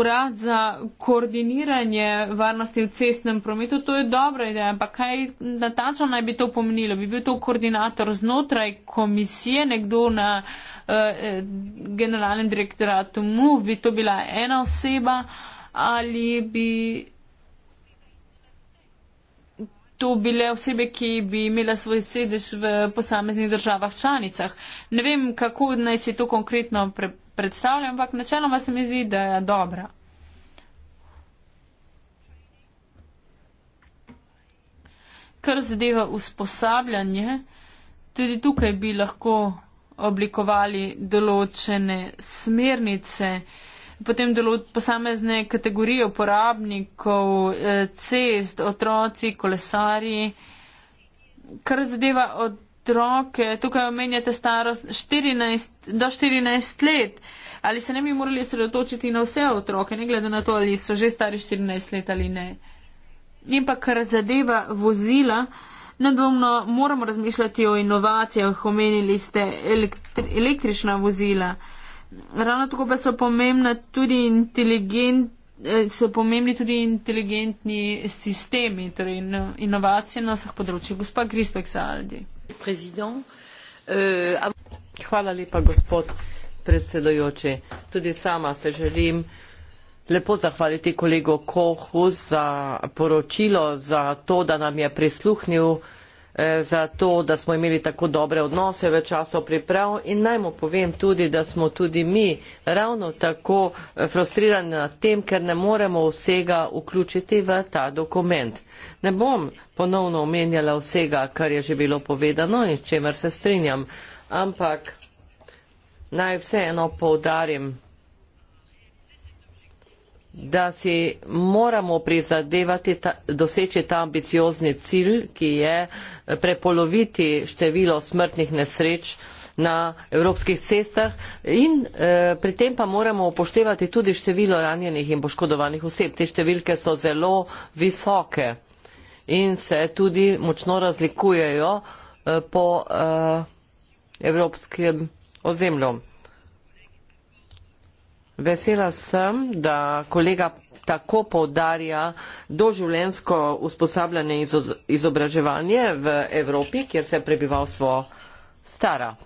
urad za koordiniranje varnosti v cestnem prometu, to je dobra ideja, ampak kaj natačno naj bi to pomenilo? Bi bil to koordinator znotraj komisije, nekdo na eh, eh generalnem direktoratu MUV, bi to bila ena oseba ali bi to bile osebe, ki bi imela svoj sedež v posameznih državah članicah. Ne vem, kako naj si to konkretno pre predstavljam, ampak načeloma se mi zdi, da je dobra. Kar zadeva usposabljanje, tudi tukaj bi lahko oblikovali določene smernice. Uh, potem delo posamezne kategorije uporabnikov, eh, cest, otroci, kolesari. Kar zadeva otroke, tukaj omenjate starost 14, do 14 let. Ali se ne bi morali sredotočiti na vse otroke, ne glede na to, ali so že stari 14 let ali ne. In pa kar zadeva vozila, nedvomno moramo razmišljati o inovacijah, omenili ste elektri, električna vozila ravno tako pa so pomembni tudi inteligentni. Eh, so pomembni tudi inteligentni sistemi, torej inovacije na vseh področjih. Gospa Grisbek Saldi. Eh, Hvala lepa, gospod predsedojoči. Tudi sama se želim lepo zahvaliti kolego Kohu za poročilo, za to, da nam je prisluhnil. Eh, za to, da smo imeli tako dobre odnose, več časa priprav in naj mu povem tudi, da smo tudi mi ravno tako eh, frustrirani nad tem, ker ne moremo vsega vključiti v ta dokument. Ne bom ponovno omenjala vsega, kar je že bilo povedano in s čemer se strinjam, ampak naj vseeno poudarim da si moramo prizadevati ta, doseči ta ambiciozni cilj, ki je eh, prepoloviti število smrtnih nesreč na evropskih cestah in eh, pri tem pa moramo upoštevati tudi število ranjenih in poškodovanih oseb. Te številke so zelo visoke in se tudi močno razlikujejo eh, po eh, evropskem ozemlju. Vesela sem, da kolega tako povdarja doživljensko usposabljanje in izobraževanje v Evropi, kjer se je prebivalstvo stara.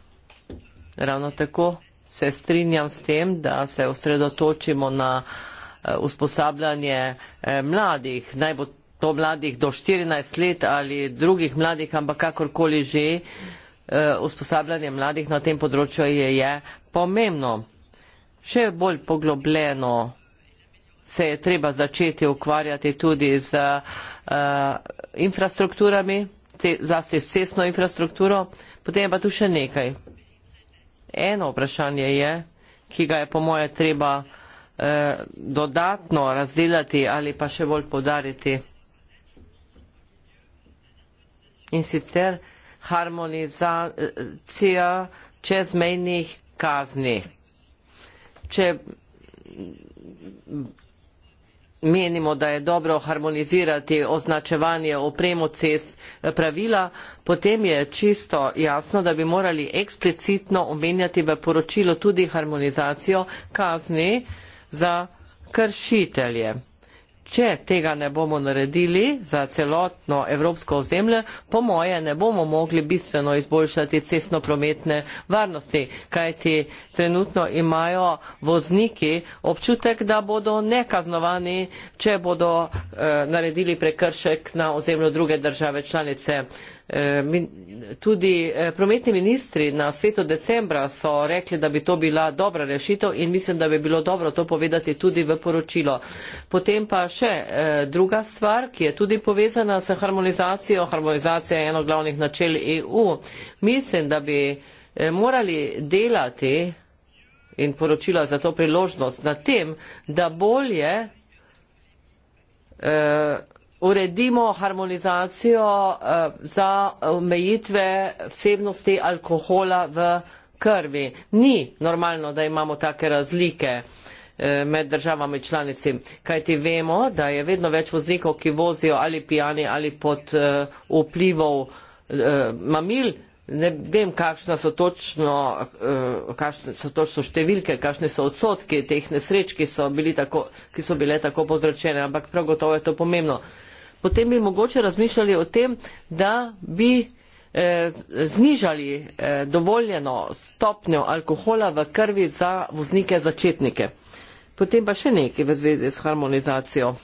Ravno tako se strinjam s tem, da se osredotočimo na eh, usposabljanje eh, mladih, naj bo to mladih do 14 let ali drugih mladih, ampak kakorkoli že, eh, usposabljanje mladih na tem področju je, je pomembno še bolj poglobljeno se je treba začeti ukvarjati tudi z uh, infrastrukturami, zlasti s cestno infrastrukturo. Potem je pa tu še nekaj. Eno vprašanje je, ki ga je po moje treba uh, dodatno razdelati ali pa še bolj podariti. In sicer harmonizacija čezmejnih kazni če menimo, da je dobro harmonizirati označevanje opremo cest eh, pravila, potem je čisto jasno, da bi morali eksplicitno omenjati v poročilo tudi harmonizacijo kazni za kršitelje če tega ne bomo naredili za celotno evropsko ozemlje, po moje ne bomo mogli bistveno izboljšati cestno-prometne varnosti, kajti trenutno imajo vozniki občutek, da bodo nekaznovani, če bodo eh, naredili prekršek na ozemlju druge države članice. Eh, Eh, tudi eh, prometni ministri na svetu decembra so rekli, da bi to bila dobra rešitev in mislim, da bi bilo dobro to povedati tudi v poročilo. Potem pa še eh, druga stvar, ki je tudi povezana s harmonizacijo. Harmonizacija je eno glavnih načel EU. Mislim, da bi morali delati in poročila za to priložnost na tem, da bolje. Uh, uredimo harmonizacijo eh, za omejitve vsebnosti alkohola v krvi. Ni normalno, da imamo take razlike eh, med državami članici, kajti vemo, da je vedno več voznikov, ki vozijo ali pijani ali pod eh, vplivom mamil. Ne vem, kakšne so, so točno številke, kakšne so odsotke teh nesreč, ki so, tako, ki so bile tako povzročene, ampak prav gotovo je to pomembno potem bi mogoče razmišljali o tem, da bi eh, znižali eh, dovoljeno stopnjo alkohola v krvi za voznike začetnike. Potem pa še nekaj v zvezi s harmonizacijo.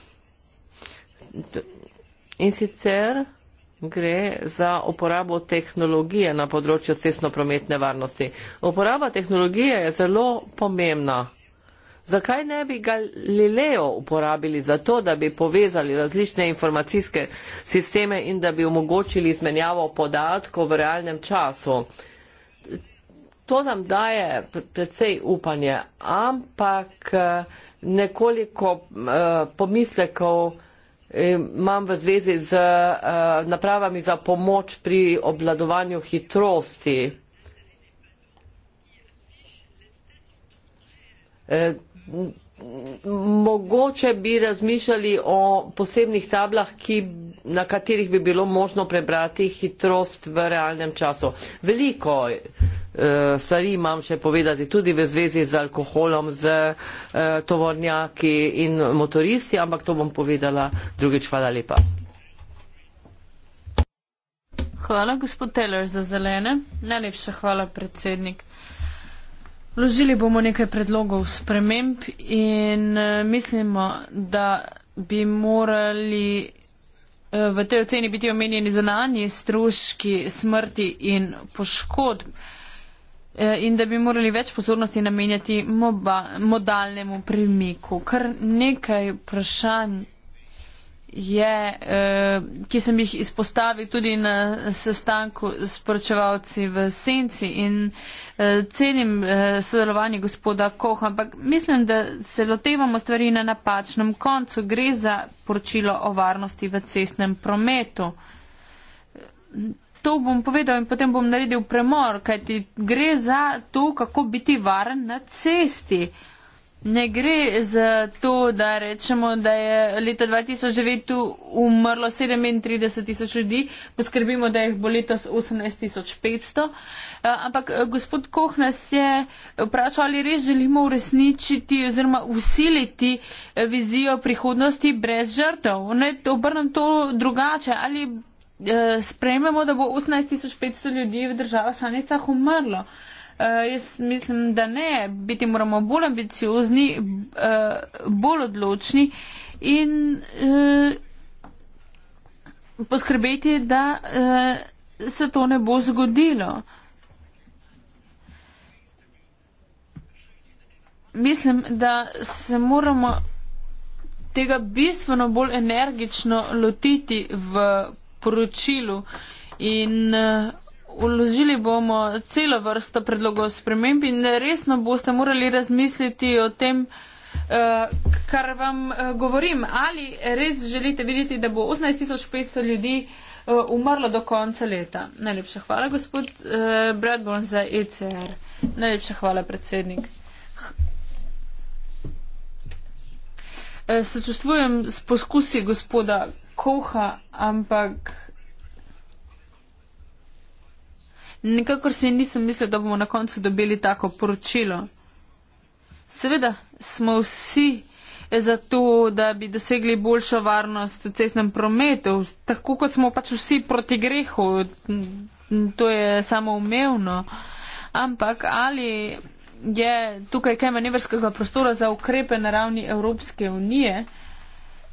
In sicer gre za uporabo tehnologije na področju cestno-prometne varnosti. Uporaba tehnologije je zelo pomembna. Zakaj ne bi Galileo uporabili za to, da bi povezali različne informacijske sisteme in da bi omogočili izmenjavo podatkov v realnem času? To nam daje predvsej upanje, ampak eh, nekoliko eh, pomislekov eh, imam v zvezi z napravami za pomoč pri obladovanju hitrosti mogoče bi razmišljali o posebnih tablah, ki, na katerih bi bilo možno prebrati hitrost v realnem času. Veliko eh, stvari imam še povedati tudi v zvezi z alkoholom, z eh, tovornjaki in motoristi, ampak to bom povedala drugič. Hvala lepa. Hvala, gospod Teller, za zelene. Najlepša hvala, predsednik. Vložili bomo nekaj predlogov sprememb in eh, mislimo, da bi morali eh, v tej oceni biti omenjeni zonanji stroški smrti in poškodb eh, in da bi morali več pozornosti namenjati moba, modalnemu premiku. Kar nekaj vprašanj je, eh, ki sem jih izpostavil tudi na sestanku s poročevalci v Senci in eh, cenim eh, sodelovanje gospoda Koha, ampak mislim, da se lotevamo stvari na napačnem koncu. Gre za poročilo o varnosti v cestnem prometu. To bom povedal in potem bom naredil premor, kajti gre za to, kako biti varen na cesti. Ne gre za to, da rečemo, da je leta 2009 umrlo 37 tisoč ljudi, poskrbimo, da jih bo letos 18 tisoč 500. Eh, ampak eh, gospod Koh nas je vprašal, ali res želimo uresničiti oziroma usiliti eh, vizijo prihodnosti brez žrtev. Ne, obrnem to drugače. Ali sprejmemo, da bo 18 tisoč 500 ljudi v državah članicah umrlo? Eh, jaz mislim, da ne, biti moramo bolj ambiciozni, uh, bolj odločni in uh, poskrbeti, da uh, se to ne bo zgodilo. Mislim, da se moramo tega bistveno bolj energično lotiti v poročilu in uh, uložili bomo celo vrsto predlogov sprememb in resno boste morali razmisliti o tem, eh, kar vam eh, govorim. Ali res želite videti, da bo 18.500 ljudi eh, umrlo do konca leta? Najlepša hvala, gospod Bradburn za ECR. Najlepša hvala, predsednik. Sočustvujem s poskusi gospoda Koha, ampak. Nikakor si nisem mislil, da bomo na koncu dobili tako poročilo. Seveda smo vsi za to, da bi dosegli boljšo varnost v cestnem prometu, tako kot smo pač vsi proti grehu. To je samo umevno. Ampak ali je tukaj kaj manevrskega prostora za ukrepe na ravni Evropske unije?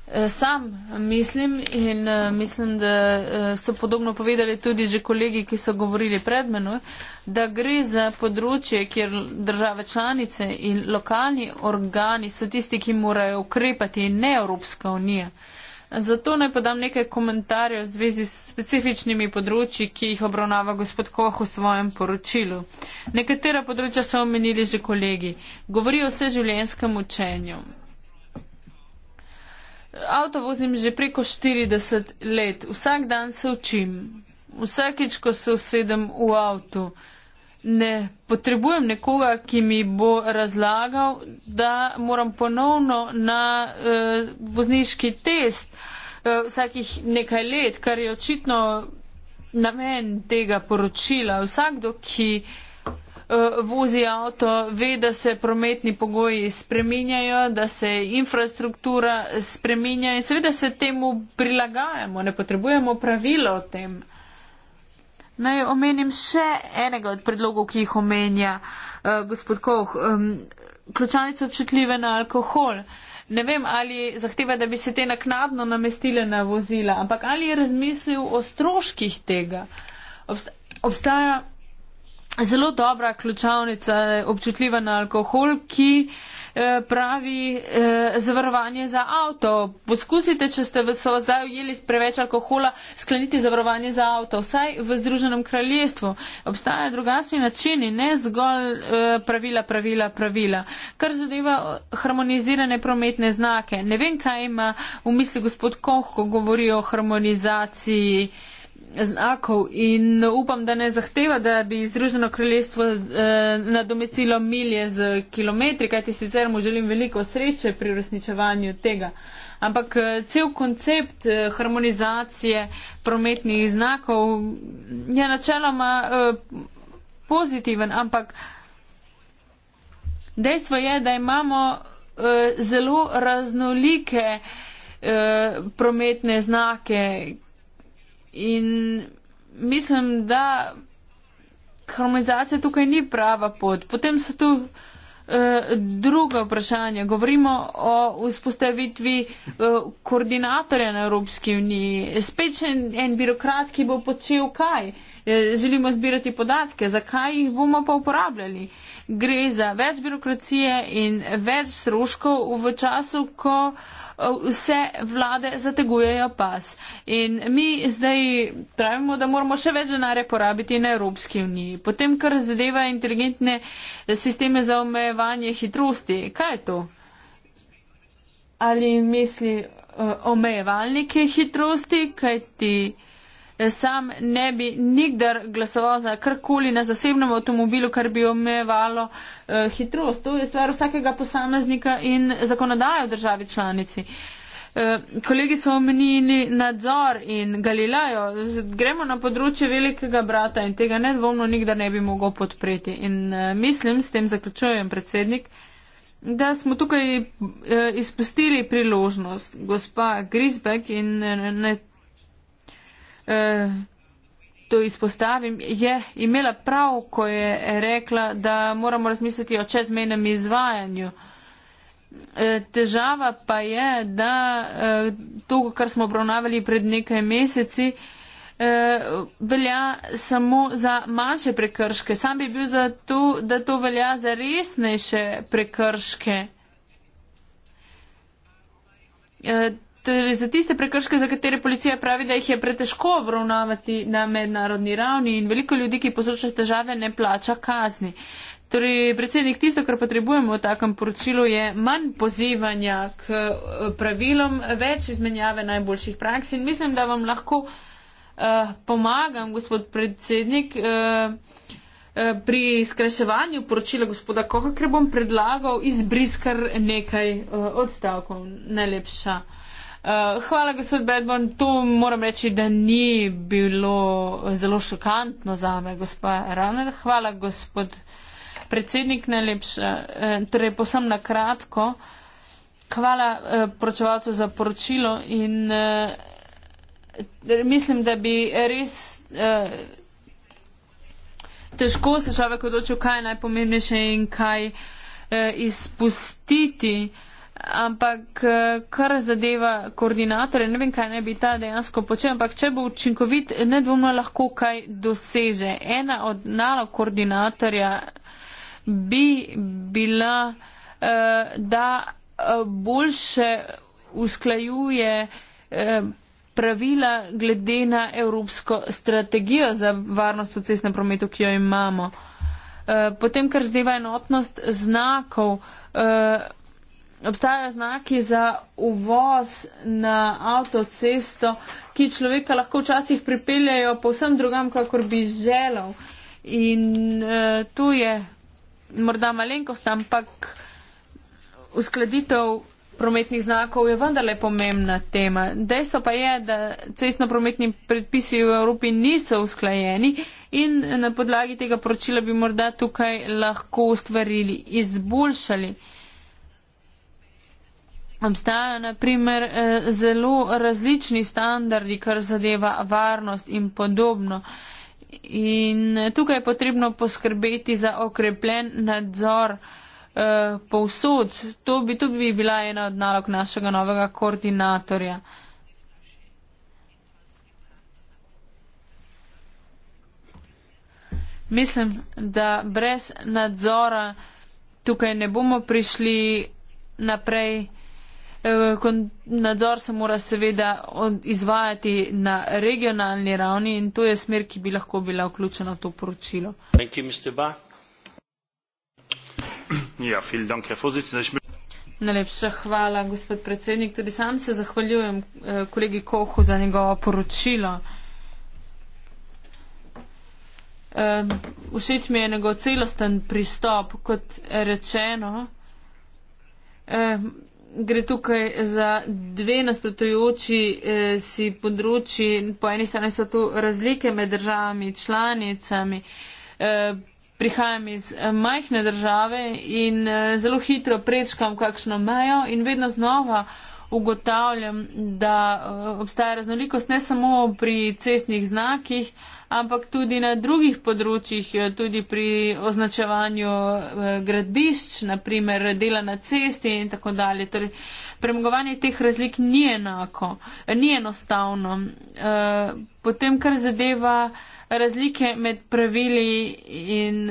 Eh, sam mislim in eh, mislim, da eh, so podobno povedali tudi že kolegi, ki so govorili pred menu, da gre za področje, kjer države članice in lokalni organi so tisti, ki morajo ukrepati in ne Evropska unija. Zato naj podam nekaj komentarjev v zvezi s specifičnimi področji, ki jih obravnava gospod Koh v svojem poročilu. Nekatera področja so omenili že kolegi. Govori o vseživljenjskem učenju. Avto vozim že preko 40 let, vsak dan se učim. Vsakič, ko se usedem v avtu, ne potrebujem nekoga, ki mi bo razlagal, da moram ponovno na eh, vozniški test eh, vsakih nekaj let, kar je očitno namen tega poročila. Vsakdo, ki eh, Eh, vozi avto, ve, da se prometni pogoji spreminjajo, da se infrastruktura spreminja in seveda se temu prilagajamo, ne potrebujemo pravila o tem. Naj omenim še enega od predlogov, ki jih omenja uh, gospod Koh. Um, ključanice občutljive na alkohol. Ne vem, ali zahteva, da bi se te naknadno namestile na vozila, ampak ali je razmislil o stroških tega. Obsta obstaja zelo dobra ključavnica, občutljiva na alkohol, ki eh, pravi eh, zavarovanje za avto. Poskusite, če ste v sozdaj ujeli preveč alkohola, skleniti zavarovanje za avto, vsaj v Združenem kraljestvu. Obstajajo drugačni načini, ne zgolj eh, pravila, pravila, pravila. Kar zadeva harmonizirane prometne znake. Ne vem, kaj ima v misli gospod Koh, ko govori o harmonizaciji znakov in upam, da ne zahteva, da bi Združeno kraljestvo eh, nadomestilo milje z kilometri, kajti sicer mu želim veliko sreče pri uresničevanju tega. Ampak eh, cel koncept eh, harmonizacije prometnih znakov je načeloma eh, pozitiven, ampak dejstvo je, da imamo eh, zelo raznolike eh, prometne znake, In mislim, da harmonizacija tukaj ni prava pot. Potem so tu eh, druga vprašanja. Govorimo o vzpostavitvi eh, koordinatorja na Evropski uniji. Spet še en birokrat, ki bo počel kaj. Eh, želimo zbirati podatke, zakaj jih bomo pa uporabljali. Gre za več birokracije in več stroškov v času, ko uh, vse vlade zategujejo pas. In mi zdaj pravimo, da moramo še več denarja porabiti na Evropski uniji. Potem, kar zadeva inteligentne sisteme za omejevanje hitrosti, kaj je to? Ali misli eh, omejevalnike hitrosti, kaj ti sam ne bi nikdar glasoval za karkoli na zasebnem avtomobilu, kar bi omejevalo eh, hitrost. To je stvar vsakega posameznika in zakonodaje v državi članici. Eh, kolegi so omenili nadzor in Galilejo. Gremo na področje velikega brata in tega nedvomno nikdar ne bi mogel podpreti. In eh, mislim, s tem zaključujem predsednik da smo tukaj eh, izpustili priložnost. Gospa Grisbek in eh, Eh, to izpostavim, je imela prav, ko je rekla, da moramo razmisliti o čezmenem izvajanju. Eh, težava pa je, da eh, to, kar smo obravnavali pred nekaj meseci, velja samo za manjše prekrške. Sam bi bil za to, da to velja za resnejše prekrške torej za tiste prekrške, za katere policija pravi, da jih je pretežko obravnavati na mednarodni ravni in veliko ljudi, ki povzroča težave, ne plača kazni. Torej, predsednik, tisto, kar potrebujemo v takem poročilu, je manj pozivanja k eh, pravilom, več izmenjave najboljših praks in mislim, da vam lahko uh, pomagam, gospod predsednik. Uh, Pri skraševanju poročila gospoda Koha, ker bom predlagal izbris kar nekaj odstavkov. Najlepša. Eh, hvala, gospod Bedman. To moram reči, da ni bilo zelo šokantno za me, gospa Raner. Hvala, gospod predsednik, najlepša. Eh, torej, posem na kratko. Hvala eh, poročevalcu za poročilo in mislim, da bi res. Težko se človek odločil, kaj je najpomembnejše in kaj eh, izpustiti. Eh, ampak eh, kar zadeva koordinatorje, ne vem, kaj naj bi ta dejansko počel, ampak če bo učinkovit, nedvomno lahko kaj doseže. Ena od nalog koordinatorja bi bila, eh, da eh, boljše usklajuje pravila glede na evropsko strategijo za varnost v cestnem prometu, ki jo imamo. Potem, kar zdeva enotnost znakov, obstajajo znaki za uvoz na avtocesto, ki človeka lahko včasih pripeljajo povsem drugam, kakor bi želel. In uh, e, tu je morda malenkost, ampak uskladitev prometnih znakov je vendarle pomembna tema. Dejstvo pa je, da cestno-prometni predpisi v Evropi niso usklajeni in na podlagi tega poročila bi morda tukaj lahko stvari izboljšali. Uh, Obstajajo naprimer eh, zelo različni standardi, kar zadeva varnost in podobno. In tukaj je potrebno poskrbeti za okrepljen nadzor eh, povsod. To bi, to bi bila ena od nalog našega novega koordinatorja. Mislim, da brez nadzora tukaj ne bomo prišli naprej. Eh, nadzor se mora seveda izvajati na regionalni ravni in to je smer, ki bi lahko bila vključena v to poročilo. Ja, Najlepša hvala, gospod predsednik. Tudi sam se zahvaljujem eh, kolegi Kohu za njegovo poročilo. Všeč mi je njegov celosten pristop, kot rečeno gre tukaj za dve nasprotujoči eh, si področji. Po eni strani so tu razlike med državami, članicami. Eh, Prihajam iz eh, majhne države in eh, zelo hitro prečkam kakšno mejo in vedno znova ugotavljam, da eh, obstaja raznolikost ne samo pri cestnih znakih, ampak tudi na drugih področjih, eh, tudi pri označevanju eh, gradbišč, naprimer dela na cesti in tako dalje. Torej, premagovanje teh razlik ni enako, ni enostavno. Eh, potem, kar zadeva razlike med pravili in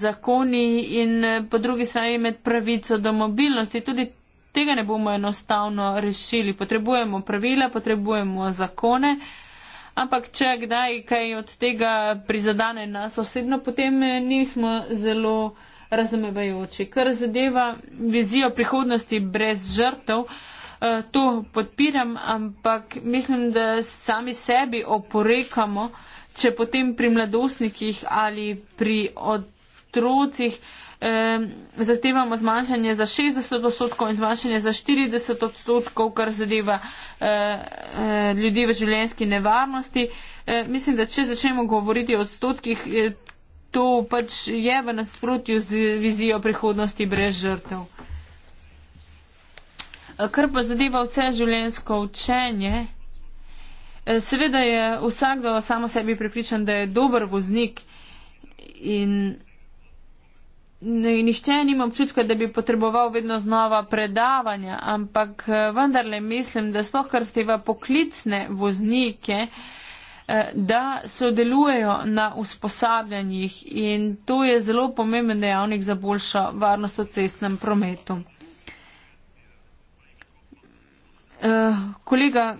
zakoni in po drugi strani med pravico do mobilnosti, tudi. Tega ne bomo enostavno rešili. Potrebujemo pravila, potrebujemo zakone, uh, Ampak, če kdaj kaj od tega prizadane na sosedno, potem eh, nismo zelo razumevajoči. Kar zadeva vizijo prihodnosti brez žrtev, eh, to podpiram, ampak mislim, da sami sebi oporekamo, če potem pri mladostnikih ali pri otrocih eh, zahtevamo zmanjšanje za 60 odstotkov in zmanjšanje za 40 odstotkov, kar zadeva eh, eh, ljudi v življenjski nevarnosti. Eh, mislim, da če začnemo govoriti o odstotkih, eh, to pač je v nasprotju z vizijo prihodnosti brez žrtev. Eh, kar pa zadeva vse življensko učenje, eh, seveda je vsakdo samo sebi pripričan, da je dober voznik in nišče nima občutka, da bi potreboval vedno znova predavanja, ampak eh, vendarle mislim, da smo kar steva poklicne voznike, eh, da sodelujejo na usposabljanjih in to je zelo pomemben dejavnik za boljšo varnost v cestnem prometu. Eh, kolega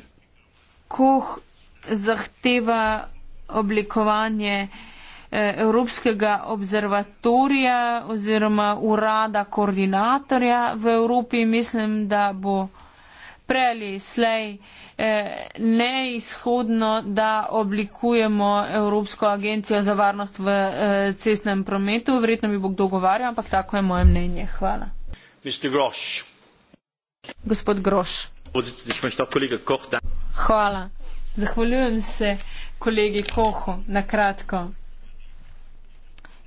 Koh zahteva oblikovanje Eh, Evropskega observatorija oziroma urada koordinatorja v Evropi. Mislim, da bo prejeli slej eh, neizhodno, da oblikujemo Evropsko agencijo za varnost v eh, cestnem prometu. Verjetno bi bo kdo govarjal, ampak tako je moje mnenje. Hvala. Grosch. Gospod Groš. Hvala. Zahvaljujem se kolegi Kohu na kratko.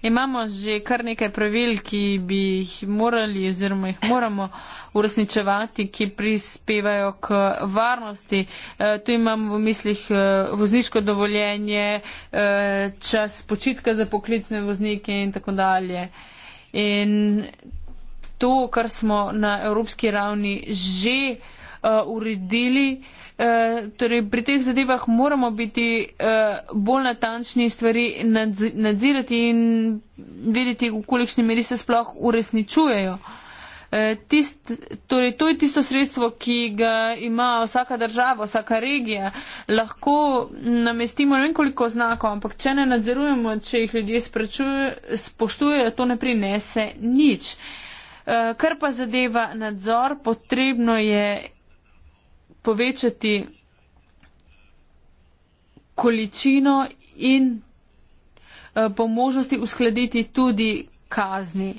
Imamo že kar nekaj pravil, ki bi jih morali oziroma jih moramo uresničevati, ki prispevajo k varnosti. E, tu imamo v mislih e, vozniško dovoljenje, e, čas počitka za poklicne voznike in tako dalje. In to, kar smo na evropski ravni že e, uredili, e, Eh, torej pri teh zadevah moramo biti uh, bolj natančni, stvari nadz nadzirati in vedeti, v kolikšni meri se sploh uresničujejo. Eh, tist, torej, to je tisto sredstvo, ki ga ima vsaka država, vsaka regija. Lahko namestimo ne vem koliko znakov, ampak če ne nadzorujemo, če jih ljudje spoštujejo, to ne prinese nič. Kar pa zadeva nadzor, potrebno je povečati količino in eh, po možnosti uskladiti tudi kazni.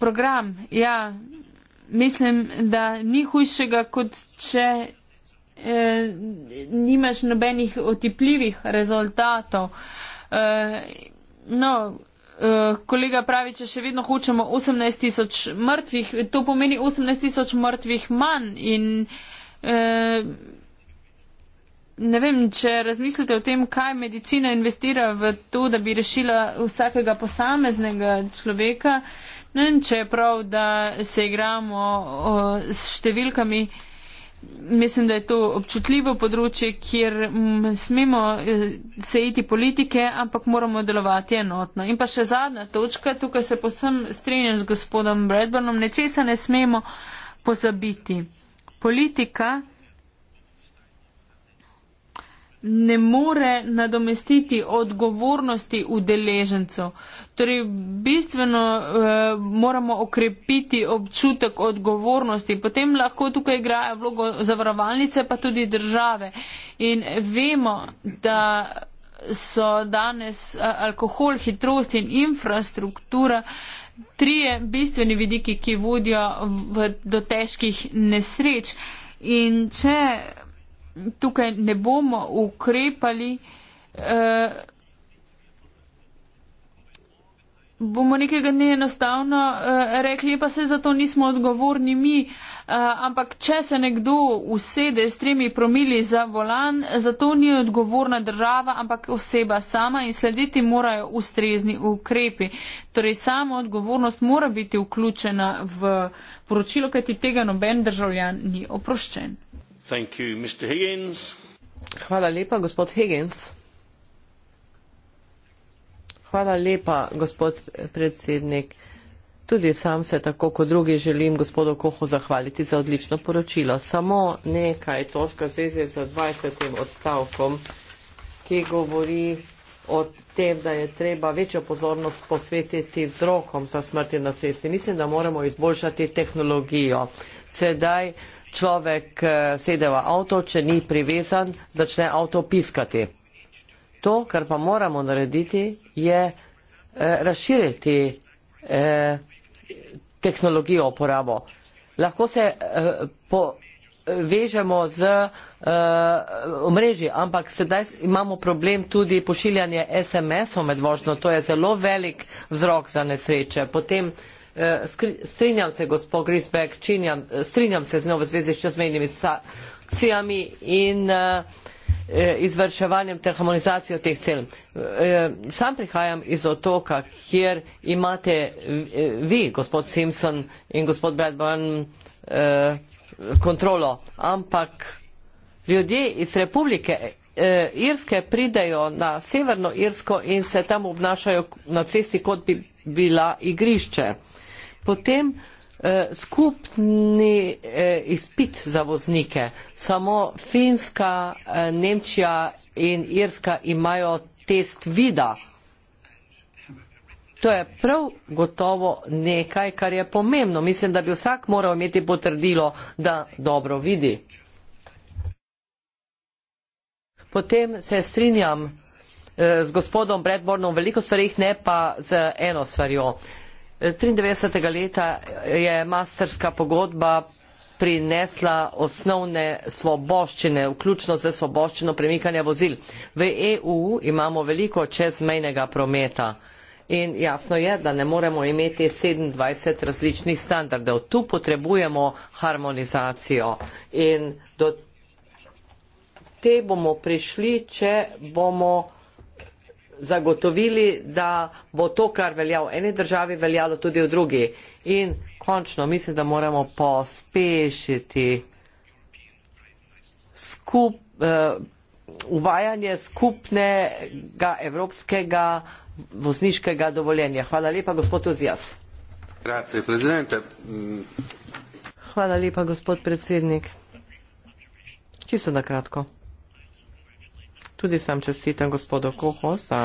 Program, ja, mislim, da ni hujšega, kot če eh, nimaš nobenih otipljivih rezultatov. Eh, no, eh, kolega pravi, če še vedno hočemo 18 tisoč mrtvih, to pomeni 18 tisoč mrtvih manj in eh, E, ne vem, če razmislite o tem, kaj medicina investira v to, da bi rešila vsakega posameznega človeka, ne vem, če je prav, da se igramo o, s številkami. Mislim, da je to občutljivo področje, kjer smemo e, sejiti politike, ampak moramo delovati enotno. In pa še zadnja točka, tukaj se posem strinjam z gospodom Bradburnom, nečesa ne smemo pozabiti politika ne more nadomestiti odgovornosti udeležencev. Torej, bistveno e, moramo okrepiti občutek odgovornosti. Potem lahko tukaj igrajo vlogo zavarovalnice, pa tudi države. In vemo, da so danes eh, alkohol, hitrost in infrastruktura e, tri bistveni vidiki, ki vodijo v, do težkih nesreč. In če tukaj ne bomo ukrepali, eh, bomo nekega dne enostavno uh, rekli, pa se za to nismo odgovorni mi, uh, ampak če se nekdo usede s tremi promili za volan, za to ni odgovorna država, ampak oseba sama in slediti morajo ustrezni ukrepi. Torej, samo odgovornost mora biti vključena v poročilo, kajti tega noben državljan ni oproščen. Thank you, Mr. Higgins. Hvala lepa, gospod Higgins. Hvala lepa, gospod predsednik. Tudi sam se tako kot drugi želim gospodu Kohu zahvaliti za odlično poročilo. Samo nekaj točka zveze z 20. odstavkom, ki govori o tem, da je treba večjo pozornost posvetiti vzrokom za smrti na cesti. Mislim, da moramo izboljšati tehnologijo. Sedaj človek eh, sede v avto, če ni privezan, začne avto piskati. To, kar pa moramo narediti, je eh, razširiti eh, tehnologijo uporabo. Lahko se eh, povežemo z eh, omrežji, ampak sedaj imamo problem tudi pošiljanje SMS-ov med vožnjo. To je zelo velik vzrok za nesreče. Potem eh, skri, strinjam se, gospod Grisbek, činjam, eh, strinjam se z njo v zvezi s čezmejnimi sankcijami in eh, eh, izvrševanjem ter harmonizacijo teh cel. Eh, sam prihajam iz otoka, kjer imate vi, gospod Simpson in gospod Bradburn, kontrolo, ampak ljudje iz Republike Irske pridejo na severno Irsko in se tam obnašajo na cesti, kot bi bila igrišče. Potem Eh, skupni eh, izpit za voznike. Samo Finska, eh, Nemčija in Irska imajo test vida. To je prav gotovo nekaj, kar je pomembno. Mislim, da bi vsak moral imeti potrdilo, da dobro vidi. Potem se strinjam z gospodom Bradbornom veliko stvarih, ne pa z eno stvarjo. 1993. leta je masterska pogodba prinesla osnovne svoboščine, vključno z svoboščino premikanja vozil. V EU imamo veliko čezmejnega prometa in jasno je, da ne moremo imeti 27 različnih standardov. Tu potrebujemo harmonizacijo in do te bomo prišli, če bomo zagotovili, da bo to, kar velja v eni državi, veljalo tudi v drugi. In končno mislim, da moramo pospešiti skup, uh, uvajanje skupnega evropskega vozniškega dovoljenja. Hvala lepa, gospod Ozijas. Hvala lepa, gospod predsednik. Čisto na kratko. Tudi sam čestitam gospodu Koho za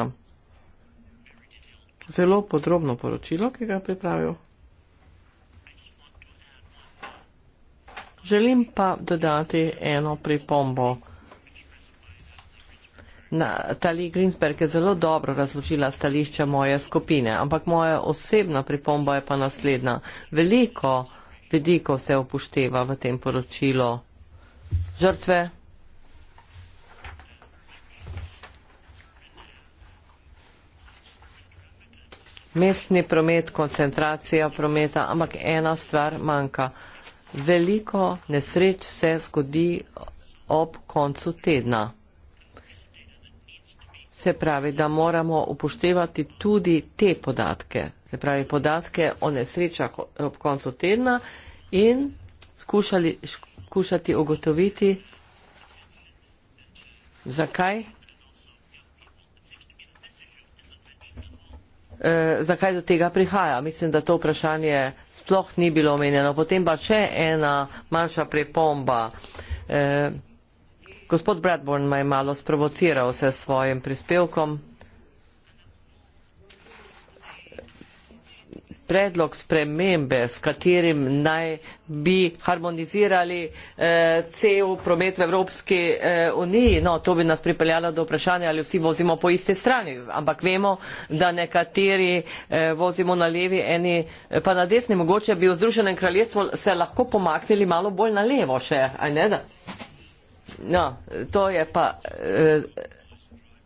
zelo podrobno poročilo, ki ga je pripravil. Želim pa dodati eno pripombo. Tali Greensberg je zelo dobro razložila stališče moje skupine, ampak moja osebna pripomba je pa naslednja. Veliko vidikov se upošteva v tem poročilu. Žrtve, mestni promet, koncentracija prometa, ampak ena stvar manjka. Veliko nesreč se zgodi ob koncu tedna. Se pravi, da moramo upoštevati tudi te podatke, se pravi podatke o nesrečah ob koncu tedna in skušali, skušati ugotoviti, zakaj Eh, zakaj do tega prihaja. Mislim, da to vprašanje sploh ni bilo omenjeno. Potem pa še ena manjša prepomba. Eh, gospod Bradburn me je malo sprovociral s svojim prispevkom. predlog spremembe, s katerim naj bi harmonizirali eh, cel promet v Evropski eh, uniji. No, to bi nas pripeljalo do vprašanja, ali vsi vozimo po iste strani, ampak vemo, da nekateri eh, vozimo na levi, eni eh, pa na desni. Mogoče bi v Združenem kraljestvu se lahko pomaknili malo bolj na levo še, aj ne da? No, to je pa. Eh,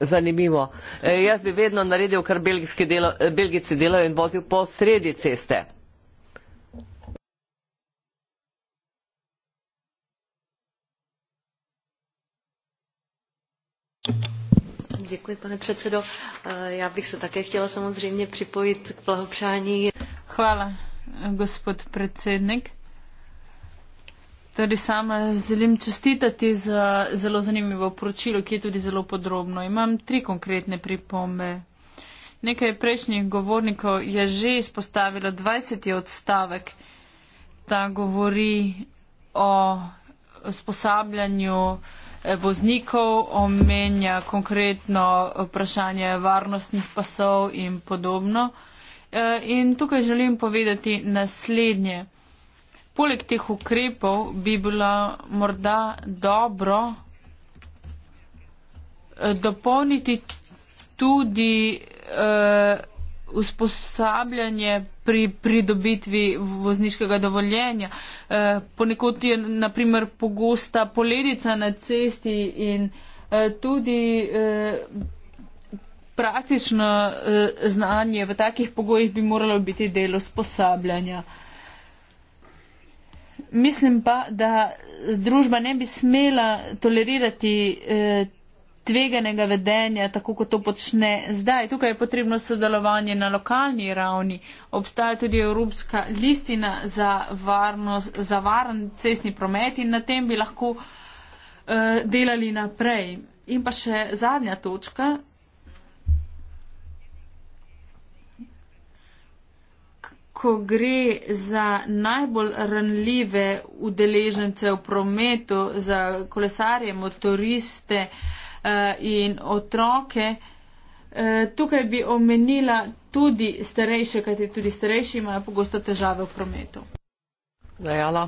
Zanimivo. E, jaz bi vedno naredil, kar delo, e, belgici delajo in vozil po sredi ceste. Děkuji, pane předsedo. E, já bych se také chtěla samozřejmě připojit k blahopřání. Hvala, gospod predsednik. Tudi sama želim čestitati za zelo zanimivo poročilo, ki je tudi zelo podrobno. Imam tri konkretne pripombe. Nekaj prejšnjih govornikov je že izpostavilo 20. odstavek, da govori o usposabljanju eh, voznikov, omenja konkretno vprašanje varnostnih pasov in podobno. Eh, in tukaj želim povedati naslednje. Poleg teh ukrepov bi bilo morda dobro eh, dopolniti tudi uh, usposabljanje pri pridobitvi vozniškega dovoljenja. Uh, ponekod je naprimer pogosta poledica na cesti in uh, tudi uh, Praktično znanje v takih pogojih bi moralo biti delo sposabljanja. Mislim pa, da družba ne bi smela tolerirati eh, tveganega vedenja, tako kot to počne zdaj. Tukaj je potrebno sodelovanje na lokalni ravni. Obstaja tudi Evropska listina za, varnost, za varen cestni promet in na tem bi lahko eh, delali naprej. In pa še zadnja točka, ko gre za najbolj ranljive udeležence v prometu, za kolesarje, motoriste eh, in otroke. Eh, tukaj bi omenila tudi starejše, kajti tudi starejši imajo pogosto težave v prometu. Dajala,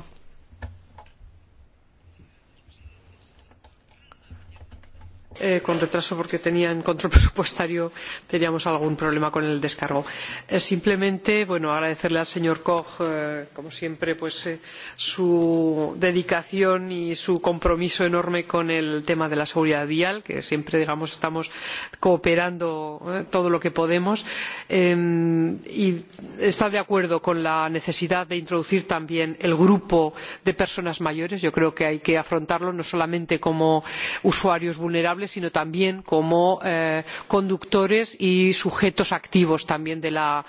Eh, con retraso porque tenía en control <laughs> presupuestario teníamos algún problema con el descargo. Eh, simplemente bueno, agradecerle al señor Koch, eh, como siempre, pues, eh, su dedicación y su compromiso enorme con el tema de la seguridad vial, que siempre digamos, estamos cooperando eh, todo lo que podemos. Eh, y está de acuerdo con la necesidad de introducir también el grupo de personas mayores. Yo creo que hay que afrontarlo no solamente como usuarios vulnerables, sino también como eh, conductores y sujetos activos también de la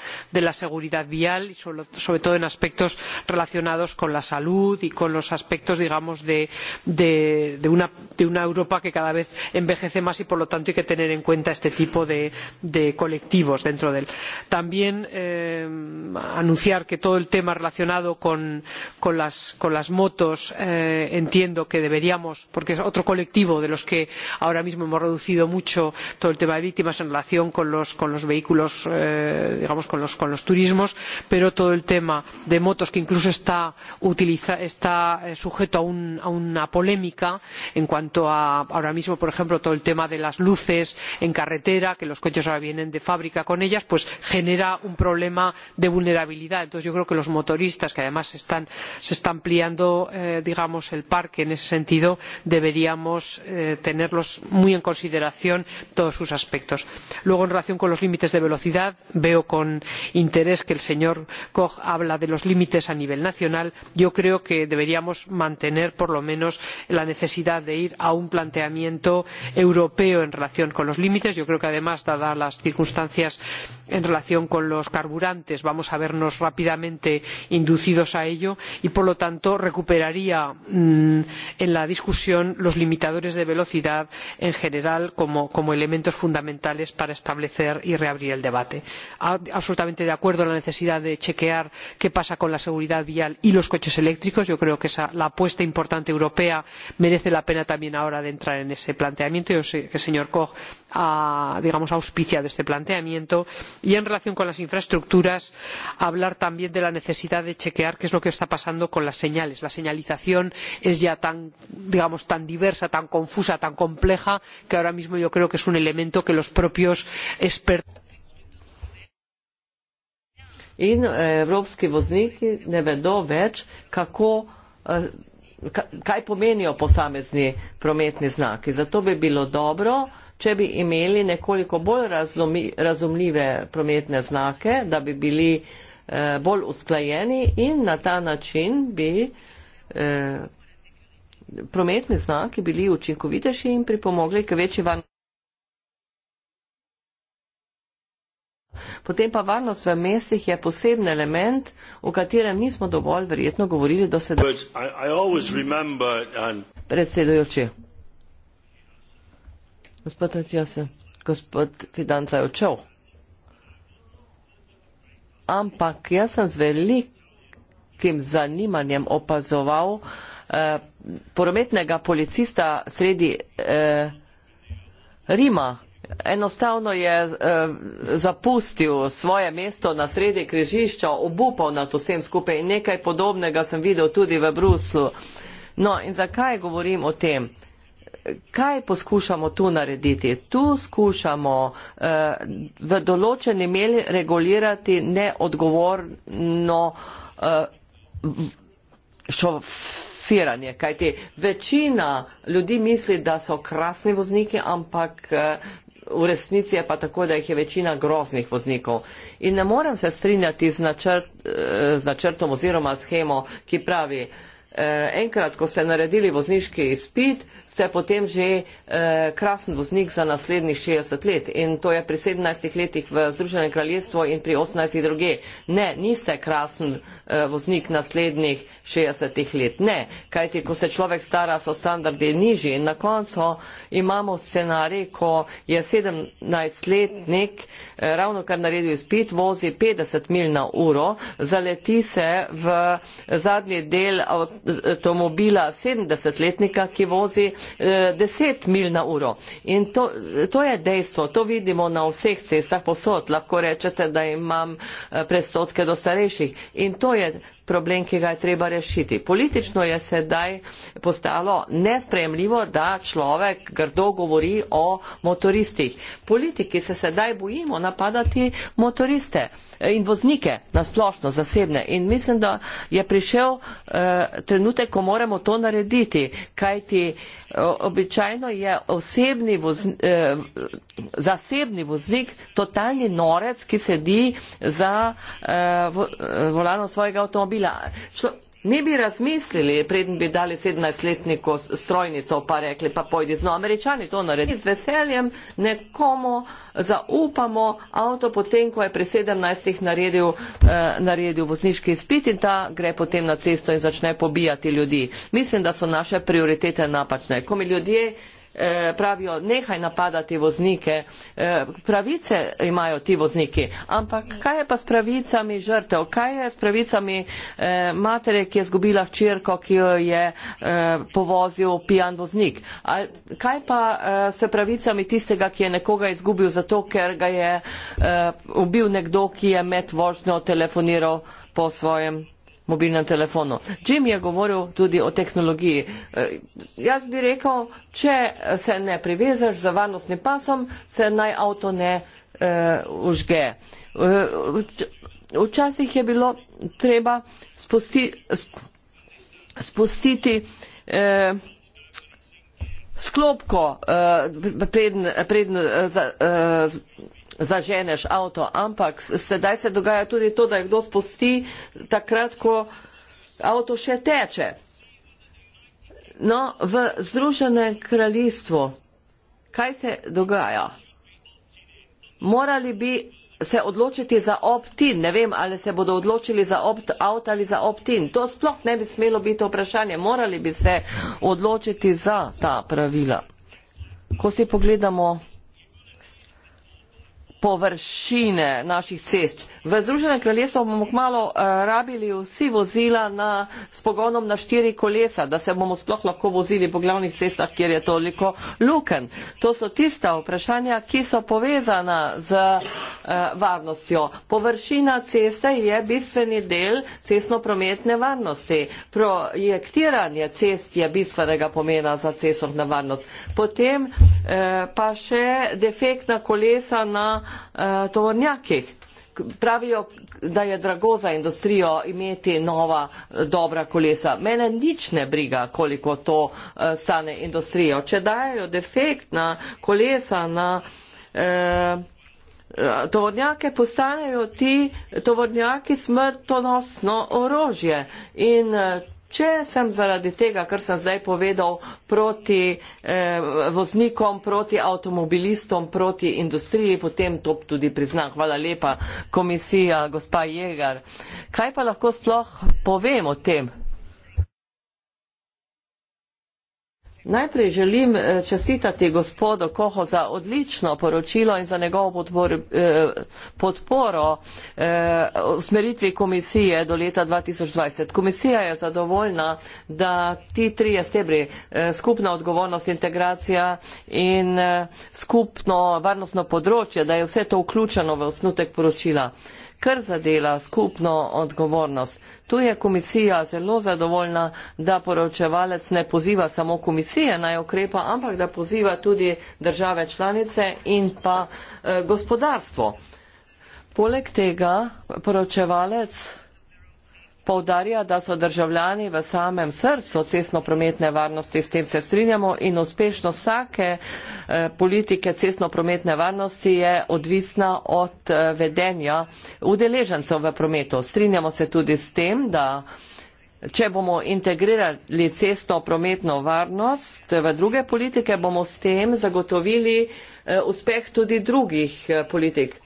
seguridad vial y sobre todo en aspectos relacionados con la salud y con los aspectos digamos de, de, de, una, de una Europa que cada vez envejece más y por lo tanto hay que tener en cuenta este tipo de, de colectivos dentro de él. También eh, anunciar que todo el tema relacionado con, con, las, con las motos eh, entiendo que deberíamos, porque es otro colectivo de los que ahora mismo hemos reducido mucho todo el tema de víctimas en relación con los vehículos eh, digamos con los, con los turismos pero todo el tema de motos que incluso está, utiliza, está eh, sujeto a, un, a una polémica en cuanto a ahora mismo por ejemplo todo el tema de las luces en carretera que los coches ahora vienen de fábrica con ellas pues genera un problema de vulnerabilidad entonces yo creo que los motoristas que además están, se está ampliando eh, digamos el parque en ese sentido deberíamos eh, tenerlos muy en consideración todos sus aspectos. luego en relación con los límites de velocidad veo con interés que el señor koch habla de los límites a nivel nacional. yo creo que deberíamos mantener por lo menos la necesidad de ir a un planteamiento europeo en relación con los límites. yo creo que además dadas las circunstancias en relación con los carburantes vamos a vernos rápidamente inducidos a ello y por lo tanto recuperaría mmm, en la discusión los limitadores de velocidad en general como, como elementos fundamentales para establecer y reabrir el debate. A, absolutamente de acuerdo en la necesidad de chequear qué pasa con la seguridad vial y los coches eléctricos. Yo creo que esa, la apuesta importante europea merece la pena también ahora de entrar en ese planteamiento. Yo sé que el señor Koch ha digamos, auspiciado este planteamiento y en relación con las infraestructuras hablar también de la necesidad de chequear qué es lo que está pasando con las señales la señalización es ya tan diversa tan confusa tan compleja que ahora mismo yo creo que es un elemento que los propios expertos In eh, evropski vozniki ne vedo več, kako, eh, kaj pomenijo posamezni prometni znaki. Zato bi bilo dobro, če bi imeli nekoliko bolj razlomi, razumljive prometne znake, da bi bili eh, bolj usklajeni in na ta način bi eh, prometni znaki bili učinkovitejši in pripomogli k večji varnosti. Potem pa varnost v mestih je poseben element, o katerem nismo dovolj verjetno govorili do sedaj. Predsedujoči, Gospod Matijas, gospod Fidanca je odšel. Ampak jaz sem z velikim zanimanjem opazoval eh, prometnega policista sredi eh, Rima. Enostavno je eh, zapustil svoje mesto na sredi križišča, obupal nad vsem skupaj in nekaj podobnega sem videl tudi v Bruslu. No in zakaj govorim o tem? kaj poskušamo tu narediti? Tu skušamo uh, v določeni meri regulirati neodgovorno uh, šofiranje. Kaj ti večina ljudi misli, da so krasni vozniki, ampak. Uh, V resnici je pa tako, da jih je večina groznih voznikov. In ne morem se strinjati z, načrt, z načrtom oziroma schemo, ki pravi, Eh, enkrat, ko ste naredili vozniški izpit, ste potem že eh, krasen voznik za naslednjih 60 let. In to je pri 17 letih v Združenem kraljestvu in pri 18 druge. Ne, niste krasen Eh, voznik naslednjih 60 let. Ne, kajti ko se človek stara, so standardi nižji in na koncu imamo scenarij, ko je 17-letnik eh, ravno kar naredil izpit, vozi 50 mil na uro, zaleti se v zadnji del avtomobila 70-letnika, ki vozi 10 eh, mil na uro. In to, to je dejstvo, to vidimo na vseh cestah posod, lahko rečete, da imam prestotke do starejših. In to je это problem, ki ga je treba rešiti. Politično je sedaj postalo nespremljivo, da človek grdo govori o motoristih. Politiki se sedaj bojimo napadati motoriste in voznike na splošno zasebne in mislim, da je prišel eh, trenutek, ko moramo to narediti, kajti eh, običajno je osebni voznik, eh, zasebni voznik totalni norec, ki sedi za eh, eh volano svojega avtomobila bila. Šlo, ne bi razmislili, preden bi dali 17-letniku strojnico, pa rekli, pa pojdi z no, američani to naredijo. Z veseljem nekomu zaupamo avto, potem ko je pri 17-ih naredil, eh, naredil vozniški izpit in ta gre potem na cesto in začne pobijati ljudi. Mislim, da so naše prioritete napačne. Ko mi ljudje Eh, pravijo, nehaj napadati voznike, eh, pravice imajo ti vozniki, ampak kaj je pa s pravicami žrtev, kaj je s pravicami eh, matere, ki je zgubila včerko, ki jo je povozil pijan voznik, kaj pa s pravicami tistega, ki je nekoga izgubil zato, ker ga je ubil nekdo, ki je med vožnjo telefoniral po svojem mobilnem telefonu. Jim je govoril tudi o tehnologiji. Eh, jaz bi rekel, če se ne privezeš za varnostnim pasom, se naj avto ne uh, užge. Uh, včasih je bilo treba spusti, spustiti uh, sklopko uh, pred, pred, uh, za, uh, zaženeš avto, ampak sedaj se dogaja tudi to, da kdo spusti takrat, ko avto še teče. No, v Združenem kraljestvu, kaj se dogaja? Morali bi se odločiti za opt-in, ne vem, ali se bodo odločili za opt-out ali za opt-in. To sploh ne bi smelo biti vprašanje. Morali bi se odločiti za ta pravila. Ko si pogledamo površine naših cest. V Združenem kraljestvu bomo kmalo eh, rabili vsi vozila na, s pogonom na štiri kolesa, da se bomo sploh lahko vozili po glavnih cestah, kjer je toliko luken. To so tista vprašanja, ki so povezana z eh, varnostjo. Površina ceste je bistveni del cestno-prometne varnosti. Projektiranje cest je bistvenega pomena za cestno varnost. Potem eh, pa še defektna kolesa na Eh, tovornjakih. Pravijo, da je drago za industrijo imeti nova eh, dobra kolesa. Mene nič ne briga, koliko to eh, stane industrijo. Če dajo defekt na kolesa, na tovornjake, postanejo ti tovornjaki smrtonosno orožje. In Če sem zaradi tega, kar sem zdaj povedal, proti eh, voznikom, proti avtomobilistom, proti industriji, potem to tudi priznam. Hvala lepa, komisija, gospa Jegar. Kaj pa lahko sploh povem o tem? Najprej želim eh, čestitati gospodu Koho za odlično poročilo in za njegovo podpor, eh, podporo eh, usmeritvi komisije do leta 2020. Komisija je zadovoljna, da ti trije stebri, skupna odgovornost, integracija in skupno varnostno področje, da je vse to vključeno v osnutek poročila kar zadela skupno odgovornost. Tu je komisija zelo zadovoljna, da poročevalec ne poziva samo komisije naj okrepa, ampak da poziva tudi države članice in pa eh, gospodarstvo. Poleg tega poročevalec Poudarja, da so državljani v samem srcu cestno-prometne varnosti, s tem se strinjamo in uspešnost vsake eh, politike cestno-prometne varnosti je odvisna od eh, vedenja udeležencev v prometu. Strinjamo se tudi s tem, da če bomo integrirali cestno-prometno varnost v druge politike, bomo s tem zagotovili eh, uspeh tudi drugih eh, politik.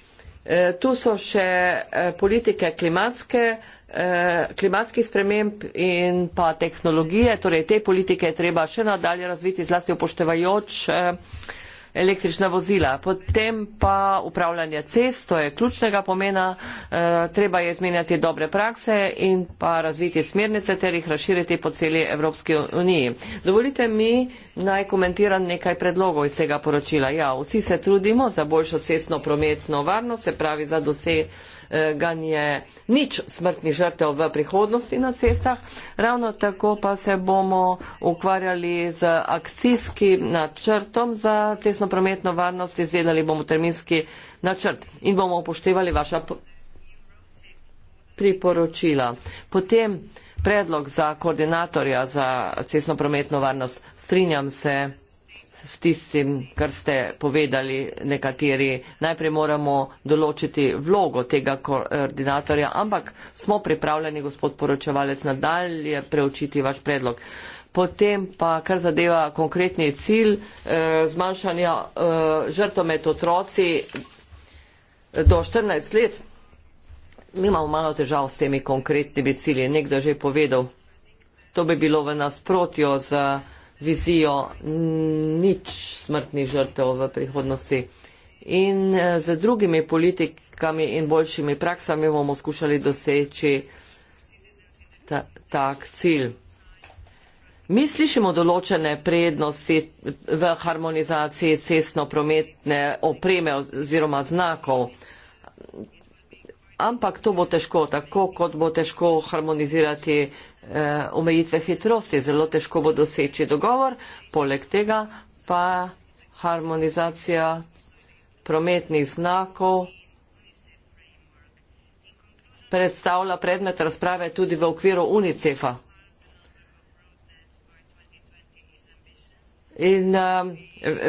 Eh, tu so še eh, politike klimatske, Eh, klimatskih sprememb in pa tehnologije, torej te politike je treba še nadalje razviti, zlasti upoštevajoč eh, električna vozila. Potem pa upravljanje cest, to je ključnega pomena, eh, treba je izmenjati dobre prakse in pa razviti smernice ter jih razširiti po celi Evropski uniji. Dovolite mi naj komentiram nekaj predlogov iz tega poročila. Ja, vsi se trudimo za boljšo cestno prometno varnost, se pravi za dosej Eh, ganje nič smrtnih žrtev v prihodnosti na cestah. Ravno tako pa se bomo ukvarjali z akcijskim načrtom za cestno prometno varnost, izdelali bomo terminski načrt in bomo upoštevali vaša priporočila. Potem predlog za koordinatorja za cestno prometno varnost. Strinjam se s tistim, kar ste povedali nekateri. Najprej moramo določiti vlogo tega koordinatorja, ampak smo pripravljeni, gospod poročevalec, nadalje preučiti vaš predlog. Potem pa, kar zadeva konkretni cilj eh, zmanjšanja eh, žrtv med otroci eh, do 14 let, mi imamo malo težav s temi konkretnimi cilji. Nekdo je že povedal, to bi bilo v nasprotju z. Eh, vizijo nič smrtnih žrtev v prihodnosti. In eh, z drugimi politikami in boljšimi praksami bomo skušali doseči ta, tak cilj. Mi slišimo določene prednosti v harmonizaciji cestno-prometne opreme oziroma znakov, ampak to bo težko, tako kot bo težko harmonizirati Eh, omejitve hitrosti, zelo težko bo doseči dogovor, poleg tega pa harmonizacija prometnih znakov predstavlja predmet razprave tudi v okviru UNICEF-a. In um,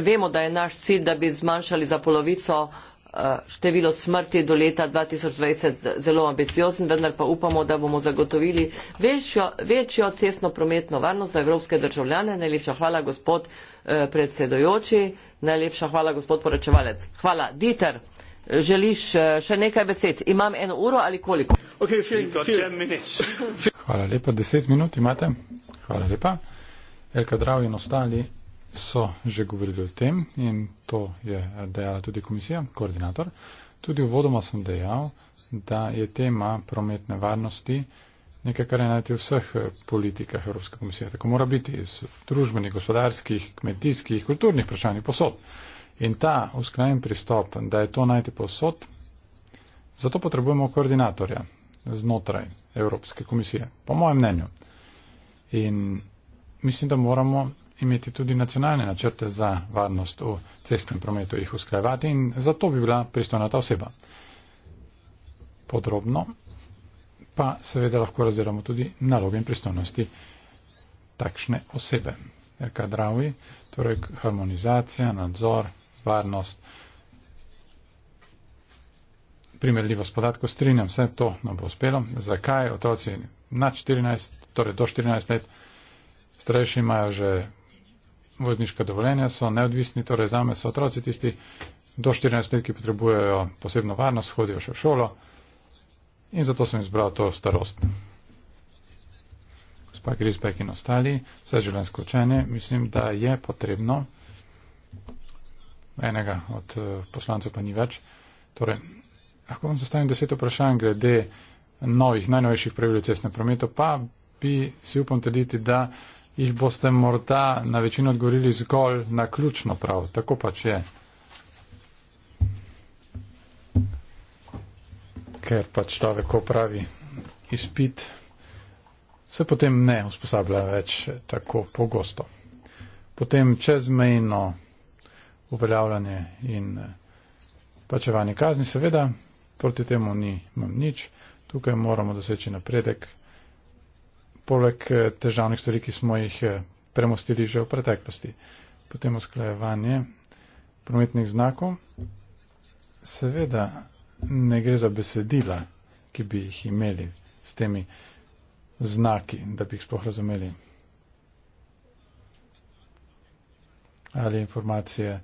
vemo, da je naš cilj, da bi zmanjšali za polovico uh, Eh, število smrti do leta 2020 zelo ambiciozen, vendar pa upamo, da bomo zagotovili večjo, večjo cestno prometno varnost za evropske državljane. Najlepša hvala, gospod eh, predsedojoči. Najlepša hvala, gospod poročevalec. Hvala, Dieter. Eh, želiš še nekaj besed? Imam eno uro ali koliko? Okay, feel, feel. Hvala lepa, deset minut imate. Hvala lepa. Elka Drav in ostali so že govorili o tem in to je dejala tudi komisija, koordinator. Tudi uvodoma sem dejal, da je tema prometne varnosti nekaj, kar je najti v vseh eh, politikah Evropske komisije. Tako mora biti iz družbenih, gospodarskih, kmetijskih, kulturnih vprašanj posod. In ta usklajen pristop, da je to najti posod, zato potrebujemo koordinatorja znotraj Evropske komisije, po mojem mnenju. In mislim, da moramo imeti tudi nacionalne načrte za varnost v cestnem prometu, jih usklajevati in zato bi bila pristojna ta oseba. Podrobno pa seveda lahko raziramo tudi naloge in pristojnosti takšne osebe. RK Dravi, torej harmonizacija, nadzor, varnost, primerljivost podatkov, strinjam se, to nam bo uspelo. Zakaj otroci nad 14, torej do 14 let, starejši imajo že vozniška dovoljenja so neodvisni, torej zame so otroci tisti do 14 let, ki potrebujejo posebno varnost, hodijo še v šolo in zato sem izbral to starost. Gospa Grisbek in ostali, vse življenjsko učenje, mislim, da je potrebno, enega od eh, poslancev pa ni več. Torej, lahko vam zastavim deset vprašanj glede novih, najnovejših pravil cestne prometu, pa bi si upam trditi, da jih boste morda na večino odgovorili zgolj na ključno prav. Tako pač je. Ker pač človek, ko pravi izpit, se potem ne usposablja več tako pogosto. Potem čezmejno uveljavljanje in eh, plačevanje kazni, seveda, proti temu ni, nič. Tukaj moramo doseči napredek poleg eh, težavnih stvari, ki smo jih eh, premostili že v preteklosti. Potem usklajevanje prometnih znakov. Seveda ne gre za besedila, ki bi jih imeli s temi znaki, da bi jih sploh razumeli. Ali informacije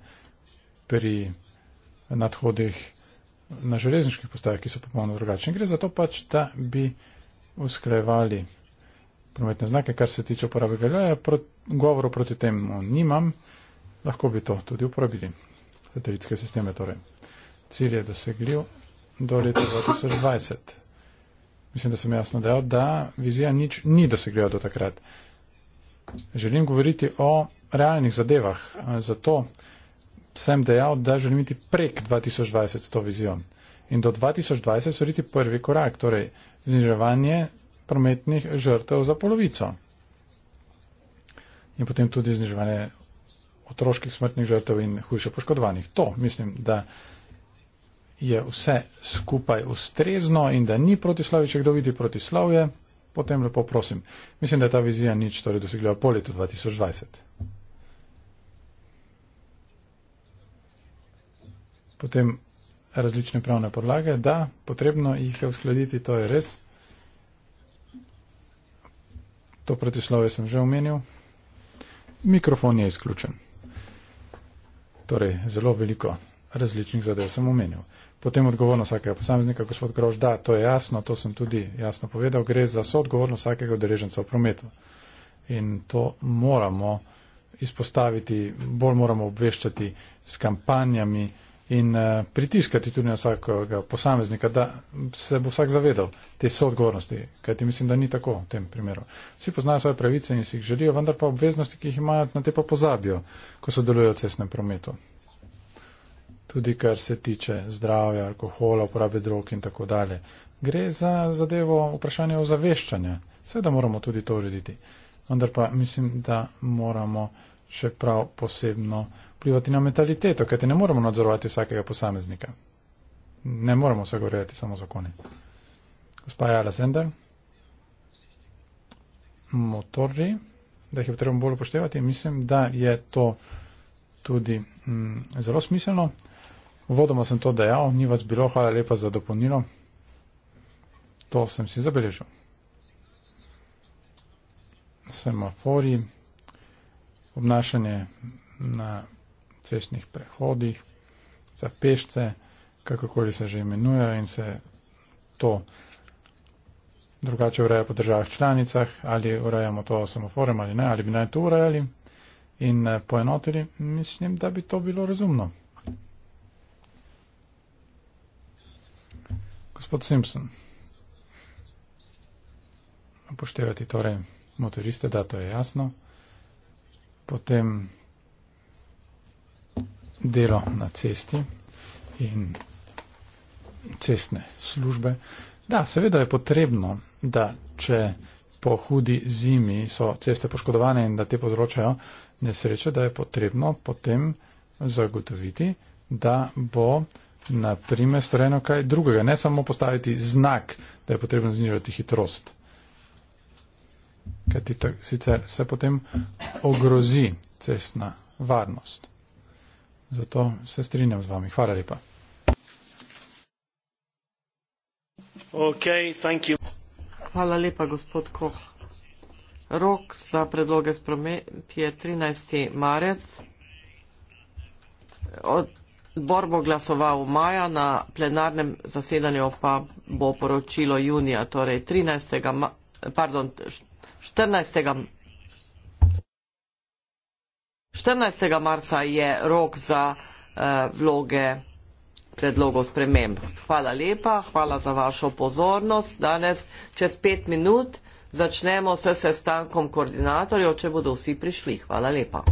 pri nadhodih na železniških postajah, ki so popolnoma drugačne. Gre za to pač, da bi usklajevali prometne znake, kar se tiče uporabe galeja, prot, govoru proti temu nimam, lahko bi to tudi uporabili. Satelitske sisteme torej. Cilj je dosegljiv do leta 2020. Mislim, da sem jasno dejal, da vizija nič ni dosegljiva do takrat. Želim govoriti o realnih zadevah, zato sem dejal, da želim iti prek 2020 s to vizijo. In do 2020 storiti prvi korak, torej zniževanje prometnih žrtev za polovico. In potem tudi zniževanje otroških smrtnih žrtev in hujše poškodovanih. To mislim, da je vse skupaj ustrezno in da ni protislavje, če kdo vidi protislavje, potem lepo prosim. Mislim, da je ta vizija nič torej dosegljiva po letu 2020. Potem različne pravne podlage, da, potrebno jih je uskladiti, to je res. To protislovje sem že omenil. Mikrofon je izključen. Torej, zelo veliko različnih zadev sem omenil. Potem odgovornost vsakega posameznika, gospod Grož, da, to je jasno, to sem tudi jasno povedal, gre za soodgovornost vsakega odreženca v prometu. In to moramo izpostaviti, bolj moramo obveščati s kampanjami in uh, pritiskati tudi na vsakega posameznika, da se bo vsak zavedal te soodgovornosti, kajti mislim, da ni tako v tem primeru. Vsi poznajo svoje pravice in si jih želijo, vendar pa obveznosti, ki jih imajo, na te pa pozabijo, ko sodelujo v cestnem prometu. Tudi kar se tiče zdravja, alkohola, uporabe drog in tako dalje. Gre za zadevo vprašanja ozaveščanja. Seveda moramo tudi to urediti. Vendar pa mislim, da moramo še prav posebno vplivati na mentaliteto, kajti ne moremo nadzorovati vsakega posameznika. Ne moremo se govoriti samo zakoni. Gospa Jara Sender, motori, da jih je potrebno bolj upoštevati, mislim, da je to tudi mm, zelo smiselno. Vodoma sem to dejal, ni vas bilo, hvala lepa za dopolnilo. To sem si zabeležil. Semafori, obnašanje na cestnih prehodih, za pešce, kakorkoli se že imenuje in se to drugače ureja po državah članicah, ali urejamo to samoforem ali ne, ali bi naj to urejali in eh, poenotili, mislim, da bi to bilo razumno. Gospod Simpson, upoštevati torej motoriste, da to je jasno, potem delo na cesti in cestne službe. Da, seveda je potrebno, da če po hudi zimi so ceste poškodovane in da te povzročajo nesreče, da je potrebno potem zagotoviti, da bo naprimer storjeno kaj drugega. Ne samo postaviti znak, da je potrebno znižati hitrost. Kajti sicer se potem ogrozi cestna varnost. Zato se strinjam z vami. Hvala lepa. Okay, thank you. Hvala lepa, gospod Koh. Rok za predloge sprememb je 13. marec. Odbor bo glasoval v maja, na plenarnem zasedanju pa bo poročilo junija, torej 13. Ma, pardon, 14. 14. marca je rok za eh, vloge predlogov sprememb. Hvala lepa, hvala za vašo pozornost. Danes čez pet minut začnemo s sestankom koordinatorjev, če bodo vsi prišli. Hvala lepa.